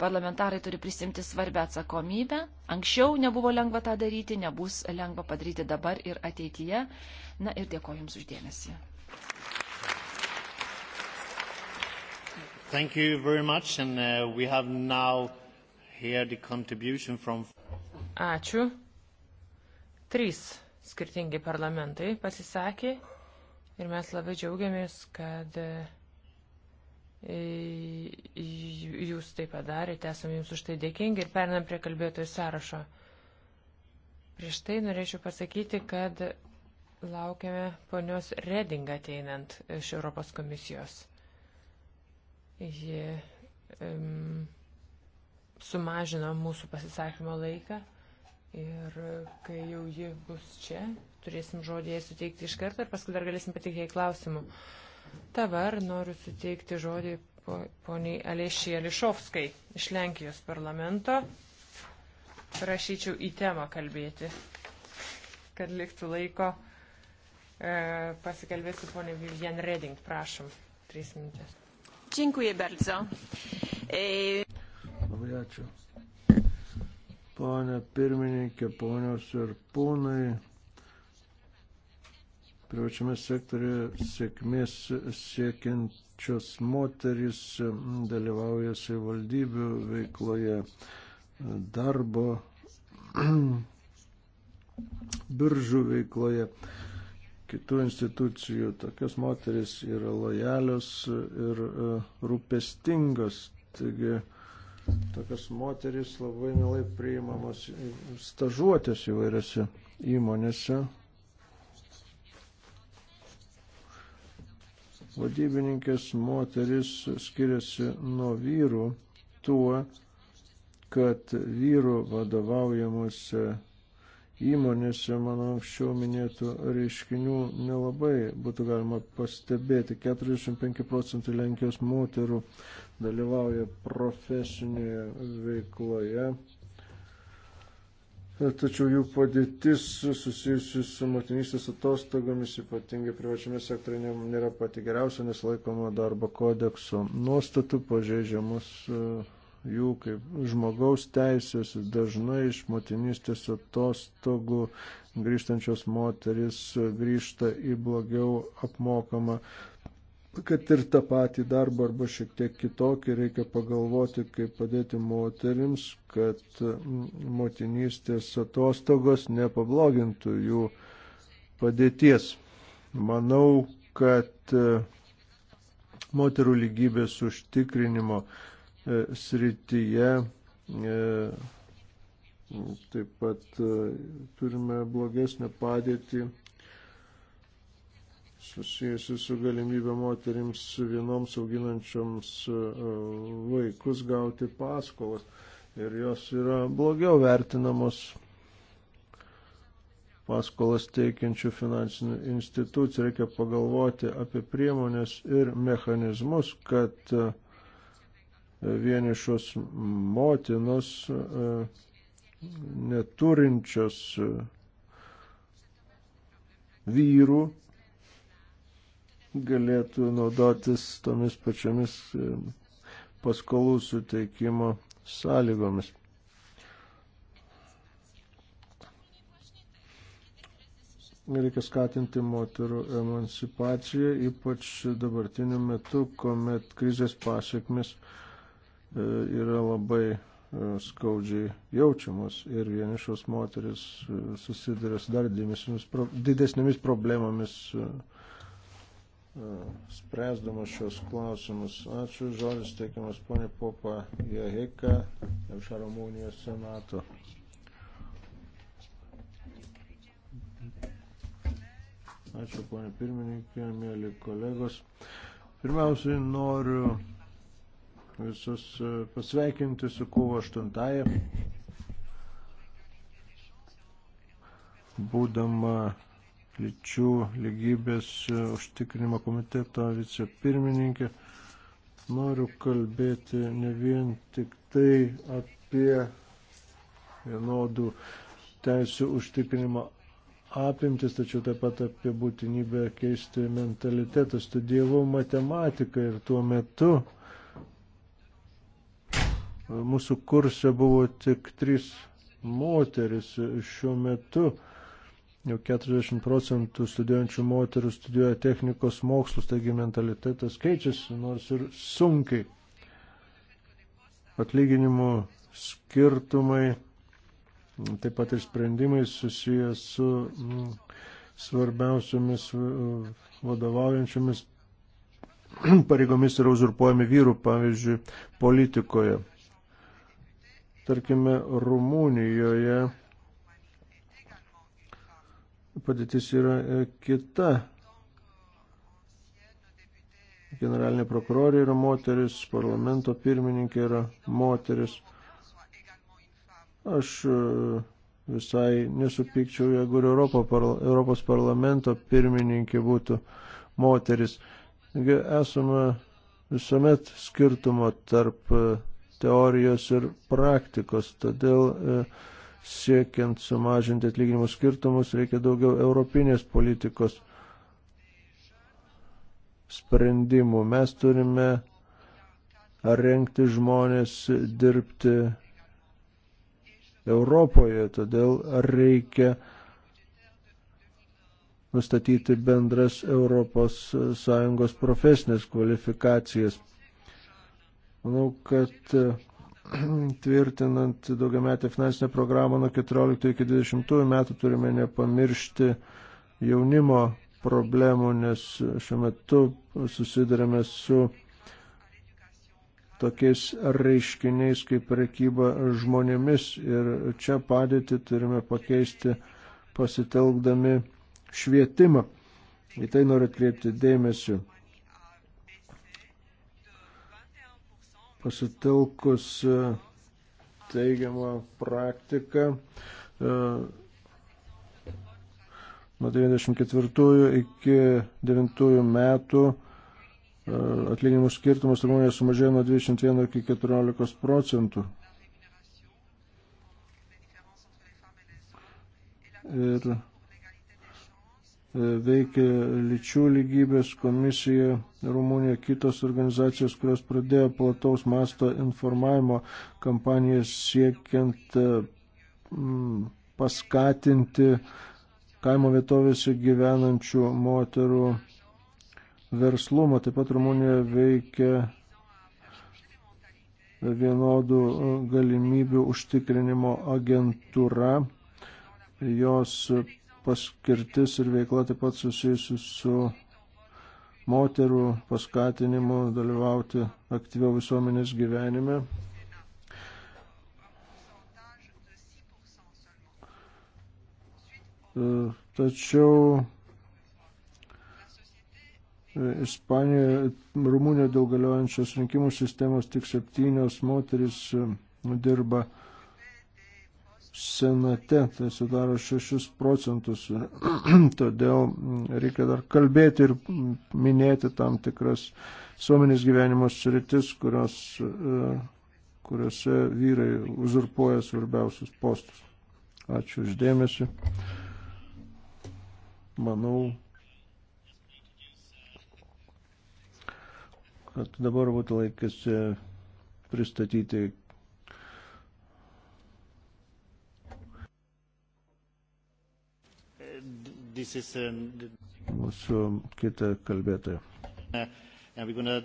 Parlamentarai turi prisimti svarbę atsakomybę. Anksčiau nebuvo lengva tą daryti, nebus lengva padaryti dabar ir ateityje. Na ir dėkoju Jums uždėmesi. Thank you very much, and uh, we have now here the contribution from. Ačiū. Trys skirtingi parlamentai pasisakė ir mes labai džiaugiamės, kad uh, E, jūs tai padarėte, esame jums už tai dėkingi ir pernam prie kalbėtojų sąrašo. Prieš tai norėčiau pasakyti, kad laukiame ponios Reding ateinant iš Europos komisijos. Ji um, sumažino mūsų pasisakymo laiką ir kai jau ji bus čia, turėsim žodį jai suteikti iš karto ir paskui dar galėsim patikti jai klausimų. Uh, Dabar noriu suteikti žodį poniai Alešijai Ališovskai iš Lenkijos parlamento. Prašyčiau į temą kalbėti, kad liktų laiko. E, pasikalbėsiu poniai Vivian Reding, prašom. Trys minutės. Dziękuję bardzo. E... Labai ačiū. Pone pirmininkė, ponios ir ponai, privačiame sektorėje sėkmės siekiančios moteris dalyvauja savivaldybių veikloje, darbo biržų veikloje, kitų institucijų. Tokios moteris yra lojalios ir e, rūpestingos. Taigi, tokios moteris labai mielai priimamos stažuotės įvairiose įmonėse, vadybininkės moteris skiriasi nuo vyrų tuo, kad vyrų vadovaujamuose įmonėse, mano anksčiau minėtų reiškinių, nelabai būtų galima pastebėti. 45 procentai Lenkijos moterų dalyvauja profesinėje veikloje tačiau jų padėtis susijusi su motinystės atostogomis, ypatingai privačiame sektoriuje, nėra pati geriausia, nes laikoma darbo kodekso nuostatų pažeidžiamus e, jų kaip žmogaus teisės. Dažnai iš motinystės atostogų grįžtančios moteris grįžta į blogiau apmokamą kad ir tą patį darbą arba šiek tiek kitokį reikia pagalvoti, kaip padėti moterims, kad mm, motinystės atostogos nepablogintų jų padėties. Manau, kad e, moterų lygybės užtikrinimo e, srityje e, taip pat turime blogesnę padėtį susijusi su galimybė moterims vienoms auginančioms e, vaikus gauti paskolas. Ir jos yra blogiau vertinamos paskolas teikiančių finansinių institucijų. Reikia pagalvoti apie priemonės ir mechanizmus, kad e, vienišos motinos e, neturinčios vyrų galėtų naudotis tomis pačiomis e, paskolų suteikimo sąlygomis. Reikia skatinti moterų emancipaciją, ypač dabartiniu metu, kuomet krizės pasiekmes e, yra labai e, skaudžiai jaučiamos ir vienišos moteris susiduria su dar didesnėmis problemomis spręsdamas šios klausimus. Ačiū, žodis teikiamas ponė Popa Jaheika iš Rumunijos senato. Ačiū, ponė pirmininkė, mėly kolegos. Pirmiausiai noriu visus e, pasveikinti su kovo 8. Būdama lyčių lygybės e, užtikrinimo komiteto vicepirmininkė. Noriu kalbėti ne vien tik tai apie vienodų teisų užtikrinimo apimtis, tačiau taip pat apie būtinybę keisti mentalitetą. Studijavau matematiką ir tuo metu mūsų kurse buvo tik trys moteris. Šiuo metu Jau 40 procentų studijuojančių moterų studijuoja technikos mokslus, taigi mentalitetas keičiasi, nors ir sunkiai. Atlyginimų skirtumai, taip pat ir sprendimai susijęs su mm, svarbiausiomis mm, vadovaujančiomis pareigomis yra uzurpuojami vyrų, pavyzdžiui, politikoje. Tarkime, Rumunijoje padėtis yra e, kita. Generalinė prokurorė yra moteris, parlamento pirmininkė yra moteris. Aš e, visai nesupykčiau, jeigu ir Europo, Europos parlamento pirmininkė būtų moteris. Taigi esame visuomet skirtumo tarp e, teorijos ir praktikos. Todėl e, siekiant sumažinti atlyginimų skirtumus, reikia daugiau europinės politikos sprendimų. Mes turime renkti žmonės dirbti Europoje, todėl reikia nustatyti bendras ES profesinės kvalifikacijas. Manau, kad tvirtinant daugiametę finansinę programą nuo 14 iki 20 metų turime nepamiršti jaunimo problemų, nes šiuo metu susidurime su tokiais reiškiniais kaip prekyba žmonėmis ir čia padėtį turime pakeisti pasitelkdami švietimą. Į tai noriu atkreipti dėmesį. pasitelkus e, teigiamą praktiką e, nuo 94 iki 9 metų e, atlyginimų skirtumas Rumunijoje sumažėjo nuo 21 iki 14 procentų. Ir E, veikia lyčių lygybės komisija, Rumunija, kitos organizacijos, kurios pradėjo plataus masto informavimo kampaniją siekiant e, paskatinti kaimo vietovėse gyvenančių moterų verslumą. Taip pat Rumunija veikia vienodų e, galimybių užtikrinimo agentūra. Jos paskirtis ir veikla taip pat susijusi su moterų paskatinimu dalyvauti aktyviau visuomenės gyvenime. E, tačiau e, Ispanijoje, Rumunijoje dėl galiojančios rinkimų sistemos tik septynios moteris e, dirba senate, tai sudaro 6 procentus. Todėl reikia dar kalbėti ir minėti tam tikras suomenės gyvenimo sritis, kurios, e, kuriuose vyrai uzurpuoja svarbiausius postus. Ačiū uždėmesi. Manau, kad dabar būtų laikas e, pristatyti this is um, mūsų kitą kalbėtoją. Uh,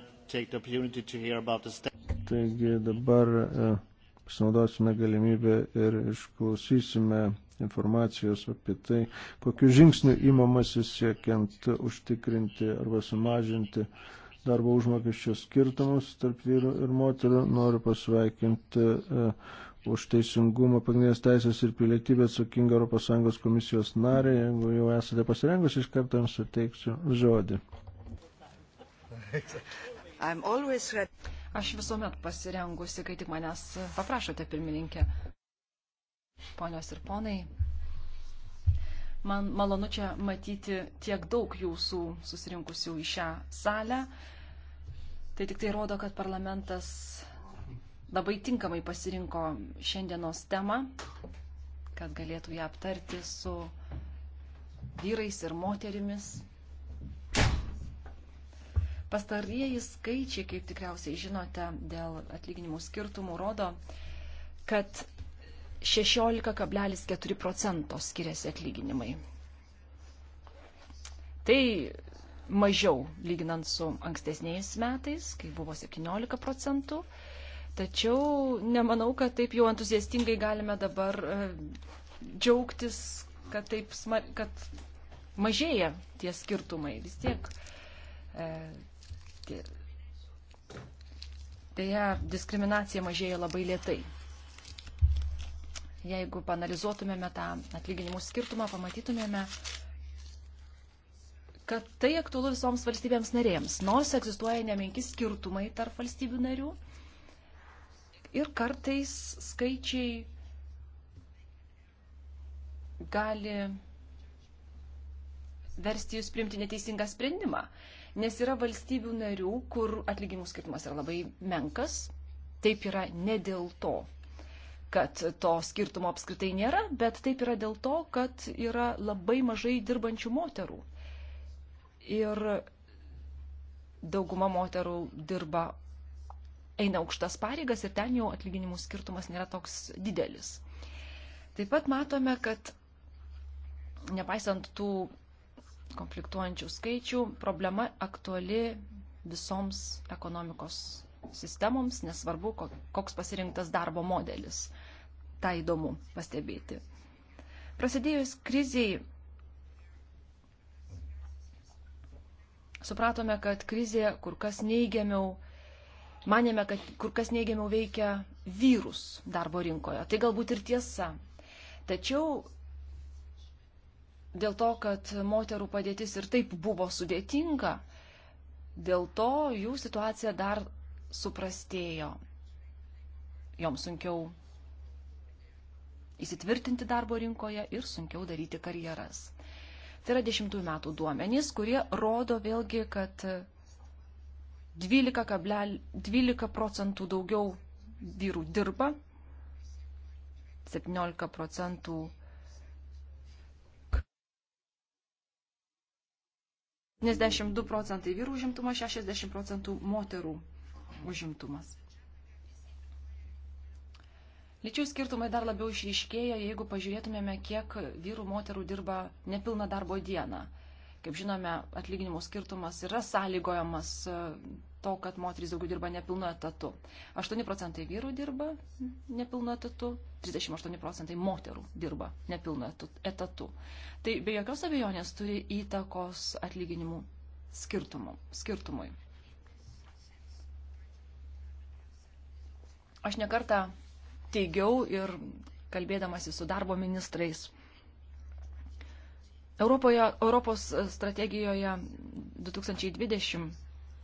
Taigi dabar uh, pasinaudosime galimybę ir išklausysime informacijos apie tai, kokiu žingsniu įmamasi siekiant užtikrinti arba sumažinti darbo užmokesčio skirtumus tarp vyrų ir moterų. Noriu pasveikinti uh, už teisingumą, pagrindinės teisės ir pilietybę atsakingą ES komisijos narį. Jeigu jau esate pasirengusi, iš karto jums suteiksiu žodį. Aš visuomet pasirengusi, kai tik manęs paprašote, pirmininkė. Ponios ir ponai, man malonu čia matyti tiek daug jūsų susirinkusių į šią salę. Tai tik tai rodo, kad parlamentas labai tinkamai pasirinko šiandienos temą, kad galėtų ją aptarti su vyrais ir moterimis. Pastarieji skaičiai, kaip tikriausiai žinote, dėl atlyginimų skirtumų rodo, kad 16,4 procento skiriasi atlyginimai. Tai mažiau lyginant su ankstesniais metais, kai buvo 17 procentų. Tačiau nemanau, kad taip jau entuziastingai galime dabar e, džiaugtis, kad, taip, kad mažėja tie skirtumai vis tiek. E, deja, diskriminacija mažėja labai lietai. Jeigu panalizuotumėme tą atlyginimų skirtumą, pamatytumėme, kad tai aktualu visoms valstybėms narėms, nors egzistuoja nemenki skirtumai tarp valstybių narių ir kartais skaičiai gali versti jūs priimti neteisingą sprendimą, nes yra valstybių narių, kur atlyginimų skirtumas yra labai menkas, taip yra ne dėl to, kad to skirtumo apskritai nėra, bet taip yra dėl to, kad yra labai mažai dirbančių moterų. Ir dauguma moterų dirba eina aukštas pareigas ir ten jau atlyginimų skirtumas nėra toks didelis. Taip pat matome, kad nepaisant tų konfliktuojančių skaičių, problema aktuali visoms ekonomikos sistemoms, nesvarbu, koks pasirinktas darbo modelis. Ta įdomu pastebėti. Prasidėjus kriziai, supratome, kad krizė kur kas neigiamiau manėme, kad kur kas neigiamiau veikia vyrus darbo rinkoje. Tai galbūt ir tiesa. Tačiau dėl to, kad moterų padėtis ir taip buvo sudėtinga, dėl to jų situacija dar suprastėjo. Joms sunkiau įsitvirtinti darbo rinkoje ir sunkiau daryti karjeras. Tai yra dešimtųjų metų duomenys, kurie rodo vėlgi, kad 12, 12 procentų daugiau vyrų dirba, 17 procentų nes 12 procentai vyrų užimtumas, 60 procentų moterų užimtumas. Lyčių skirtumai dar labiau išryškėja, jeigu pažiūrėtumėme, kiek vyrų moterų dirba nepilną darbo dieną. Kaip žinome, atlyginimų skirtumas yra sąlygojamas e, to, kad moterys daugiau dirba nepilnu etatu. 8 procentai vyrų dirba nepilnu etatu, 38 procentai moterų dirba nepilnu etatu. Tai be jokios abejonės turi įtakos atlyginimų skirtumu, skirtumui. Aš nekartą teigiau ir kalbėdamasi su darbo ministrais Europoje, Europos strategijoje 2020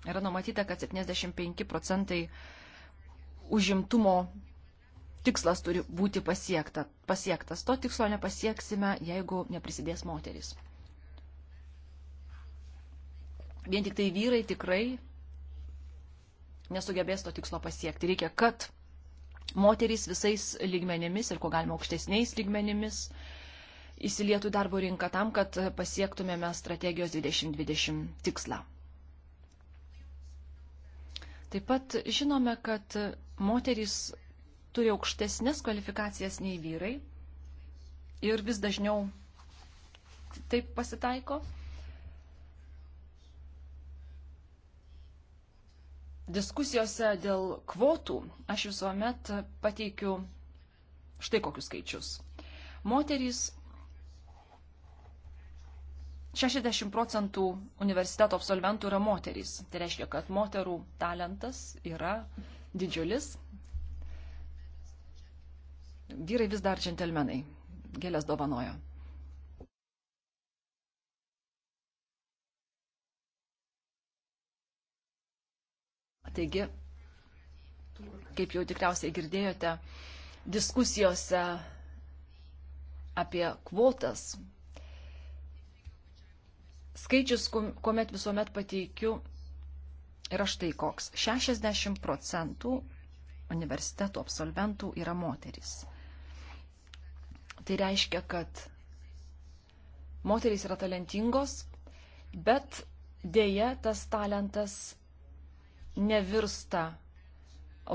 yra numatyta, kad 75 procentai užimtumo tikslas turi būti pasiekta, pasiektas. To tikslo nepasieksime, jeigu neprisidės moteris. Vien tik tai vyrai tikrai nesugebės to tikslo pasiekti. Reikia, kad moterys visais lygmenimis ir kuo galima aukštesniais lygmenimis uh, įsilietų į darbo rinką tam, kad pasiektumėme strategijos 2020 tikslą. Taip pat žinome, kad moterys turi aukštesnės kvalifikacijas nei vyrai ir vis dažniau taip pasitaiko. Diskusijose dėl kvotų aš visuomet pateikiu štai kokius skaičius. Moterys 60 procentų universiteto absolventų yra moterys. Tai reiškia, kad moterų talentas yra didžiulis. Vyrai vis dar džentelmenai. Gėlės dovanojo. Taigi, kaip jau tikriausiai girdėjote, diskusijose apie kvotas skaičius, kuomet visuomet pateikiu, yra štai koks. 60 procentų universitetų absolventų yra moterys. Tai reiškia, kad moterys yra talentingos, bet dėja tas talentas nevirsta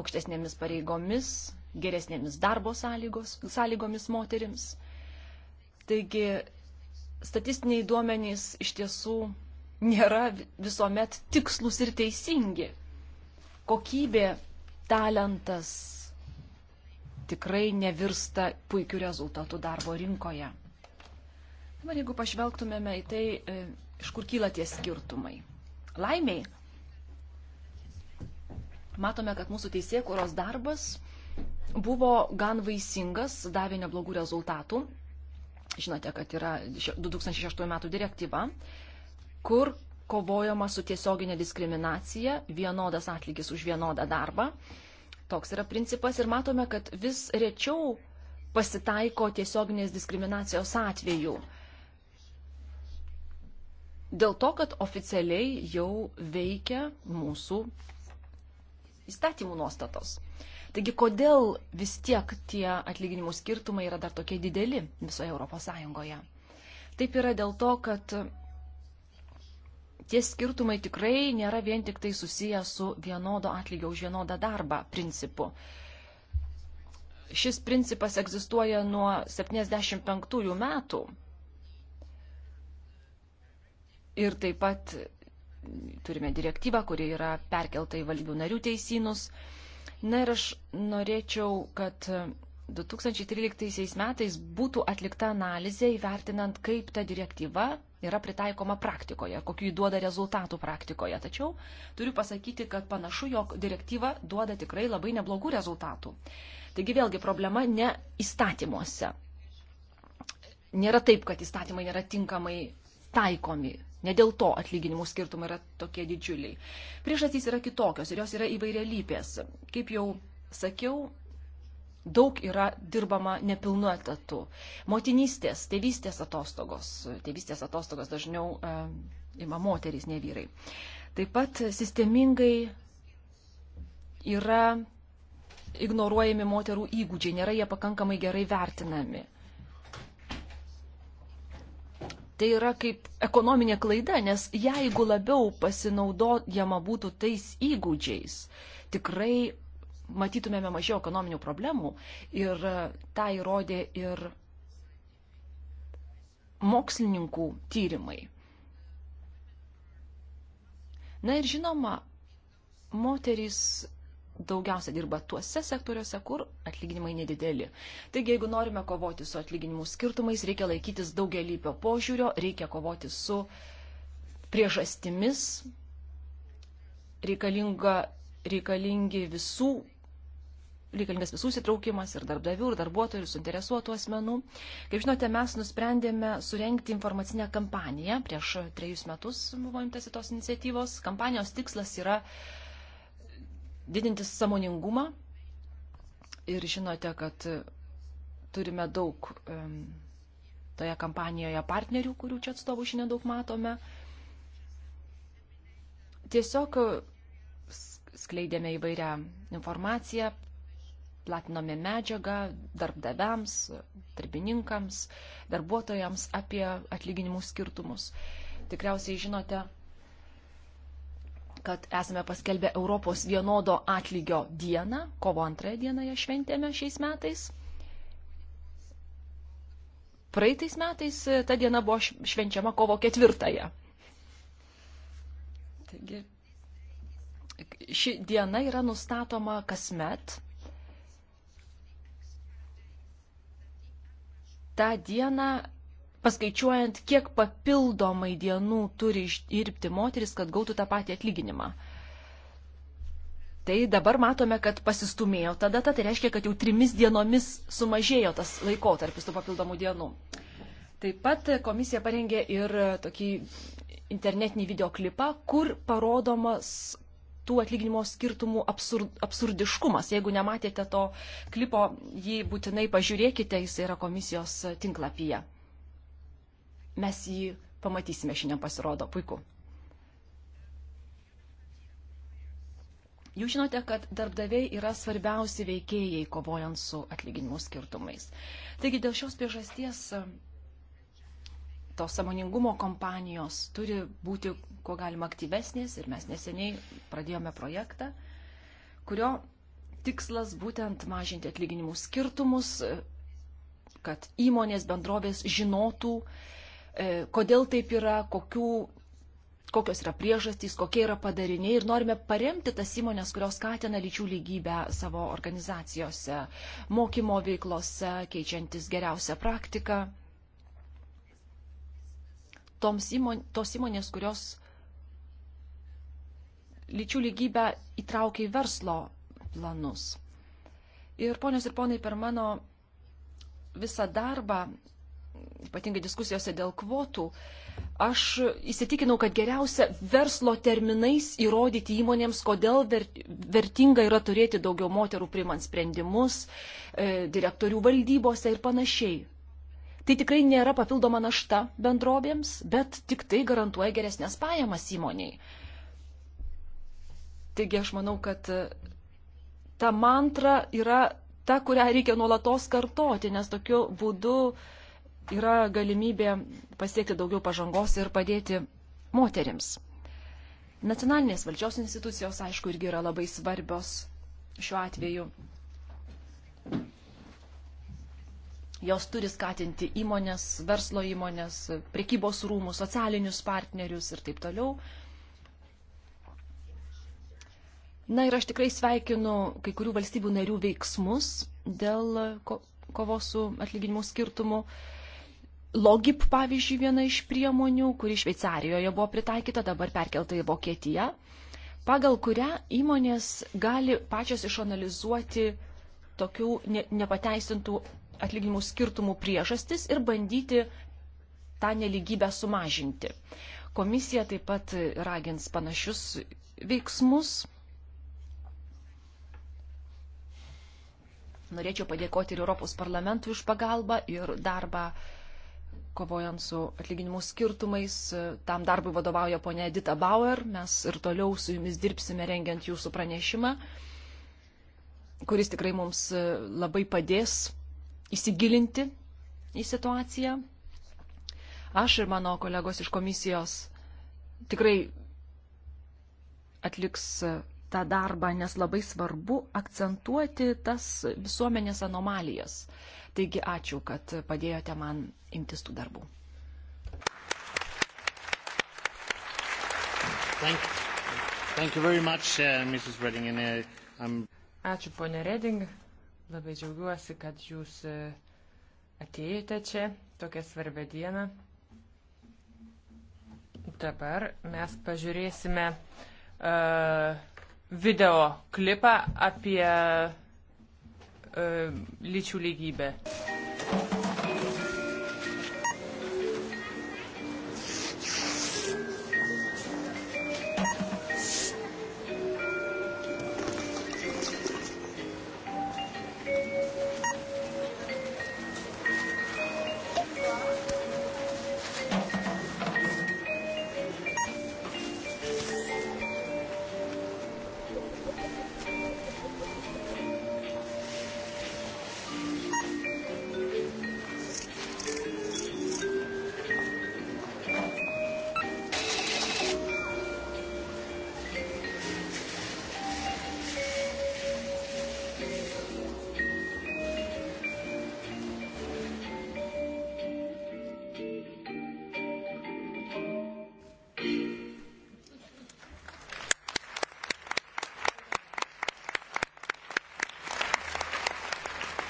aukštesnėmis pareigomis, geresnėmis darbo sąlygos, sąlygomis moterims. Taigi statistiniai duomenys iš tiesų nėra visuomet tikslus ir teisingi. Kokybė, talentas tikrai nevirsta puikių rezultatų darbo rinkoje. Dabar jeigu pažvelgtumėme į tai, e, iš kur kyla tie skirtumai. Laimiai, matome, kad mūsų teisėkuros darbas buvo gan vaisingas, davė neblogų rezultatų, Žinote, kad yra 2006 metų direktyva, kur kovojama su tiesioginė diskriminacija, vienodas atlygis už vienodą darbą. Toks yra principas ir matome, kad vis rečiau pasitaiko tiesioginės diskriminacijos atvejų. Dėl to, kad oficialiai jau veikia mūsų įstatymų nuostatos. Taigi, kodėl vis tiek tie atlyginimų skirtumai yra dar tokie dideli visoje Europos Sąjungoje? Taip yra dėl to, kad tie skirtumai tikrai nėra vien tik tai susiję su vienodo atlygio už vienodą darbą principu. Šis principas egzistuoja nuo 75 metų. Ir taip pat turime direktyvą, kuri yra perkelta į valstybių narių teisynus. Na ir aš norėčiau, kad 2013 metais būtų atlikta analizė įvertinant, kaip ta direktyva yra pritaikoma praktikoje, kokiu jį duoda rezultatų praktikoje. Tačiau turiu pasakyti, kad panašu, jog direktyva duoda tikrai labai neblogų rezultatų. Taigi vėlgi problema ne įstatymuose. Nėra taip, kad įstatymai nėra tinkamai taikomi. Ne dėl to atlyginimų skirtumai yra tokie didžiuliai. Priežastys yra kitokios ir jos yra įvairialypės. Kaip jau sakiau, daug yra dirbama nepilnu etatu. Motinystės, tėvystės atostogos. Tėvystės atostogos dažniau e, ima moterys, ne vyrai. Taip pat sistemingai yra ignoruojami moterų įgūdžiai, nėra jie pakankamai gerai vertinami tai yra kaip ekonominė klaida, nes jeigu labiau pasinaudojama būtų tais įgūdžiais, tikrai matytumėme mažiau ekonominių problemų ir e, tą įrodė ir mokslininkų tyrimai. Na ir žinoma, moterys daugiausia dirba tuose sektoriuose, kur atlyginimai nedideli. Taigi, jeigu norime kovoti su atlyginimų skirtumais, reikia laikytis daugelįpio požiūrio, reikia kovoti su priežastimis, reikalinga, reikalingi visų reikalingas visų sitraukimas ir darbdavių, ir darbuotojų, ir suinteresuotų asmenų. Kaip žinote, mes nusprendėme surenkti informacinę kampaniją. Prieš trejus metus buvo imtasi tos iniciatyvos. Kampanijos tikslas yra uh, didinti samoningumą ir žinote, kad turime daug toje kampanijoje partnerių, kurių čia atstovų šiandien daug matome. Tiesiog e, skleidėme įvairią informaciją, platinome medžiagą darbdaviams, darbininkams, darbuotojams apie atlyginimų skirtumus. Tikriausiai žinote, kad esame paskelbę Europos vienodo atlygio dieną, kovo antrąją dieną ją šventėme šiais metais. Praeitais metais e, ta diena buvo švenčiama kovo ketvirtąją. Taigi, ši diena yra nustatoma kasmet. Ta diena paskaičiuojant, kiek papildomai dienų turi išdirbti moteris, kad gautų tą patį atlyginimą. Tai dabar matome, kad pasistumėjo ta data, tai reiškia, kad jau trimis dienomis sumažėjo tas laikotarpis tų papildomų dienų. Taip pat komisija parengė ir tokį internetinį videoklipą, kur parodomas tų atlyginimo skirtumų absurd, absurdiškumas. Jeigu nematėte to klipo, jį būtinai pažiūrėkite, jis yra komisijos tinklapyje mes jį pamatysime šiandien pasirodo. Puiku. Jūs žinote, kad darbdaviai yra svarbiausi veikėjai kovojant su atlyginimų skirtumais. Taigi dėl šios priežasties e, tos samoningumo kompanijos turi būti kuo galima aktyvesnės ir mes neseniai pradėjome projektą, kurio tikslas būtent mažinti atlyginimų skirtumus, e, kad įmonės bendrovės žinotų, uh, E, kodėl taip yra, kokių, kokios yra priežastys, kokie yra padariniai ir norime paremti tas įmonės, kurios skatina lyčių lygybę savo organizacijose, mokymo veiklose, keičiantis geriausią praktiką. Toms įmon, tos įmonės, kurios lyčių lygybę įtraukia į verslo planus. Ir ponios ir ponai, per mano visą darbą ypatingai diskusijose dėl kvotų, aš įsitikinau, kad geriausia verslo terminais įrodyti įmonėms, kodėl vertinga yra turėti daugiau moterų primant sprendimus, e, direktorių valdybose ir panašiai. Tai tikrai nėra papildoma našta bendrovėms, bet tik tai garantuoja geresnės pajamas įmoniai. Taigi aš manau, kad e, ta mantra yra ta, kurią reikia nuolatos kartoti, nes tokiu būdu uh, yra galimybė pasiekti daugiau pažangos ir padėti moterims. Nacionalinės valdžios institucijos, aišku, irgi yra labai svarbios šiuo atveju. Jos turi skatinti įmonės, verslo įmonės, prekybos rūmų, socialinius partnerius ir taip toliau. Na ir aš tikrai sveikinu kai kurių valstybių narių veiksmus dėl kovos su atlyginimu skirtumu. Uh, Logip, pavyzdžiui, viena iš priemonių, kuri Šveicarijoje buvo pritaikyta, dabar perkelta į Vokietiją, pagal kurią įmonės gali pačios išanalizuoti tokių ne, nepateisintų atlyginimų skirtumų priežastis ir bandyti tą neligybę sumažinti. Komisija taip pat ragins panašius veiksmus. Norėčiau padėkoti ir Europos parlamentui už pagalbą ir darbą uh, kovojant su atlyginimų skirtumais. Tam darbui vadovauja ponė Edita Bauer. Mes ir toliau su jumis dirbsime rengiant jūsų pranešimą, kuris tikrai mums labai padės įsigilinti į situaciją. Aš ir mano kolegos iš komisijos tikrai atliks tą darbą, nes labai svarbu akcentuoti tas visuomenės anomalijas, Taigi ačiū, kad padėjote man imtis tų darbų. Thank you. Thank you very much, uh, Mrs. Redding. And, uh, I'm... Ačiū, ponė Reding. Labai džiaugiuosi, kad jūs uh, atėjote čia tokią svarbę dieną. Dabar mes pažiūrėsime uh, video klipą apie lyčių lygybė.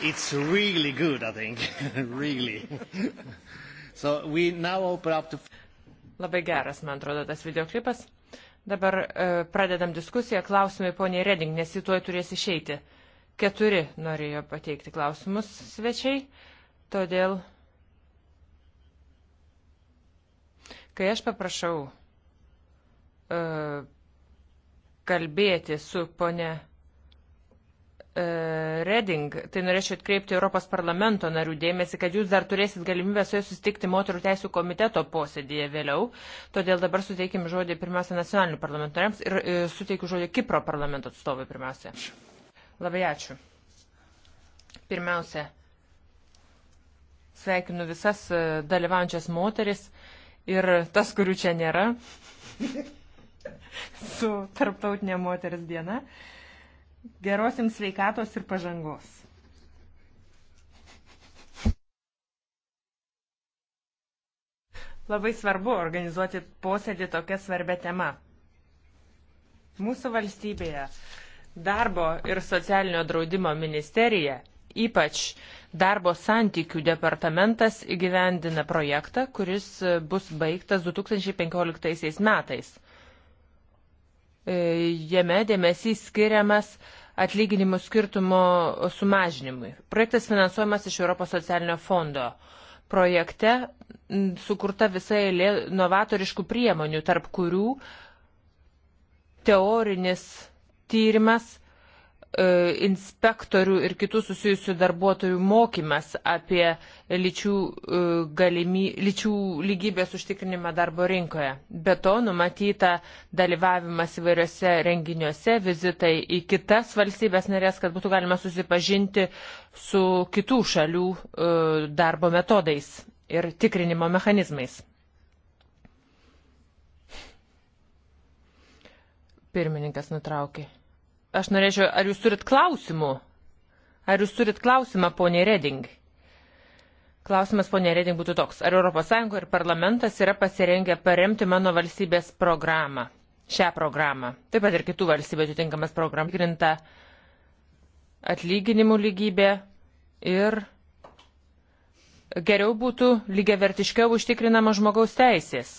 it's really good, I think. really. so we now open up to... Labai geras, man atrodo, tas videoklipas. Dabar e, pradedam diskusiją. Klausimai poniai Reding, nes jį tuoj turės išeiti. Keturi norėjo pateikti klausimus svečiai, todėl, kai aš paprašau e, kalbėti su ponia E, Reding, tai norėčiau atkreipti Europos parlamento narių dėmesį, kad jūs dar turėsit galimybę su jais susitikti moterų teisų komiteto posėdėje vėliau. Todėl dabar suteikim žodį pirmiausia nacionalinių parlamento nariams ir e, suteikiu žodį Kipro parlamento atstovui pirmiausia. Labai ačiū. Pirmiausia, sveikinu visas e, dalyvaujančias moteris ir tas, kurių čia nėra, su tarptautinė moteris diena. Uh, Geros jums sveikatos ir pažangos. Labai svarbu organizuoti posėdį tokią svarbę temą. Mūsų valstybėje darbo ir socialinio draudimo ministerija, ypač darbo santykių departamentas įgyvendina projektą, kuris bus baigtas 2015 metais. E, jame dėmesys skiriamas atlyginimų skirtumo sumažinimui. Projektas finansuojamas iš Europos socialinio fondo. Projekte sukurta visai novatoriškų priemonių, tarp kurių teorinis tyrimas E, inspektorių ir kitų susijusių darbuotojų mokymas apie lyčių, e, galimy, lyčių lygybės užtikrinimą darbo rinkoje. Be to numatyta dalyvavimas įvairiose renginiuose, vizitai į kitas valstybės narės, kad būtų galima susipažinti su kitų šalių e, darbo metodais ir tikrinimo mechanizmais. Pirmininkas nutraukė. Aš norėčiau, ar jūs turit klausimų? Ar jūs turit klausimą, ponė Reding? Klausimas, ponė Reding, būtų toks. Ar ES ir parlamentas yra pasirengę paremti mano valstybės programą? Šią programą. Taip pat ir kitų valstybių atitinkamas programą. Grinta atlyginimų lygybė ir geriau būtų lygiavertiškiau užtikrinama žmogaus teisės.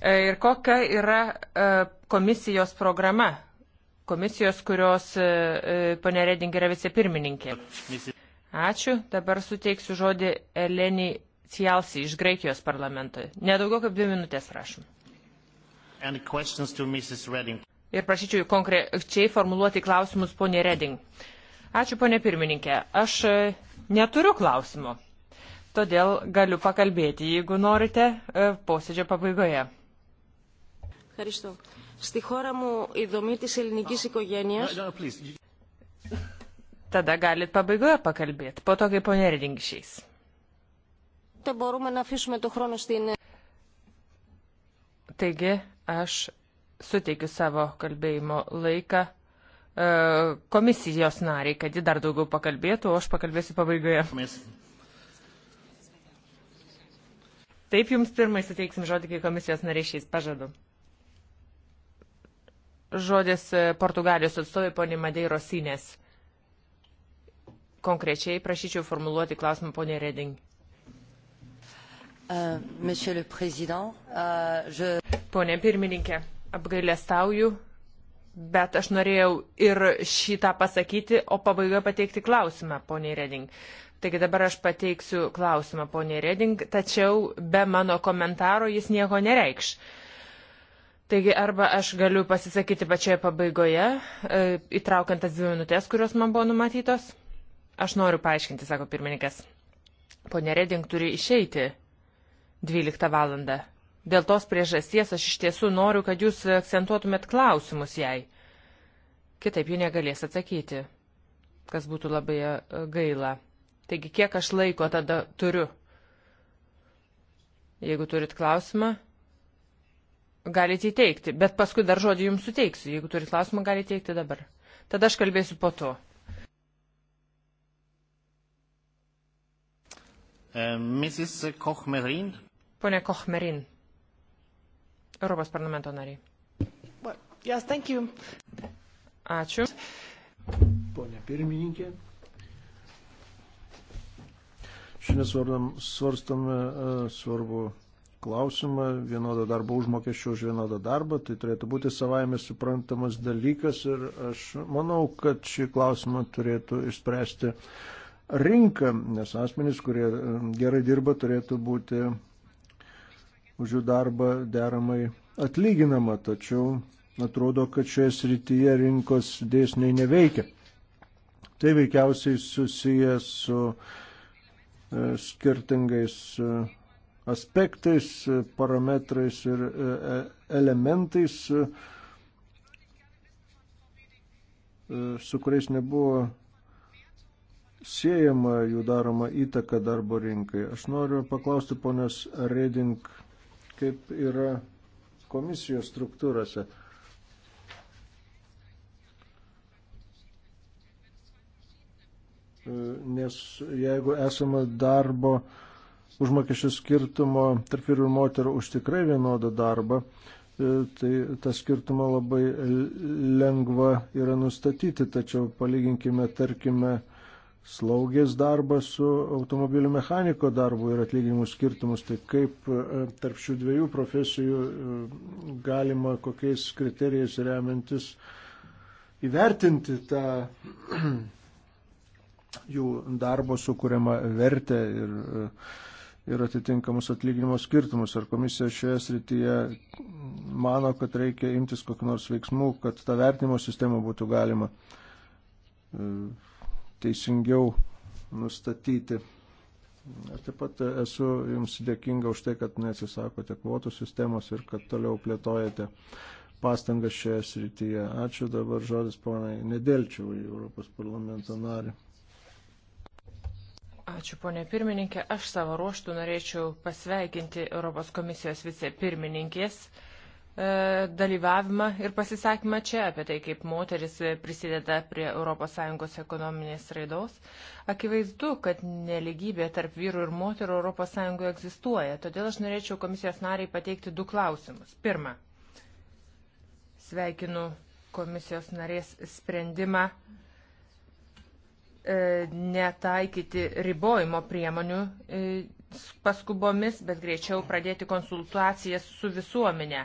E, ir kokia yra e, komisijos programa, komisijos, kurios e, ponė Reding yra vicepirmininkė. Ačiū. Dabar suteiksiu žodį Eleni Cialsi iš Graikijos parlamento. Nedaugiau kaip dvi minutės, prašom. Ir prašyčiau konkrečiai formuluoti klausimus ponė Reding. Ačiū ponė pirmininkė. Aš neturiu klausimo. Todėl galiu pakalbėti, jeigu norite, posėdžio pabaigoje. Ευχαριστώ. Στη χώρα μου η δομή της ελληνικής οικογένειας... No, no, please. Tada galit pabaigoje pakalbėti, po to, kai ponė Reding išeis. Taigi, aš suteikiu savo kalbėjimo laiką e, komisijos nariai, kad ji dar daugiau pakalbėtų, o aš pakalbėsiu pabaigoje. Taip jums pirmai suteiksim žodį, kai komisijos nariai šiais pažadu. Žodis e, Portugalijos atstovai ponė Madeiro Sinės. Konkrečiai prašyčiau formuluoti klausimą ponė Reding. Uh, uh, je... Pone pirmininkė, apgailestauju, bet aš norėjau ir šitą pasakyti, o pabaigoje pateikti klausimą, ponė Reding. Taigi dabar aš pateiksiu klausimą, ponė Reding, tačiau be mano komentaro jis nieko nereikš. Uh, Taigi arba aš galiu pasisakyti pačioje pabaigoje, e, įtraukiant tas dvi minutės, kurios man buvo numatytos. Aš noriu paaiškinti, sako pirmininkas. Pone Reding turi išeiti 12 valandą. Dėl tos priežasties aš iš tiesų noriu, kad jūs akcentuotumėt klausimus jai. Kitaip ji negalės atsakyti, kas būtų labai e, gaila. Taigi kiek aš laiko tada turiu? Jeigu turit klausimą galite įteikti, bet paskui dar žodį jums suteiksiu. Jeigu turite klausimą, galite teikti dabar. Tada aš kalbėsiu po to. Mrs. Kochmerin. Pone Kochmerin, Europos parlamento nariai. Yes, thank you. Ačiū. Pone pirmininkė. Šiandien svarstame svarbu klausimą vienodo darbo užmokesčio už vienodą darbą, tai turėtų būti savaime suprantamas dalykas ir aš manau, kad šį klausimą turėtų išspręsti rinka, nes asmenys, kurie um, gerai dirba, turėtų būti už jų darbą deramai atlyginama, tačiau atrodo, kad šioje srityje rinkos dėsniai neveikia. Tai veikiausiai susijęs su e, skirtingais e, aspektais, parametrais ir e, e, elementais, e, su kuriais nebuvo siejama jų daroma įtaka darbo rinkai. Aš noriu paklausti ponios Reding, kaip yra komisijos struktūrose. Nes jeigu esame darbo uh, užmokesčių skirtumo tarp vyrų ir moterų už tikrai vienodą darbą, e, tai tą skirtumą labai lengva yra nustatyti, tačiau palyginkime, tarkime, slaugės darbą su automobilių mechaniko darbu ir atlyginimų skirtumus, tai kaip e, tarp šių dviejų profesijų e, galima kokiais kriterijais remiantis įvertinti tą jų darbo sukūriamą vertę ir uh, ir atitinkamus atlyginimo skirtumus. Ar komisija šioje srityje mano, kad reikia imtis kokiu nors veiksmu, kad tą vertinimo sistemą būtų galima e, teisingiau nustatyti. Aš taip pat esu Jums dėkinga už tai, kad nesisakote kvotų sistemos ir kad toliau plėtojate pastangas šioje srityje. Ačiū dabar žodis ponai Nedėlčiau į Europos parlamento narį. Ačiū, ponė pirmininkė. Aš savo ruoštų norėčiau pasveikinti Europos komisijos vicepirmininkės e, dalyvavimą ir pasisakymą čia apie tai, kaip moteris prisideda prie ES ekonominės raidos. Akivaizdu, kad neligybė tarp vyrų ir moterų ES egzistuoja, todėl aš norėčiau komisijos nariai pateikti du klausimus. Pirma, sveikinu komisijos narės sprendimą uh, E, netaikyti ribojimo priemonių e, paskubomis, bet greičiau pradėti konsultacijas su visuomenė,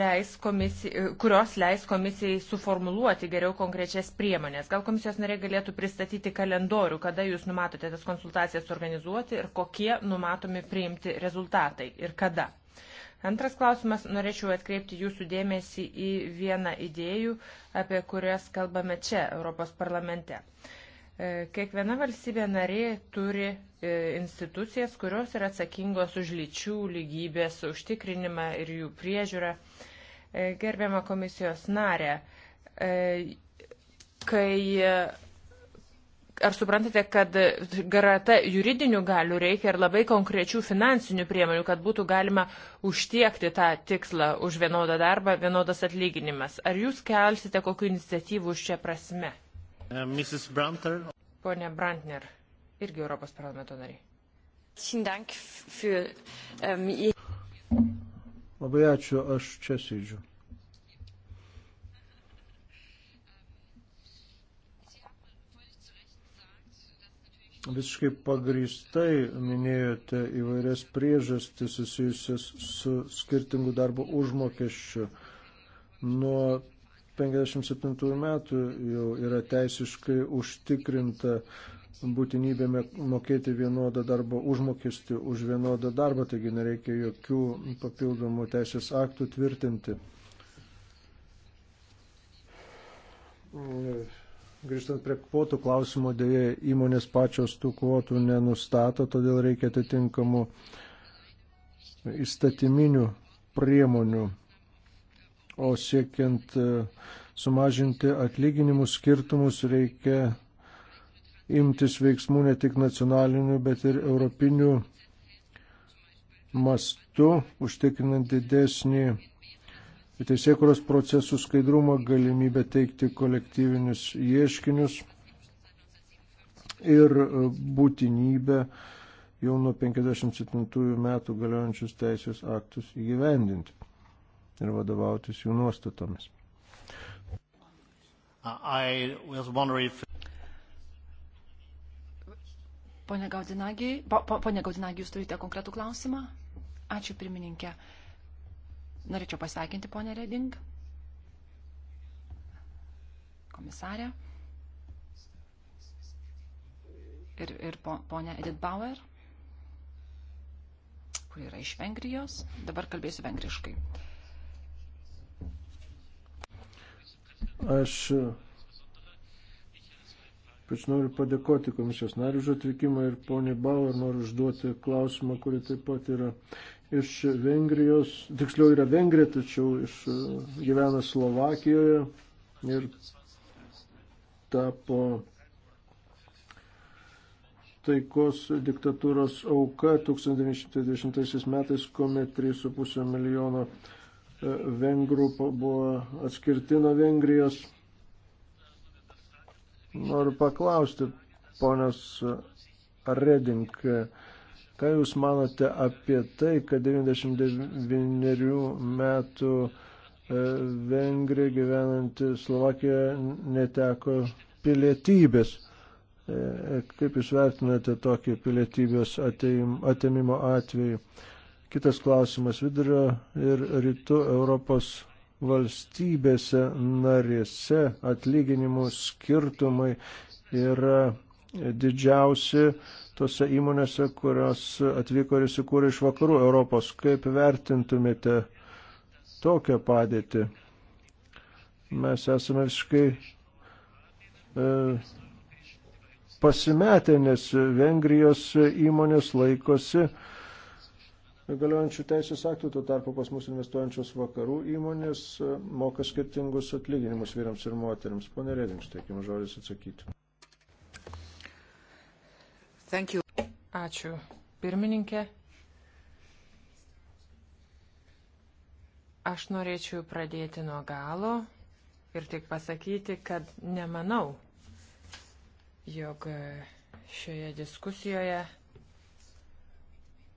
leis komisijai, e, kurios leis komisijai suformuluoti geriau konkrečias priemonės. Gal komisijos nariai galėtų pristatyti kalendorių, kada jūs numatote tas konsultacijas organizuoti ir kokie numatomi priimti rezultatai ir kada. Antras klausimas, norėčiau atkreipti jūsų dėmesį į vieną idėjų, apie kurias kalbame čia, Europos parlamente. E, kiekviena valstybė narė turi e, institucijas, kurios yra atsakingos už lyčių lygybės užtikrinimą ir jų priežiūrą. E, gerbiama komisijos narė, kai ar suprantate, kad garata juridinių galių reikia ir labai konkrečių finansinių priemonių, kad būtų galima užtiekti tą tikslą už vienodą darbą, vienodas atlyginimas? Ar jūs kelsite kokiu iniciatyvu už čia prasme? Uh, Mrs. Brantner. Pone Brantner, irgi Europos parlamento nariai. Ähm, labai ačiū, aš čia sėdžiu. visiškai pagrįstai minėjote įvairias priežastis susijusias su skirtingu darbo užmokesčiu. Nuo 57 metų jau yra teisiškai užtikrinta būtinybė mokėti vienodą darbo užmokestį už vienodą darbą, taigi nereikia jokių papildomų teisės aktų tvirtinti. Grįžtant prie kvotų klausimo, dėja įmonės pačios tų kvotų nenustato, todėl reikia atitinkamų įstatyminių priemonių. O siekiant e, sumažinti atlyginimų skirtumus reikia imtis veiksmų ne tik nacionalinių, bet ir europinių mastų, užtikrinant didesnį teisėkuros procesų skaidrumą, galimybę teikti kolektyvinius ieškinius ir e, būtinybę jau nuo 57 metų galiojančius teisės aktus įgyvendinti ir vadovautis jų nuostatomis. Uh, if... Pone Gaudinagi, po, po, Gaudinagi, jūs turite konkretų klausimą? Ačiū pirmininkė. Uh, Norėčiau pasveikinti ponę Reding, komisarę ir, ir ponę Edith Bauer, kuri yra iš Vengrijos. Dabar kalbėsiu vengriškai. Aš Pač noriu padėkoti komisijos nariu už atvykimą ir poniai Bauer noriu užduoti klausimą, kuri taip pat yra iš Vengrijos, tiksliau yra Vengrija, tačiau iš, e, gyvena Slovakijoje ir tapo taikos diktatūros auka 1920 metais, kuomet 3,5 milijono e, vengrų buvo atskirti nuo Vengrijos. Noriu paklausti, ponas Redink, Ką Jūs manote apie tai, kad 99 metų e, Vengrija gyvenanti Slovakija neteko pilietybės? E, e, kaip Jūs vertinate tokį pilietybės atėmimo atvejį? Kitas klausimas. Vidurio ir rytų Europos valstybėse narėse atlyginimų skirtumai yra didžiausi tose įmonėse, kurios atvyko ir įsikūrė iš vakarų Europos. Kaip vertintumėte tokią padėtį? Mes esame visiškai e, pasimetę, nes Vengrijos įmonės laikosi galiojančių teisės aktų, tuo tarpu pas mus investuojančios vakarų įmonės e, moka skirtingus atlyginimus vyrams ir moteriams. Pone Redings, teikime žodis atsakyti. Ačiū, pirmininkė. Aš norėčiau pradėti nuo galo ir tik pasakyti, kad nemanau, jog šioje diskusijoje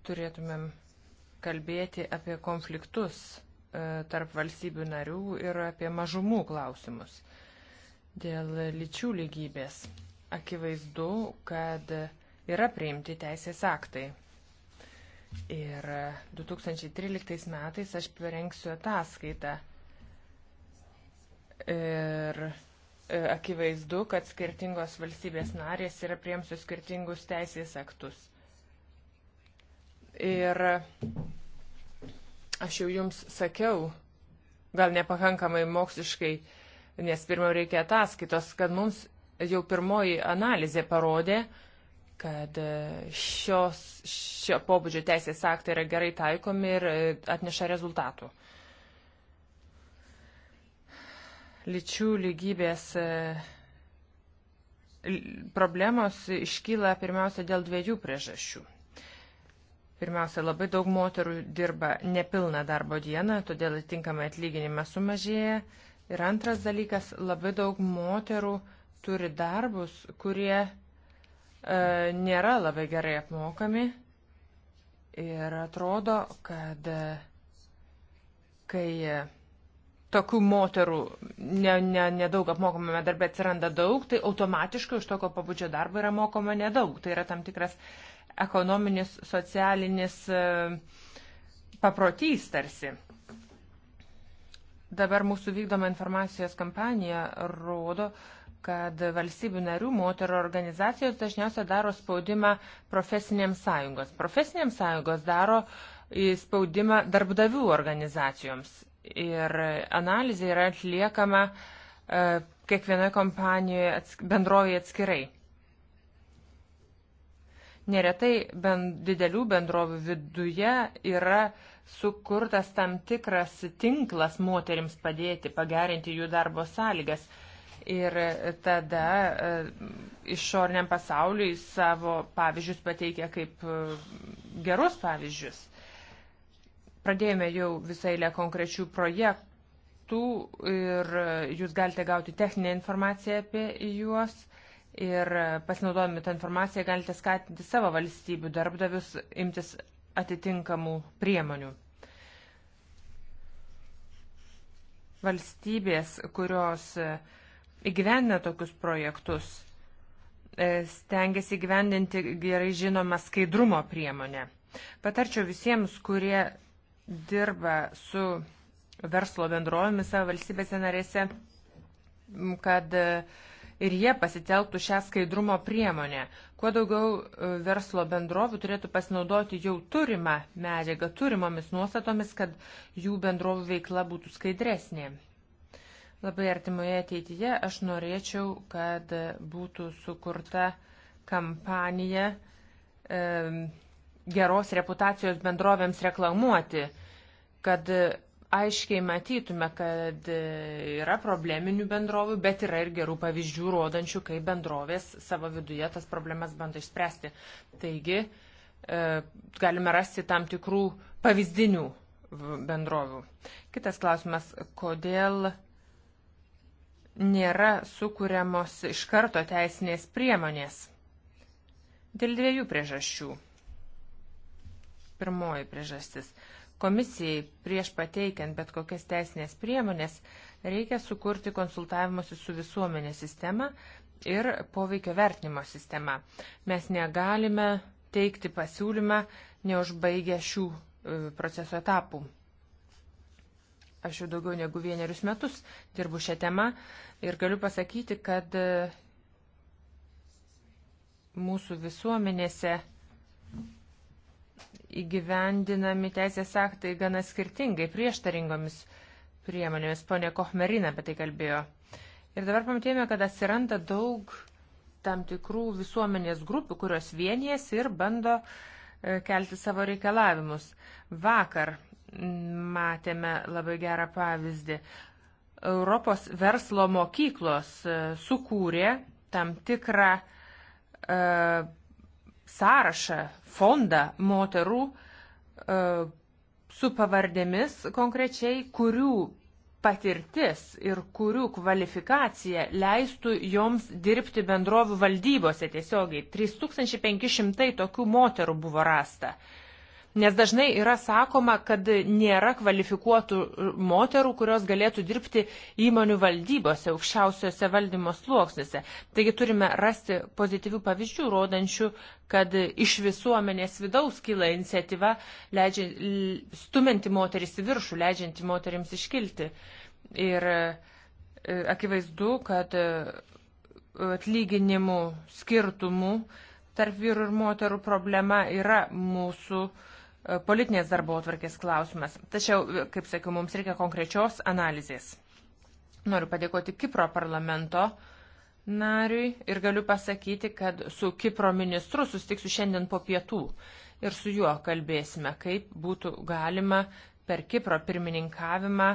turėtumėm kalbėti apie konfliktus e, tarp valstybių narių ir apie mažumų klausimus. Dėl lyčių lygybės akivaizdu, kad yra priimti teisės aktai. Ir 2013 metais aš parengsiu ataskaitą. Ir e, akivaizdu, kad skirtingos valstybės narės yra priemsiu skirtingus teisės aktus. Ir aš jau jums sakiau, gal nepakankamai moksliškai, nes pirmiau reikia ataskaitos, kad mums jau pirmoji analizė parodė, kad e, šios, šio pobūdžio teisės aktai yra gerai taikomi ir e, atneša rezultatų. Lyčių lygybės e, problemos iškyla pirmiausia dėl dviejų priežasčių. Pirmiausia, labai daug moterų dirba nepilną darbo dieną, todėl atitinkamai atlyginimas sumažėja. Ir antras dalykas, labai daug moterų turi darbus, kurie E, nėra labai gerai apmokami ir atrodo, kad e, kai e, tokių moterų nedaug ne, ne, ne apmokomame darbe atsiranda daug, tai automatiškai už tokio pabudžio darbo yra mokoma nedaug. Tai yra tam tikras ekonominis, socialinis paprotys tarsi. Dabar mūsų vykdoma informacijos kampanija rodo, uh, kad valstybių narių moterų organizacijos dažniausiai daro spaudimą profesinėms sąjungos. Profesinėms sąjungos daro e, spaudimą darbdavių organizacijoms. Ir analizė yra atliekama e, kiekvienoje kompanijoje atsk bendrovėje atskirai. Neretai bend, didelių bendrovių viduje yra sukurtas tam tikras tinklas moterims padėti, pagerinti jų darbo sąlygas ir tada e, išorniam pasauliui savo pavyzdžius pateikia kaip e, gerus pavyzdžius. Pradėjome jau visą eilę konkrečių projektų ir e, jūs galite gauti techninę informaciją apie juos ir pasinaudodami tą informaciją galite skatinti savo valstybių darbdavius imtis atitinkamų priemonių. Valstybės, kurios uh, įgyvendina tokius projektus, e, stengiasi įgyvendinti gerai žinomą skaidrumo priemonę. Patarčiau visiems, kurie dirba su verslo bendrovėmis savo valstybėse narėse, kad e, ir jie pasitelktų šią skaidrumo priemonę. Kuo daugiau e, verslo bendrovių turėtų pasinaudoti jau turimą medžiagą, turimomis nuostatomis, kad jų bendrovų veikla būtų skaidresnė. Labai artimoje ateityje aš norėčiau, kad būtų sukurta kampanija e, geros reputacijos bendrovėms reklamuoti, kad aiškiai matytume, kad yra probleminių bendrovių, bet yra ir gerų pavyzdžių rodančių, kaip bendrovės savo viduje tas problemas bando išspręsti. Taigi, e, galime rasti tam tikrų pavyzdinių bendrovių. Kitas klausimas, kodėl nėra sukūriamos iš karto teisinės priemonės. Dėl dviejų priežasčių. Pirmoji priežastis. Komisijai prieš pateikiant bet kokias teisinės priemonės reikia sukurti konsultavimuose su visuomenė sistemą ir poveikio vertinimo sistemą. Mes negalime teikti pasiūlymą neužbaigę šių e, proceso etapų. Aš jau daugiau negu vienerius metus dirbu šią temą ir galiu pasakyti, kad e, mūsų visuomenėse įgyvendinami teisės aktai gana skirtingai, prieštaringomis priemonėmis. Pone Kohmerina apie tai kalbėjo. Ir dabar pamatėme, kad atsiranda daug tam tikrų visuomenės grupių, kurios vienijas ir bando e, kelti savo reikalavimus. Vakar matėme labai gerą pavyzdį. Europos verslo mokyklos e, sukūrė tam tikrą e, sąrašą, fondą moterų e, su pavardėmis konkrečiai, kurių patirtis ir kurių kvalifikacija leistų joms dirbti bendrovių valdybose tiesiogiai. 3500 tokių moterų buvo rasta. E, Nes dažnai yra sakoma, kad nėra kvalifikuotų moterų, kurios galėtų dirbti įmonių valdybose, aukščiausiuose valdymo sluoksniuose. Taigi turime rasti pozityvių pavyzdžių, rodančių, kad iš visuomenės vidaus kyla iniciatyva, leidžia, stuminti moteris į viršų, leidžianti moteriams iškilti. Ir e, akivaizdu, kad e, atlyginimų skirtumų tarp vyrų ir moterų problema yra mūsų uh, E, politinės darbo atvarkės klausimas. Tačiau, e, kaip sakiau, mums reikia konkrečios analizės. Noriu padėkoti Kipro parlamento nariui ir galiu pasakyti, kad su Kipro ministru sustiksiu šiandien po pietų ir su juo kalbėsime, kaip būtų galima per Kipro pirmininkavimą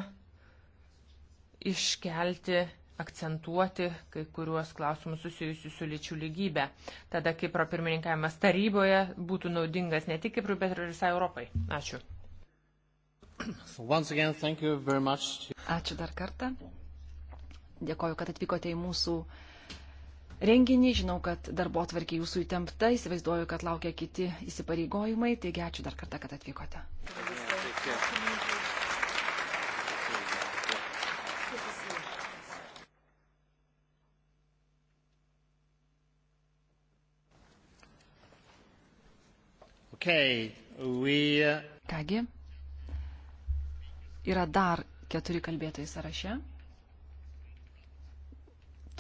iškelti akcentuoti kai kuriuos klausimus susijusius su lyčių lygybė. Tada Kipro pirmininkavimas taryboje būtų naudingas ne tik Kiprui, bet ir visai Europai. Ačiū. Again, Ačiū dar kartą. Dėkoju, kad atvykote į mūsų renginį. Žinau, kad darbo atvarkė jūsų įtempta. Įsivaizduoju, kad laukia kiti įsipareigojimai. Taigi ačiū dar kartą, kad atvykote. Yeah, Okay, we... Uh, Kągi, yra dar keturi kalbėtojai sąraše.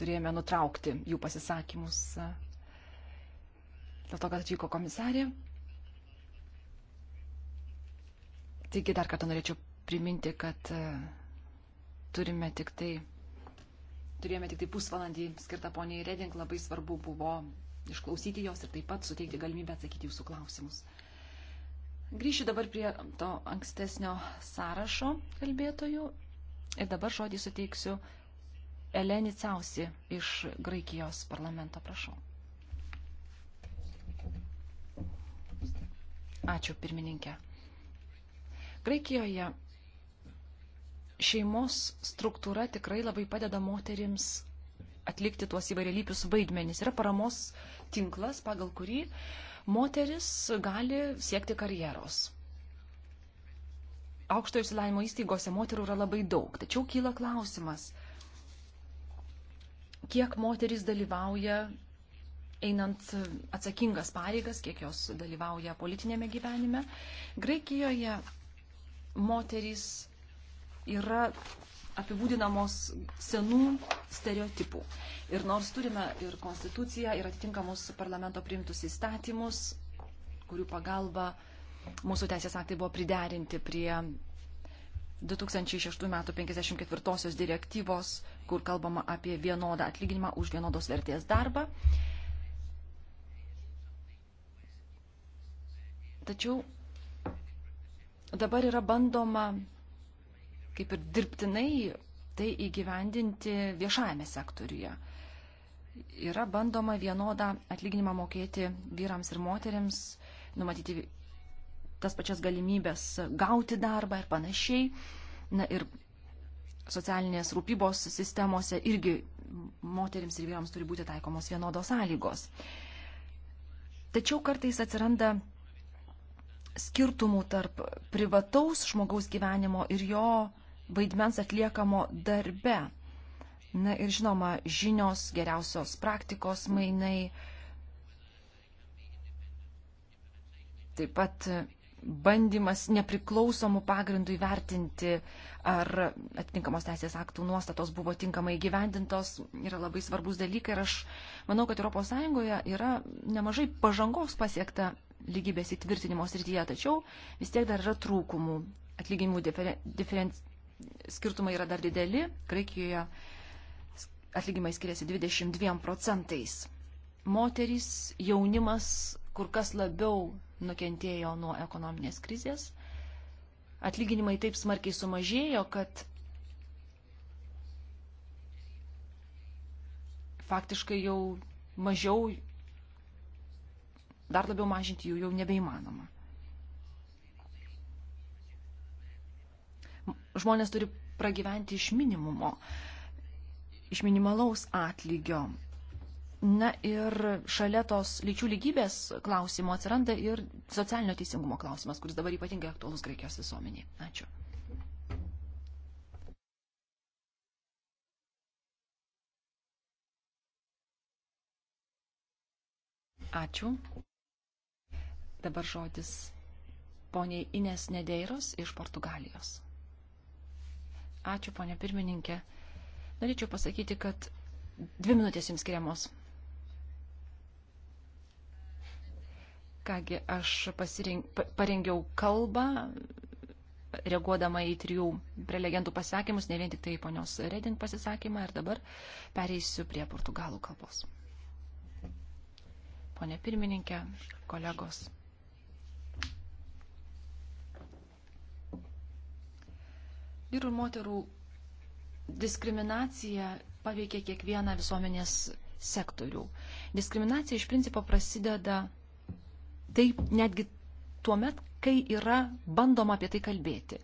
Turėjome nutraukti jų pasisakymus uh, dėl to, kad atvyko komisarė. Taigi dar kartą norėčiau priminti, kad uh, turime tik tai, turėjome tik tai pusvalandį skirtą poniai Reding, labai svarbu buvo išklausyti jos ir taip pat suteikti galimybę atsakyti jūsų klausimus. Grįšiu dabar prie to ankstesnio sąrašo kalbėtojų ir dabar žodį suteiksiu Eleni Ciausi iš Graikijos parlamento, prašau. Ačiū, pirmininkė. Graikijoje šeimos struktūra tikrai labai padeda moterims atlikti tuos įvairialypius vaidmenis. Yra paramos uh, tinklas, pagal kurį moteris gali siekti karjeros. Aukštojo išsilavinimo įstaigose moterų yra labai daug, tačiau kyla klausimas, kiek moteris dalyvauja einant atsakingas pareigas, kiek jos dalyvauja politinėme gyvenime. Graikijoje moterys yra apibūdinamos senų stereotipų. Ir nors turime ir konstituciją, ir atitinkamus parlamento priimtus įstatymus, kurių pagalba mūsų teisės aktai buvo priderinti prie 2006 m. 54 direktyvos, kur kalbama apie vienodą atlyginimą už vienodos vertės darbą. Tačiau dabar yra bandoma kaip ir dirbtinai tai įgyvendinti viešajame sektoriuje. Yra bandoma vienodą atlyginimą mokėti vyrams ir moteriams, numatyti tas pačias galimybės gauti darbą ir panašiai. Na ir socialinės rūpybos sistemose irgi moteriams ir vyrams turi būti taikomos vienodos sąlygos. Tačiau kartais atsiranda skirtumų tarp privataus žmogaus gyvenimo ir jo vaidmens atliekamo darbe. Na ir žinoma, žinios, geriausios praktikos mainai, taip pat bandymas nepriklausomų pagrindų įvertinti, ar atitinkamos teisės aktų nuostatos buvo tinkamai gyvendintos, yra labai svarbus dalykai. Ir aš manau, kad ES yra nemažai pažangos pasiekta lygybės įtvirtinimo srityje, tačiau vis tiek dar yra trūkumų atlyginimų diferen, diferen, skirtumai yra dar dideli. Graikijoje atlyginimai skiriasi 22 procentais. Moterys, jaunimas kur kas labiau nukentėjo nuo ekonominės krizės. Atlyginimai taip smarkiai sumažėjo, kad faktiškai jau mažiau, dar labiau mažinti jų jau nebeįmanoma. žmonės turi pragyventi iš minimumo, iš minimalaus atlygio. Na ir šalia tos lyčių lygybės klausimo atsiranda ir socialinio teisingumo klausimas, kuris dabar ypatingai aktuolus Graikijos visuomeniai. Ačiū. Ačiū. Dabar žodis poniai Ines Nedeiros iš Portugalijos. Ačiū, ponė pirmininkė. Norėčiau pasakyti, kad dvi minutės jums skiriamos. Kągi, aš pasirink, parengiau kalbą, reaguodama į trijų prelegentų pasakymus, ne vien tik tai ponios Reding pasisakymą ir dabar pereisiu prie portugalų kalbos. Pone pirmininkė, kolegos. Vyrų ir moterų diskriminacija paveikia kiekvieną visuomenės sektorių. Diskriminacija iš principo prasideda taip netgi tuo met, kai yra bandoma apie tai kalbėti.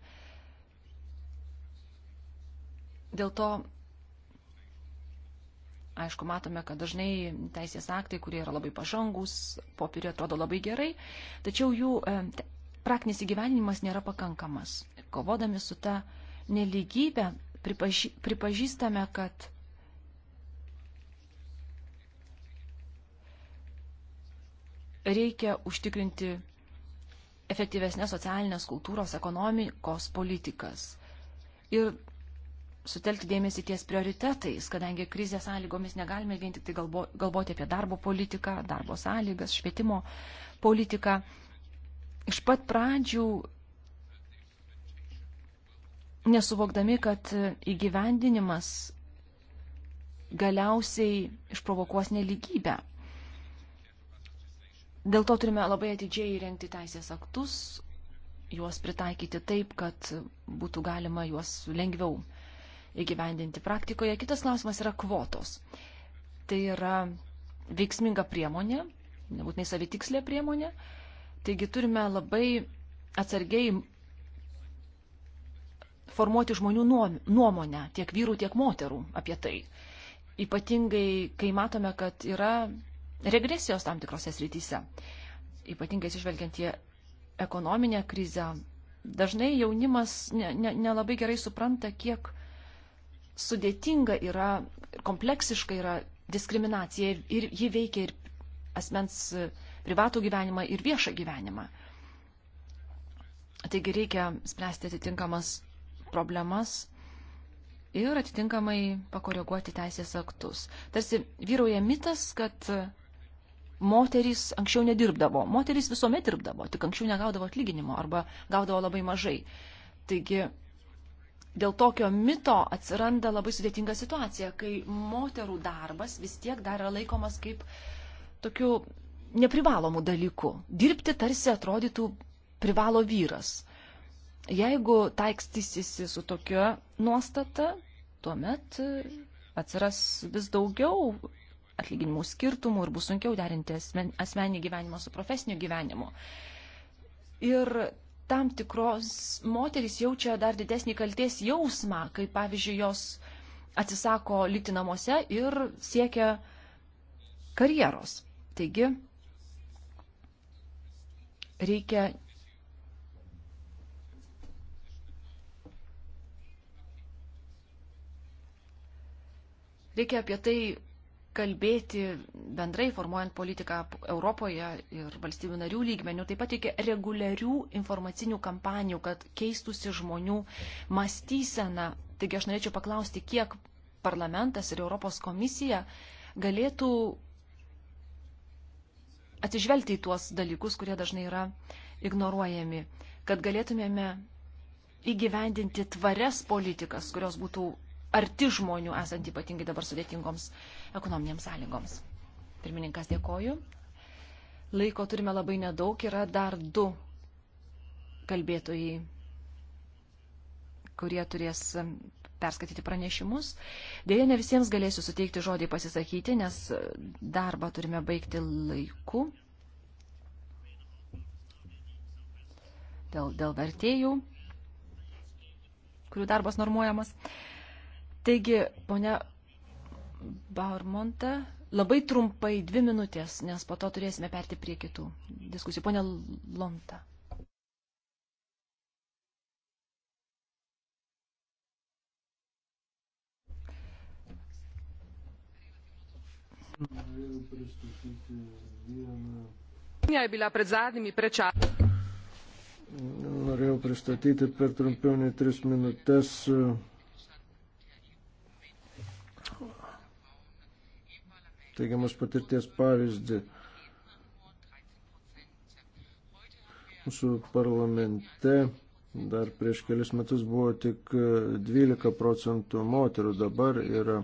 Dėl to, aišku, matome, kad dažnai teisės aktai, kurie yra labai pažangus, popieriuje atrodo labai gerai, tačiau jų e, praktinis įgyvenimas nėra pakankamas. Kovodami su ta neligybę, pripaži, pripažįstame, kad reikia užtikrinti efektyvesnės socialinės kultūros, ekonomikos politikas. Ir sutelkti dėmesį ties prioritetais, kadangi krizės sąlygomis negalime vien tik tai galbo, galvoti apie darbo politiką, darbo sąlygas, švietimo politiką. Iš pat pradžių nesuvokdami, kad įgyvendinimas galiausiai išprovokuos neligybę. Dėl to turime labai atidžiai įrengti teisės aktus, juos pritaikyti taip, kad būtų galima juos lengviau įgyvendinti praktikoje. Kitas klausimas yra kvotos. Tai yra veiksminga priemonė, nebūtinai savitikslė priemonė. Taigi turime labai atsargiai formuoti žmonių nuomonę, tiek vyrų, tiek moterų apie tai. Ypatingai, kai matome, kad yra regresijos tam tikrose srityse, ypatingai išvelgiant į ekonominę krizę, dažnai jaunimas nelabai ne, ne, ne gerai supranta, kiek sudėtinga yra, kompleksiška yra diskriminacija ir, ir ji veikia ir asmens privatų gyvenimą ir viešą gyvenimą. Taigi reikia spręsti atitinkamas problemas ir atitinkamai pakoreguoti teisės aktus. Tarsi vyrauja mitas, kad moterys anksčiau nedirbdavo. Moterys visuomet dirbdavo, tik anksčiau negaudavo atlyginimo arba gaudavo labai mažai. Taigi dėl tokio mito atsiranda labai sudėtinga situacija, kai moterų darbas vis tiek dar yra laikomas kaip tokiu neprivalomu dalyku. Dirbti tarsi atrodytų privalo vyras. Jeigu taikstysisi su tokia nuostata, tuomet e, atsiras vis daugiau atlyginimų skirtumų ir bus sunkiau derinti asmen, asmenį gyvenimą su profesiniu gyvenimu. Ir tam tikros moteris jaučia dar didesnį kalties jausmą, kai pavyzdžiui jos atsisako likti namuose ir siekia karjeros. Taigi reikia Reikia apie tai kalbėti bendrai formuojant politiką Europoje ir valstybių narių lygmenių. Taip pat reikia reguliarių informacinių kampanijų, kad keistusi žmonių mąstysena. Taigi aš norėčiau paklausti, kiek parlamentas ir Europos komisija galėtų atsižvelgti į tuos dalykus, kurie dažnai yra ignoruojami, kad galėtumėme įgyvendinti tvarias politikas, kurios būtų arti žmonių, esant ypatingai dabar sudėtingoms ekonominėms sąlygoms. Pirmininkas dėkoju. Laiko turime labai nedaug, yra dar du kalbėtojai, kurie turės perskaityti pranešimus. Dėja, ne visiems galėsiu suteikti žodį pasisakyti, nes darbą turime baigti laiku. Dėl, dėl vertėjų, kurių darbas normuojamas. Uh, Taigi, ponia Baurmonta, labai trumpai dvi minutės, nes po to turėsime perti prie kitų diskusijų. Pone Lonta. Norėjau pristatyti vieną Slovenija je bila pred zadnjimi prečasi. Norėjau pristatyti per trumpiau nei tris minutės teigiamas patirties pavyzdį. Mūsų parlamente dar prieš kelis metus buvo tik 12 procentų moterų, dabar yra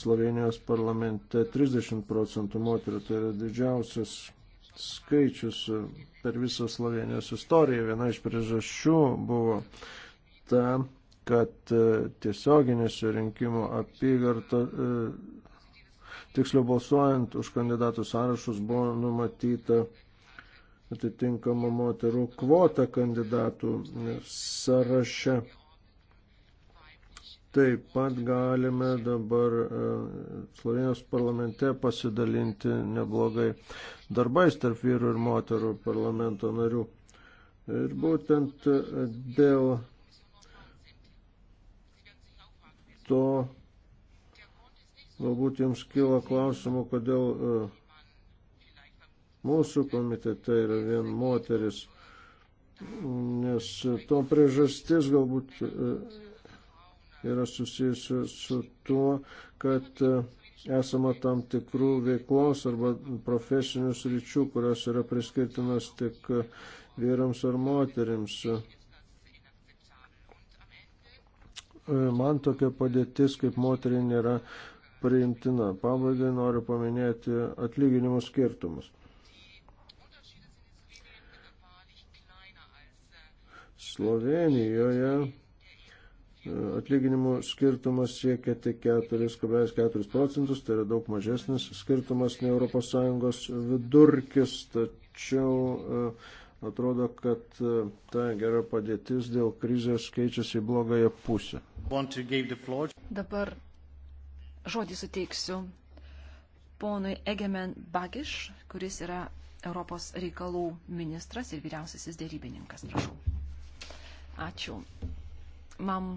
Slovenijos parlamente 30 procentų moterų, tai yra didžiausias skaičius per visą Slovenijos istoriją. Viena iš priežasčių buvo ta, kad tiesioginėse rinkimų apygarto, tiksliau balsuojant už kandidatų sąrašus buvo numatyta atitinkama moterų kvota kandidatų sąraše. Taip pat galime dabar e, Slovenijos parlamente pasidalinti neblogai darbais tarp vyrų ir moterų parlamento narių. Ir būtent dėl to Galbūt jums kyla klausimų, kodėl e, mūsų komitete yra vien moteris, nes to priežastis galbūt e, yra susijusi su tuo, kad e, esama tam tikrų veiklos arba profesinių sričių, kurios yra priskirtinas tik vyrams ar moteriams. Man tokia padėtis kaip moteriai nėra priimtina. Pabaigai noriu paminėti atlyginimų skirtumus. Slovenijoje e, atlyginimų skirtumas siekia tik 4,4 procentus, tai yra daug mažesnis skirtumas nei ES vidurkis, tačiau e, atrodo, kad e, ta gera padėtis dėl krizės keičiasi į blogąją pusę. Dabar žodį suteiksiu ponui Egemen Bagiš, kuris yra Europos reikalų ministras ir vyriausiasis dėrybininkas. Prašau. Ačiū. Man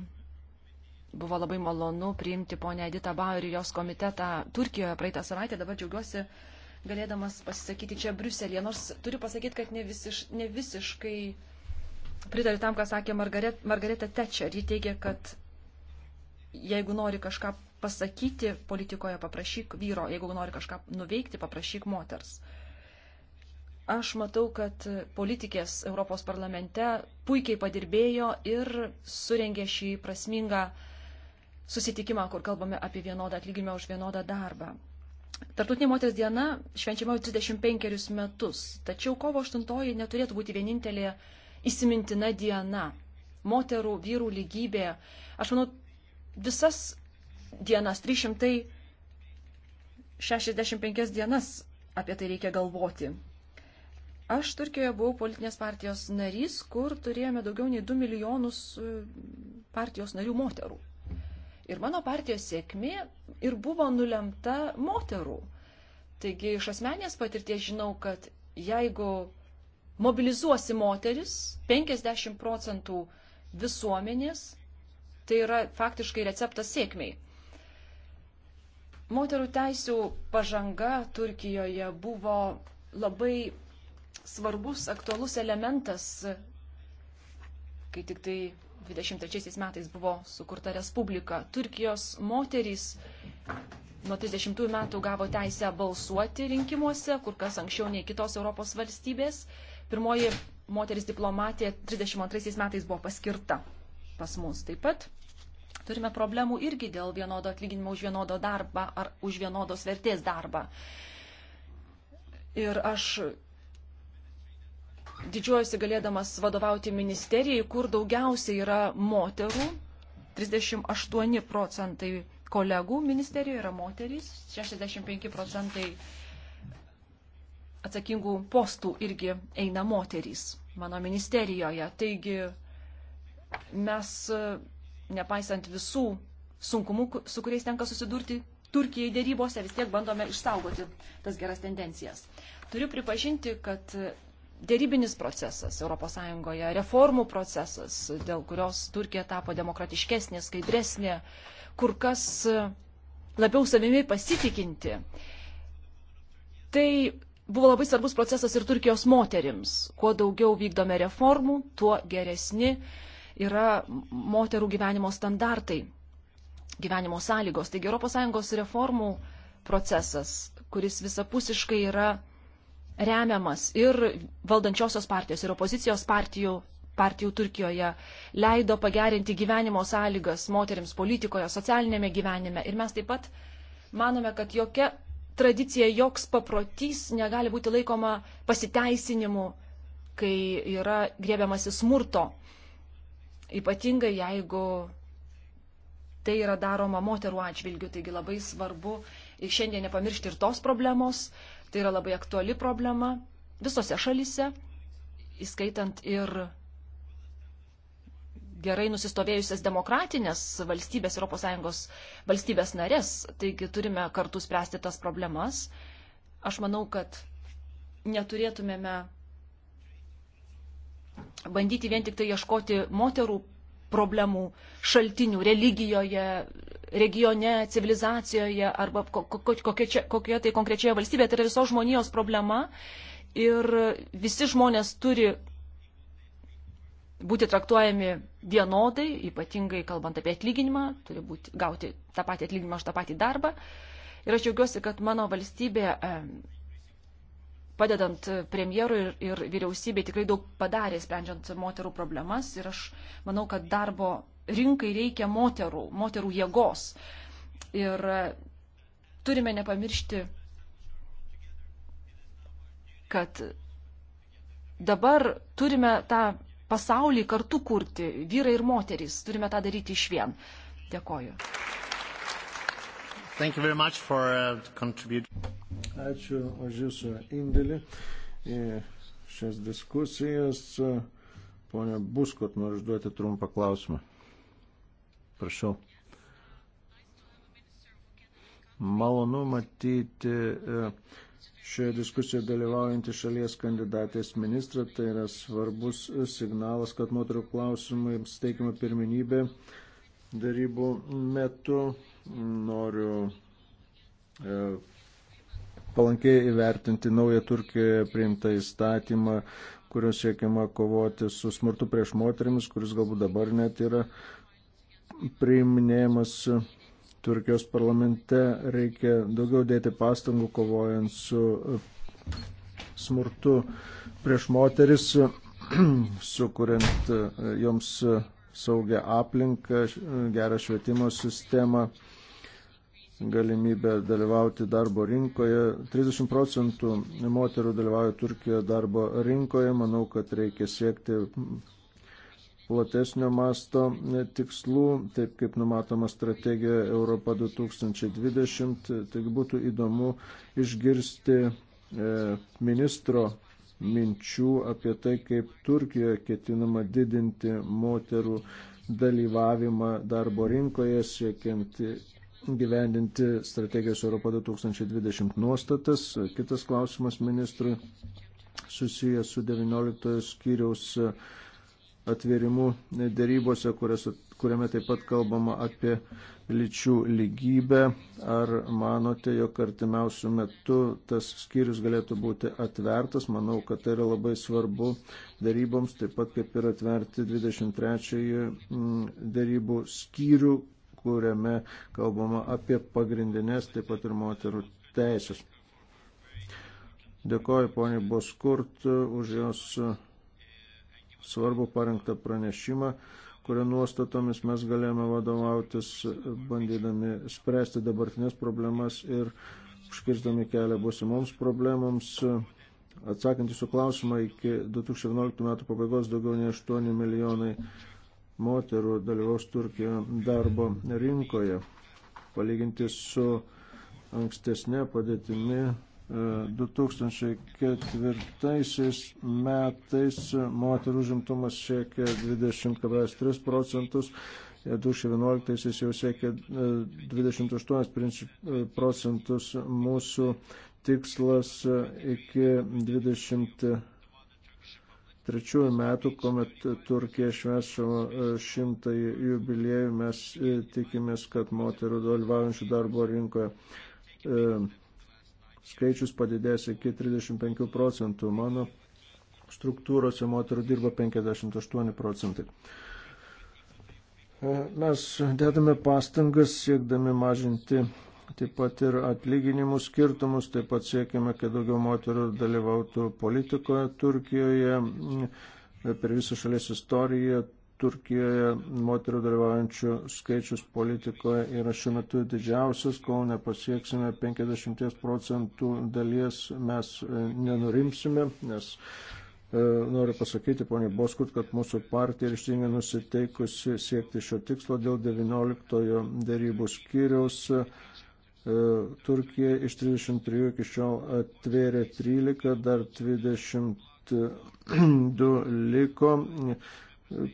buvo labai malonu priimti ponę Editą Bauer ir jos komitetą Turkijoje praeitą savaitę. Dabar džiaugiuosi galėdamas pasisakyti čia Briuselėje. Nors turiu pasakyti, kad ne, visiš, ne visiškai pritariu tam, ką sakė Margaret, Margareta Tečer. Ji teigia, kad jeigu nori kažką pasakyti politikoje, paprašyk vyro, jeigu nori kažką nuveikti, paprašyk moters. Aš matau, kad politikės Europos parlamente puikiai padirbėjo ir surengė šį prasmingą susitikimą, kur kalbame apie vienodą atlyginimą už vienodą darbą. Tartutinė moters diena švenčiama jau 25 metus, tačiau kovo 8 neturėtų būti vienintelė įsimintina diena. Moterų, vyrų lygybė. Aš manau, visas dienas, 365 dienas apie tai reikia galvoti. Aš Turkijoje buvau politinės partijos narys, kur turėjome daugiau nei 2 milijonus e, partijos narių moterų. Ir mano partijos sėkmė ir buvo nulemta moterų. Taigi iš asmenės patirties žinau, kad jeigu mobilizuosi moteris, 50 procentų visuomenės, tai yra faktiškai receptas sėkmiai. Moterų teisų pažanga Turkijoje buvo labai svarbus, aktualus elementas, kai tik tai 23 metais buvo sukurta Respublika. Turkijos moterys nuo 30 metų gavo teisę balsuoti rinkimuose, kur kas anksčiau nei kitos Europos valstybės. Pirmoji moteris diplomatė 32 metais buvo paskirta pas mus taip pat turime problemų irgi dėl vienodo atlyginimo už vienodo darbą ar už vienodos vertės darbą. Ir aš didžiuojuosi galėdamas vadovauti ministerijai, kur daugiausiai yra moterų. 38 procentai kolegų ministerijoje yra moterys, 65 procentai atsakingų postų irgi eina moterys mano ministerijoje. Taigi mes nepaisant visų sunkumų, su kuriais tenka susidurti Turkijai dėrybose, vis tiek bandome išsaugoti tas geras tendencijas. Turiu pripažinti, kad dėrybinis procesas ES, reformų procesas, dėl kurios Turkija tapo demokratiškesnė, skaidresnė, kur kas labiau savimi pasitikinti, tai buvo labai svarbus procesas ir Turkijos moterims. Kuo daugiau vykdome reformų, tuo geresni yra moterų gyvenimo standartai, gyvenimo sąlygos. Taigi ES reformų procesas, kuris visapusiškai yra remiamas ir valdančiosios partijos, ir opozicijos partijų, partijų Turkijoje, leido pagerinti gyvenimo sąlygas moteriams politikoje, socialinėme gyvenime. Ir mes taip pat manome, kad jokia tradicija, joks paprotys negali būti laikoma pasiteisinimu, kai yra grėbiamasi smurto Ypatingai jeigu tai yra daroma moterų atžvilgių, taigi labai svarbu ir šiandien nepamiršti ir tos problemos, tai yra labai aktuali problema visose šalise, įskaitant ir gerai nusistovėjusias demokratinės valstybės, ES valstybės narės, taigi turime kartu spręsti tas problemas. Aš manau, kad neturėtumėme bandyti vien tik tai ieškoti moterų problemų šaltinių religijoje, regione, civilizacijoje arba kokioje, čia, kokioje tai konkrečioje valstybėje. Tai yra visos žmonijos problema ir visi žmonės turi būti traktuojami vienodai, ypatingai kalbant apie atlyginimą, turi būti, gauti tą patį atlyginimą už tą patį darbą. Ir aš džiaugiuosi, kad mano valstybė padedant premjerui ir, ir vyriausybei tikrai daug padarė, sprendžiant moterų problemas. Ir aš manau, kad darbo rinkai reikia moterų, moterų jėgos. Ir e, turime nepamiršti, kad dabar turime tą pasaulį kartu kurti, vyrai ir moterys, turime tą daryti iš vien. Dėkoju. Thank you very much for uh, contributing. Ačiū už Jūsų indėlį į šias diskusijas. Pone Buskot, noriu užduoti trumpą klausimą. Prašau. Malonu matyti e, šioje diskusijoje dalyvaujantį šalies kandidatės ministrą. Tai yra svarbus signalas, kad moterų klausimai steikima pirminybė darybų metu. Noriu e, palankiai įvertinti naują Turkijoje priimtą įstatymą, kurio siekiama kovoti su smurtu prieš moteriams, kuris galbūt dabar net yra priiminėjamas Turkijos parlamente. Reikia daugiau dėti pastangų kovojant su smurtu prieš moteris, sukuriant joms saugę aplinką, gerą švietimo sistemą galimybę dalyvauti darbo rinkoje. 30 procentų moterų dalyvauja Turkijoje darbo rinkoje. Manau, kad reikia siekti platesnio masto tikslų, taip kaip numatoma strategija Europa 2020. Taigi būtų įdomu išgirsti e, ministro minčių apie tai, kaip Turkijoje ketinama didinti moterų dalyvavimą darbo rinkoje, siekiant gyvendinti strategijos Europo 2020 nuostatas. Kitas klausimas ministrui susijęs su 19 skyriaus atvėrimu dėrybose, kurias, kuriame taip pat kalbama apie lyčių lygybę. Ar manote, jog artimiausių metų tas skyrius galėtų būti atvertas? Manau, kad tai yra labai svarbu dėryboms, taip pat kaip ir atverti 23 mm, dėrybų skyrių, kuriame kalbama apie pagrindinės, taip pat ir moterų teisės. Dėkoju poniai Boskurt už jos svarbu parengtą pranešimą, kurio nuostatomis mes galėjome vadovautis, bandydami spręsti dabartinės problemas ir užkirstami kelią būsimoms problemams. Atsakant į jūsų klausimą, iki 2011 metų pabaigos daugiau nei 8 milijonai moterų dalyvaus Turkijoje darbo rinkoje. Palyginti su ankstesnė padėtimi 2004 e, metais moterų žimtumas siekia 20,3 procentus, 2011 jau siekia e, 28 e, procentus mūsų tikslas iki 20 trečiųjų metų, kuomet Turkija šves e, šimtąjį jubiliejų, mes e, tikimės, kad moterų dalyvaujančių darbo rinkoje e, skaičius padidės iki 35 procentų. Mano struktūrose moterų dirba 58 procentai. Mes dedame pastangas siekdami mažinti taip pat ir atlyginimų skirtumus, taip pat siekime, kad daugiau moterų dalyvautų politikoje Turkijoje. Per visą šalies istoriją Turkijoje moterų dalyvaujančių skaičius politikoje yra šiuo metu didžiausias, kol nepasieksime 50 procentų dalies mes e, nenurimsime, nes e, noriu pasakyti, ponė Boskut, kad mūsų partija ryštingai nusiteikusi siekti šio tikslo dėl 19 dėrybų skyriaus. E, E, Turkija iš 33 iki šiol atvėrė 13, dar 22 liko,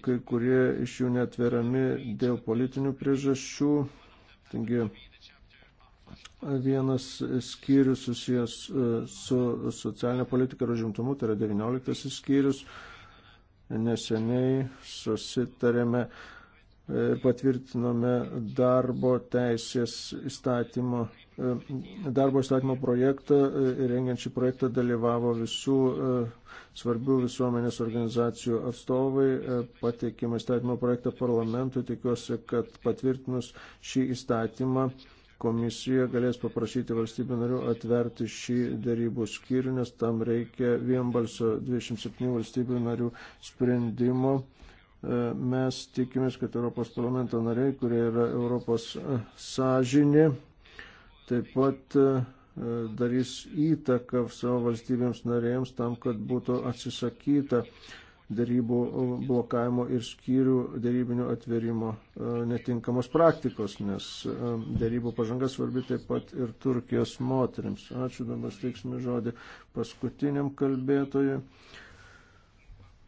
kai kurie iš jų netveriami dėl politinių priežasčių. Taigi vienas skyrius susijęs e, su socialinė politika ir užimtumu, tai yra 19 skyrius. Neseniai susitarėme ir e, patvirtinome darbo teisės įstatymo, e, darbo įstatymo projektą e, ir rengiant šį projektą dalyvavo visų svarbių visuomenės organizacijų atstovai, pateikėme įstatymo projektą parlamentui, tikiuosi, kad patvirtinus šį įstatymą komisija galės paprašyti valstybių narių atverti šį dėrybų skyrių, nes tam reikia vienbalsio 27 valstybių narių sprendimo E, mes tikimės, kad Europos parlamento nariai, kurie yra Europos sąžinė, taip pat e, darys įtaką savo valstybėms narėms tam, kad būtų atsisakyta dėrybų blokavimo ir skyrių dėrybinių atverimo e, netinkamos praktikos, nes dėrybų pažanga svarbi taip pat ir Turkijos moteriams. Ačiū, dabar steiksime žodį paskutiniam kalbėtojui.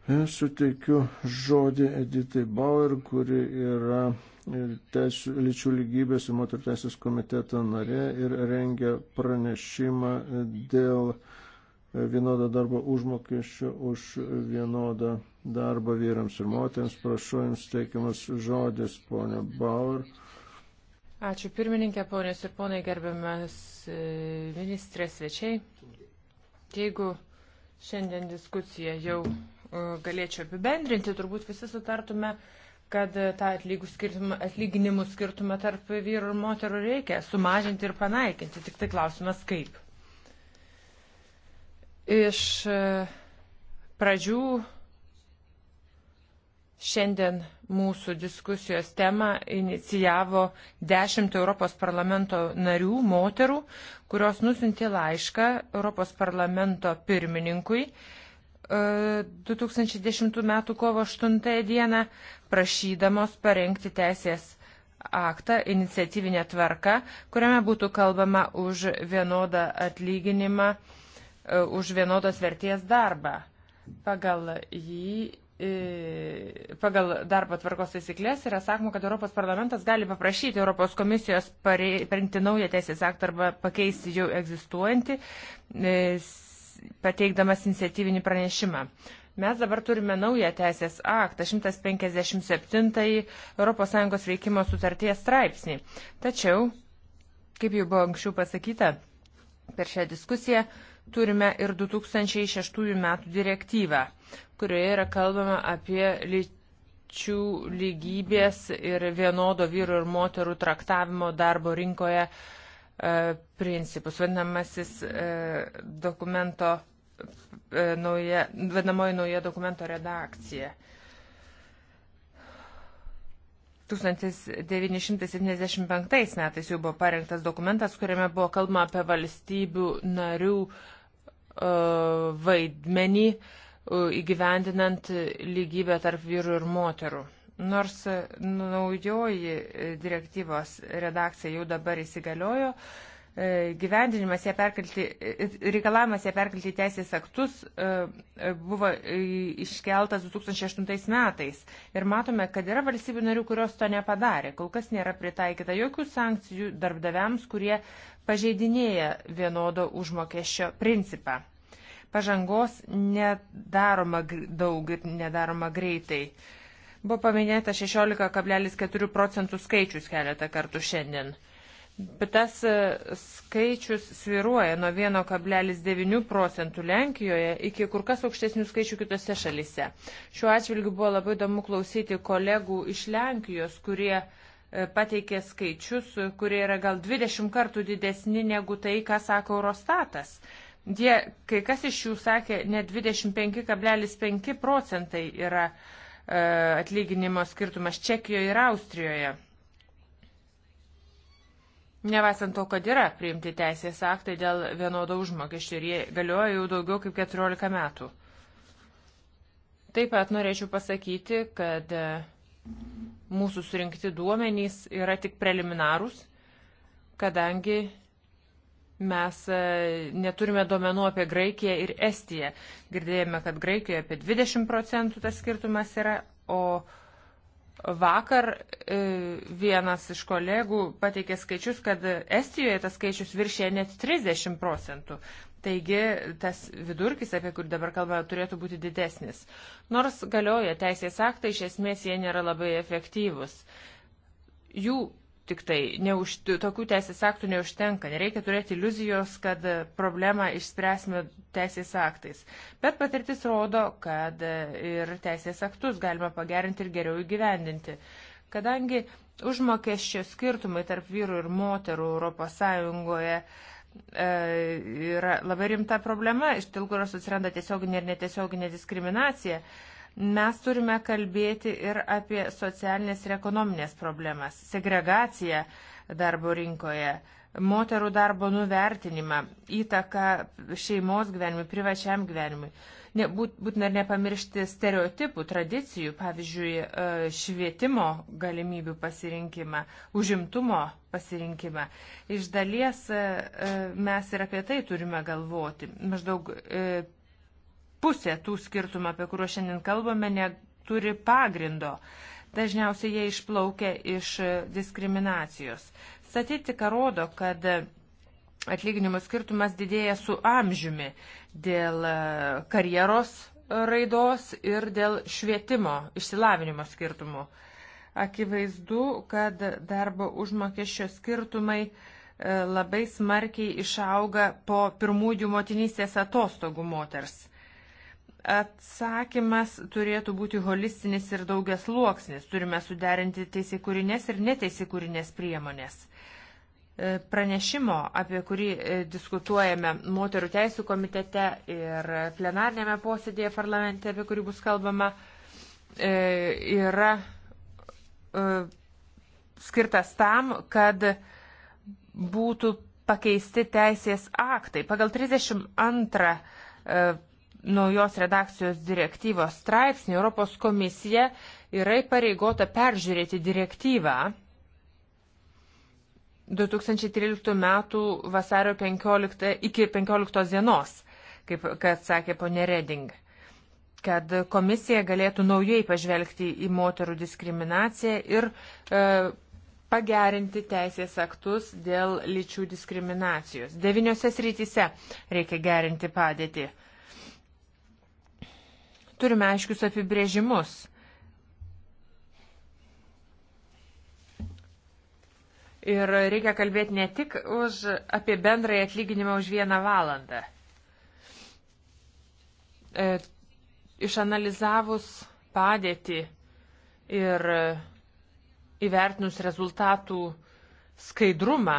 E, suteikiu žodį Editai Bauer, kuri yra e, teisų, lyčių lygybės ir moterų teisės komiteto narė ir rengia pranešimą e, dėl vienodo darbo užmokesčio už vienodą darbą vyrams ir moteriams. Prašau Jums teikiamas žodis, ponia Bauer. Ačiū pirmininkė, ponios ir ponai, gerbiamas ministrės svečiai. Jeigu šiandien diskusija jau E, galėčiau apibendrinti, turbūt visi sutartume, kad tą skirtumą, atlyginimų skirtumą tarp vyrų ir moterų reikia sumažinti ir panaikinti. Tik tai klausimas kaip. Iš e, pradžių šiandien mūsų diskusijos temą inicijavo dešimt Europos parlamento narių moterų, kurios nusintė laišką Europos parlamento pirmininkui 2010 e, m. kovo 8 d. prašydamos parengti teisės aktą iniciatyvinę tvarką, kuriame būtų kalbama už vienodą atlyginimą, e, už vienodos verties darbą. Pagal jį e, pagal darbo tvarkos taisyklės yra sakoma, kad Europos parlamentas gali paprašyti Europos komisijos parengti naują teisės aktą arba pakeisti jau egzistuojantį pateikdamas iniciatyvinį pranešimą. Mes dabar turime naują teisės aktą 157 ES veikimo sutarties straipsnį. Tačiau, kaip jau buvo anksčiau pasakyta, per šią diskusiją turime ir 2006 metų direktyvą, kurioje yra kalbama apie lyčių lygybės ir vienodo vyrų ir moterų traktavimo darbo rinkoje uh, E, principus. Vadinamasis e, dokumento, e, nauja, vadinamoji nauja dokumento redakcija. 1975 metais jau buvo parengtas dokumentas, kuriame buvo kalbama apie valstybių narių vaidmenį įgyvendinant lygybę tarp vyrų ir moterų. Nors naujoji e, direktyvos redakcija jau dabar įsigaliojo, e, gyvendinimas ją perkelti, e, reikalavimas ją perkelti į teisės aktus buvo iškeltas 2008 metais. Ir matome, kad yra valstybių narių, kurios to nepadarė. Kol kas nėra pritaikyta jokių sankcijų darbdaviams, kurie pažeidinėja vienodo užmokesčio principą. Pažangos nedaroma daug ir nedaroma greitai. Uh, Buvo paminėta 16,4 procentų skaičius keletą kartų šiandien. Bet tas e, skaičius sviruoja nuo 1,9 procentų Lenkijoje iki kur kas aukštesnių skaičių kitose šalise. Šiuo atžvilgiu buvo labai įdomu klausyti kolegų iš Lenkijos, kurie e, pateikė skaičius, kurie yra gal 20 kartų didesni negu tai, ką sako Eurostatas. Jie, kai kas iš jų sakė, net 25,5 procentai yra uh, E, atlyginimo skirtumas Čekijoje ir Austrijoje. Nevasant to, kad yra priimti teisės aktai dėl vienodo užmokesčio ir jie galioja jau daugiau kaip 14 metų. Taip pat norėčiau pasakyti, kad e, mūsų surinkti duomenys yra tik preliminarūs, kadangi Mes e, neturime duomenų apie Graikiją ir Estiją. Girdėjome, kad Graikijoje apie 20 procentų tas skirtumas yra, o vakar e, vienas iš kolegų pateikė skaičius, kad Estijoje tas skaičius viršė net 30 procentų. Taigi tas vidurkis, apie kurį dabar kalbame, turėtų būti didesnis. Nors galioja teisės aktai, iš esmės jie nėra labai efektyvus. Jų tik tai neužti, tokių teisės aktų neužtenka. Nereikia turėti iliuzijos, kad problemą išspręsime teisės aktais. Bet patirtis rodo, kad ir teisės aktus galima pagerinti ir geriau įgyvendinti. Kadangi užmokesčio skirtumai tarp vyrų ir moterų ES e, yra labai rimta problema, iš dėl kurios atsiranda tiesioginė ir netiesioginė diskriminacija, Mes turime kalbėti ir apie socialinės ir ekonominės problemas, segregaciją darbo rinkoje, moterų darbo nuvertinimą, įtaką šeimos gyvenimui, privačiam gyvenimui. Ne, būt, būtina ir nepamiršti stereotipų, tradicijų, pavyzdžiui, e, švietimo galimybių pasirinkimą, užimtumo pasirinkimą. Iš dalies e, e, mes ir apie tai turime galvoti. Maždaug pusė tų skirtumų, apie kuriuos šiandien kalbame, neturi pagrindo. Dažniausiai jie išplaukia iš diskriminacijos. Statistika rodo, kad atlyginimų skirtumas didėja su amžiumi dėl e, karjeros raidos ir dėl švietimo, išsilavinimo skirtumų. Akivaizdu, kad darbo užmokesčio skirtumai e, labai smarkiai išauga po pirmųjų motinystės atostogų moters. Atsakymas turėtų būti holistinis ir daugias luoksnis. Turime suderinti teisėkūrinės ir neteisėkūrinės priemonės. E, pranešimo, apie kurį e, diskutuojame moterų teisų komitete ir plenarnėme posėdėje parlamente, apie kurį bus kalbama, e, yra skirtas tam, kad būtų pakeisti teisės aktai. Pagal 32 naujos redakcijos direktyvos straipsnį Europos komisija yra įpareigota peržiūrėti direktyvą 2013 m. vasario 15, iki 15 dienos, kaip kad sakė ponė Reding, kad komisija galėtų naujai pažvelgti į moterų diskriminaciją ir e, pagerinti teisės aktus dėl lyčių diskriminacijos. Deviniose srityse reikia gerinti padėtį. Turime aiškius apibrėžimus. Ir reikia kalbėti ne tik už, apie bendrąją atlyginimą už vieną valandą. E, išanalizavus padėtį ir įvertinus rezultatų skaidrumą,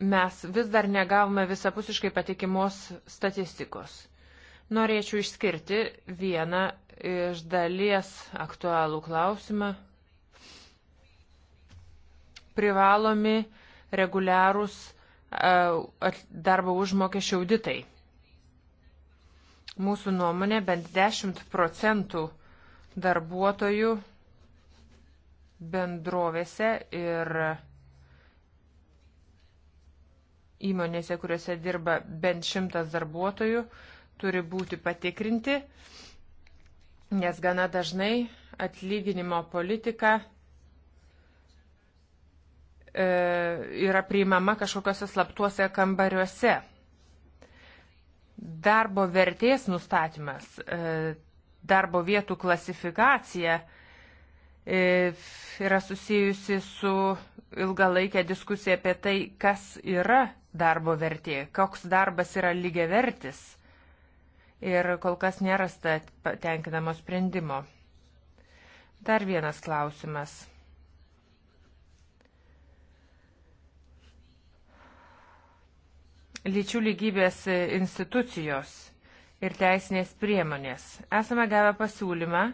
mes vis dar negavome visapusiškai patikimos statistikos. Norėčiau išskirti vieną iš dalies aktualų klausimą. Privalomi reguliarūs e, darbo užmokesčio auditai. Mūsų nuomonė bent 10 procentų darbuotojų bendrovėse ir įmonėse, kuriuose dirba bent šimtas darbuotojų, turi būti patikrinti, nes gana dažnai atlyginimo politika e, yra priimama kažkokiuose slaptuose kambariuose. Darbo vertės nustatymas, e, darbo vietų klasifikacija e, yra susijusi su ilgalaikė diskusija apie tai, kas yra darbo vertė, koks darbas yra lygiavertis. Ir kol kas nerasta tenkinamo sprendimo. Dar vienas klausimas. Lyčių lygybės institucijos ir teisinės priemonės. Esame gavę pasiūlymą,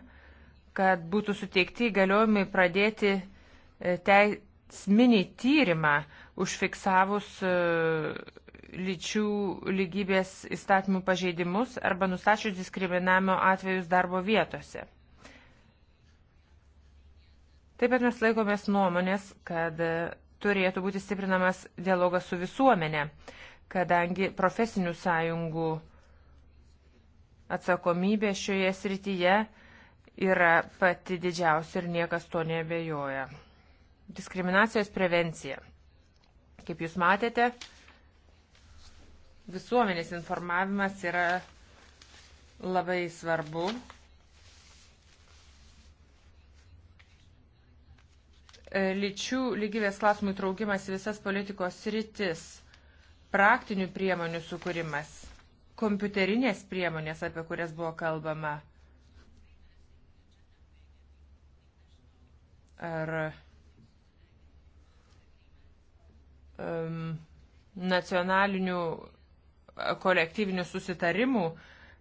kad būtų suteikti įgaliojimai pradėti e, teisminį tyrimą užfiksavus e, lyčių lygybės įstatymų pažeidimus arba nustačius diskriminavimo atvejus darbo vietose. Taip pat mes laikomės nuomonės, kad turėtų būti stiprinamas dialogas su visuomenė, kadangi profesinių sąjungų atsakomybė šioje srityje yra pati didžiausia ir niekas to nebejoja. Diskriminacijos prevencija. Kaip jūs matėte, visuomenės informavimas yra labai svarbu. Lyčių lygybės klausimų įtraukimas į visas politikos rytis, praktinių priemonių sukūrimas, kompiuterinės priemonės, apie kurias buvo kalbama. Ar um, nacionalinių kolektyvinių susitarimų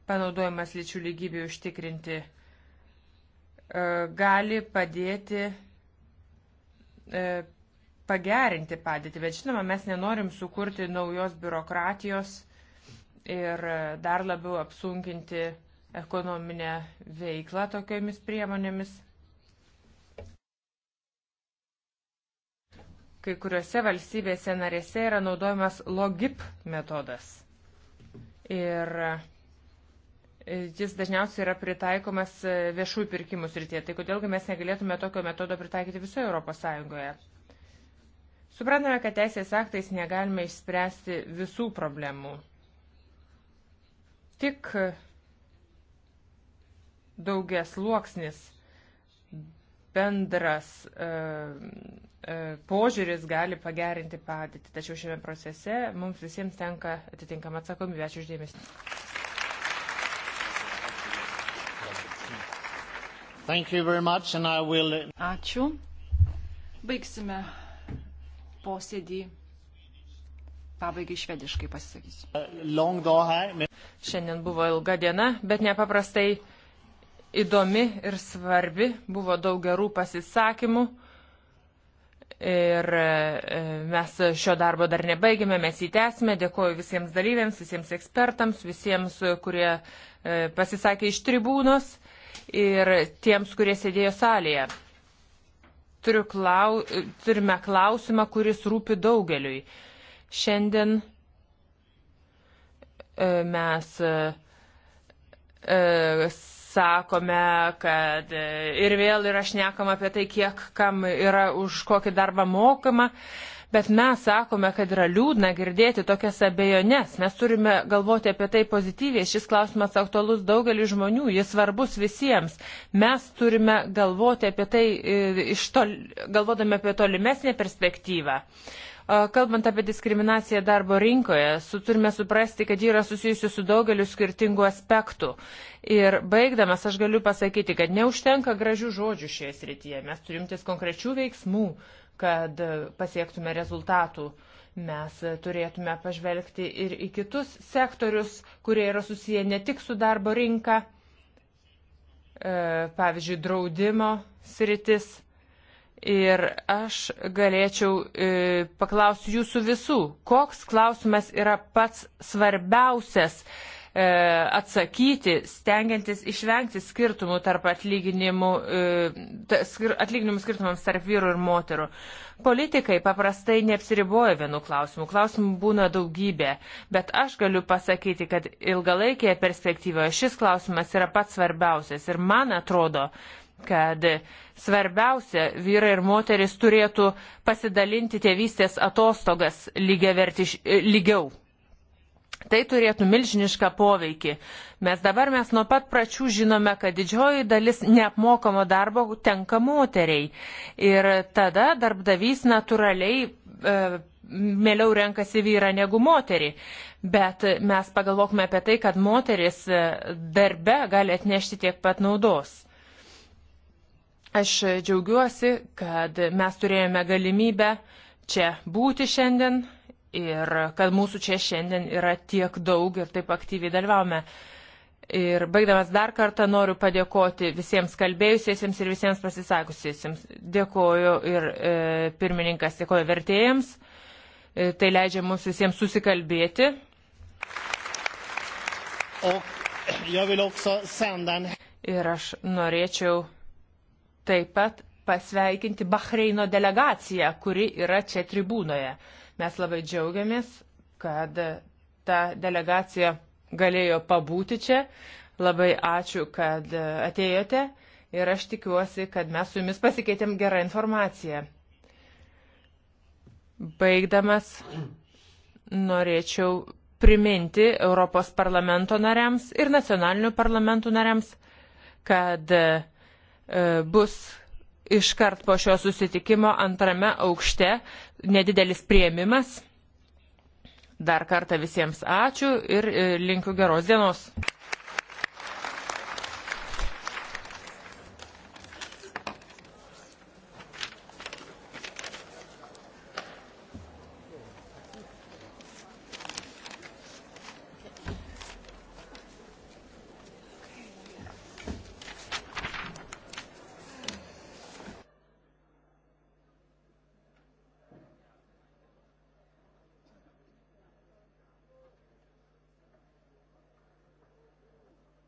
panaudojimas lyčių lygybei užtikrinti uh, gali padėti uh, pagerinti padėtį. Bet žinoma, mes nenorim sukurti naujos biurokratijos ir uh, dar labiau apsunkinti ekonominę veiklą tokiomis priemonėmis. Kai kuriuose valstybėse narėse yra naudojamas logip metodas. Ir e, jis dažniausiai yra pritaikomas e, viešųjų pirkimų srityje. Tai kodėlgi mes negalėtume tokio metodo pritaikyti visoje Europos Sąjungoje? Suprantame, kad teisės aktais negalime išspręsti visų problemų. Tik daugias luoksnis bendras e, E, požiūris gali pagerinti padėtį. Tačiau šiame procese mums visiems tenka atitinkama atsakomybė. Ačiū uždėmesi. Much, will... Ačiū. Baigsime posėdį. Pabaigai švediškai pasisakysiu. Šiandien buvo ilga diena, bet nepaprastai įdomi ir svarbi. Buvo daug gerų pasisakymų. Ir e, mes šio darbo dar nebaigėme, mes jį tęsime. Dėkuoju visiems dalyviams, visiems ekspertams, visiems, kurie e, pasisakė iš tribūnos ir tiems, kurie sėdėjo salėje. Turiu klau, turime klausimą, kuris rūpi daugeliui. Šiandien e, mes sakome, kad e, ir vėl yra šnekama apie tai, kiek kam yra už kokį darbą mokama, bet mes sakome, kad yra liūdna girdėti tokias abejonės. Mes turime galvoti apie tai pozityviai. Šis klausimas aktualus daugeliu žmonių, jis svarbus visiems. Mes turime galvoti apie tai, e, tol, galvodami apie tolimesnę perspektyvą. Uh, Kalbant apie diskriminaciją darbo rinkoje, su, turime suprasti, kad ji yra susijusi su daugeliu skirtingų aspektų. Ir baigdamas aš galiu pasakyti, kad neužtenka gražių žodžių šioje srityje. Mes turimtis konkrečių veiksmų, kad e, pasiektume rezultatų. Mes turėtume pažvelgti ir į kitus sektorius, kurie yra susiję ne tik su darbo rinka, e, pavyzdžiui, draudimo sritis Ir aš galėčiau e, paklausti jūsų visų, koks klausimas yra pats svarbiausias e, atsakyti, stengiantis išvengti skirtumų tarp atlyginimų, e, skir, atlyginimų skirtumams tarp vyrų ir moterų. Politikai paprastai neapsiriboja vienu klausimu, klausimų būna daugybė, bet aš galiu pasakyti, kad ilgalaikėje perspektyvoje šis klausimas yra pats svarbiausias ir man atrodo, e, kad svarbiausia vyrai ir moteris turėtų pasidalinti tėvystės atostogas vertiš, lygiau. Tai turėtų milžinišką poveikį. Mes dabar mes nuo pat pračių žinome, kad didžioji dalis neapmokamo darbo tenka moteriai. Ir tada darbdavys natūraliai e, mėliau renkasi vyrą negu moterį. Bet mes pagalvokime apie tai, kad moteris e, darbe gali atnešti tiek pat naudos. Aš džiaugiuosi, kad mes turėjome galimybę čia būti šiandien ir kad mūsų čia šiandien yra tiek daug ir taip aktyviai dalyvavome. Ir baigdamas dar kartą noriu padėkoti visiems kalbėjusiesiems ir visiems pasisakusiesiems. Dėkoju ir e, pirmininkas, dėkoju vertėjams. E, tai leidžia mums visiems susikalbėti. Ir aš norėčiau taip pat pasveikinti Bahreino delegaciją, kuri yra čia tribūnoje. Mes labai džiaugiamės, kad ta delegacija galėjo pabūti čia. Labai ačiū, kad atėjote ir aš tikiuosi, kad mes su jumis pasikeitėm gerą informaciją. Baigdamas, norėčiau priminti Europos parlamento nariams ir nacionalinių parlamentų nariams, kad E, bus iškart po šio susitikimo antrame aukšte nedidelis prieimimas. Dar kartą visiems ačiū ir e, linkiu geros dienos.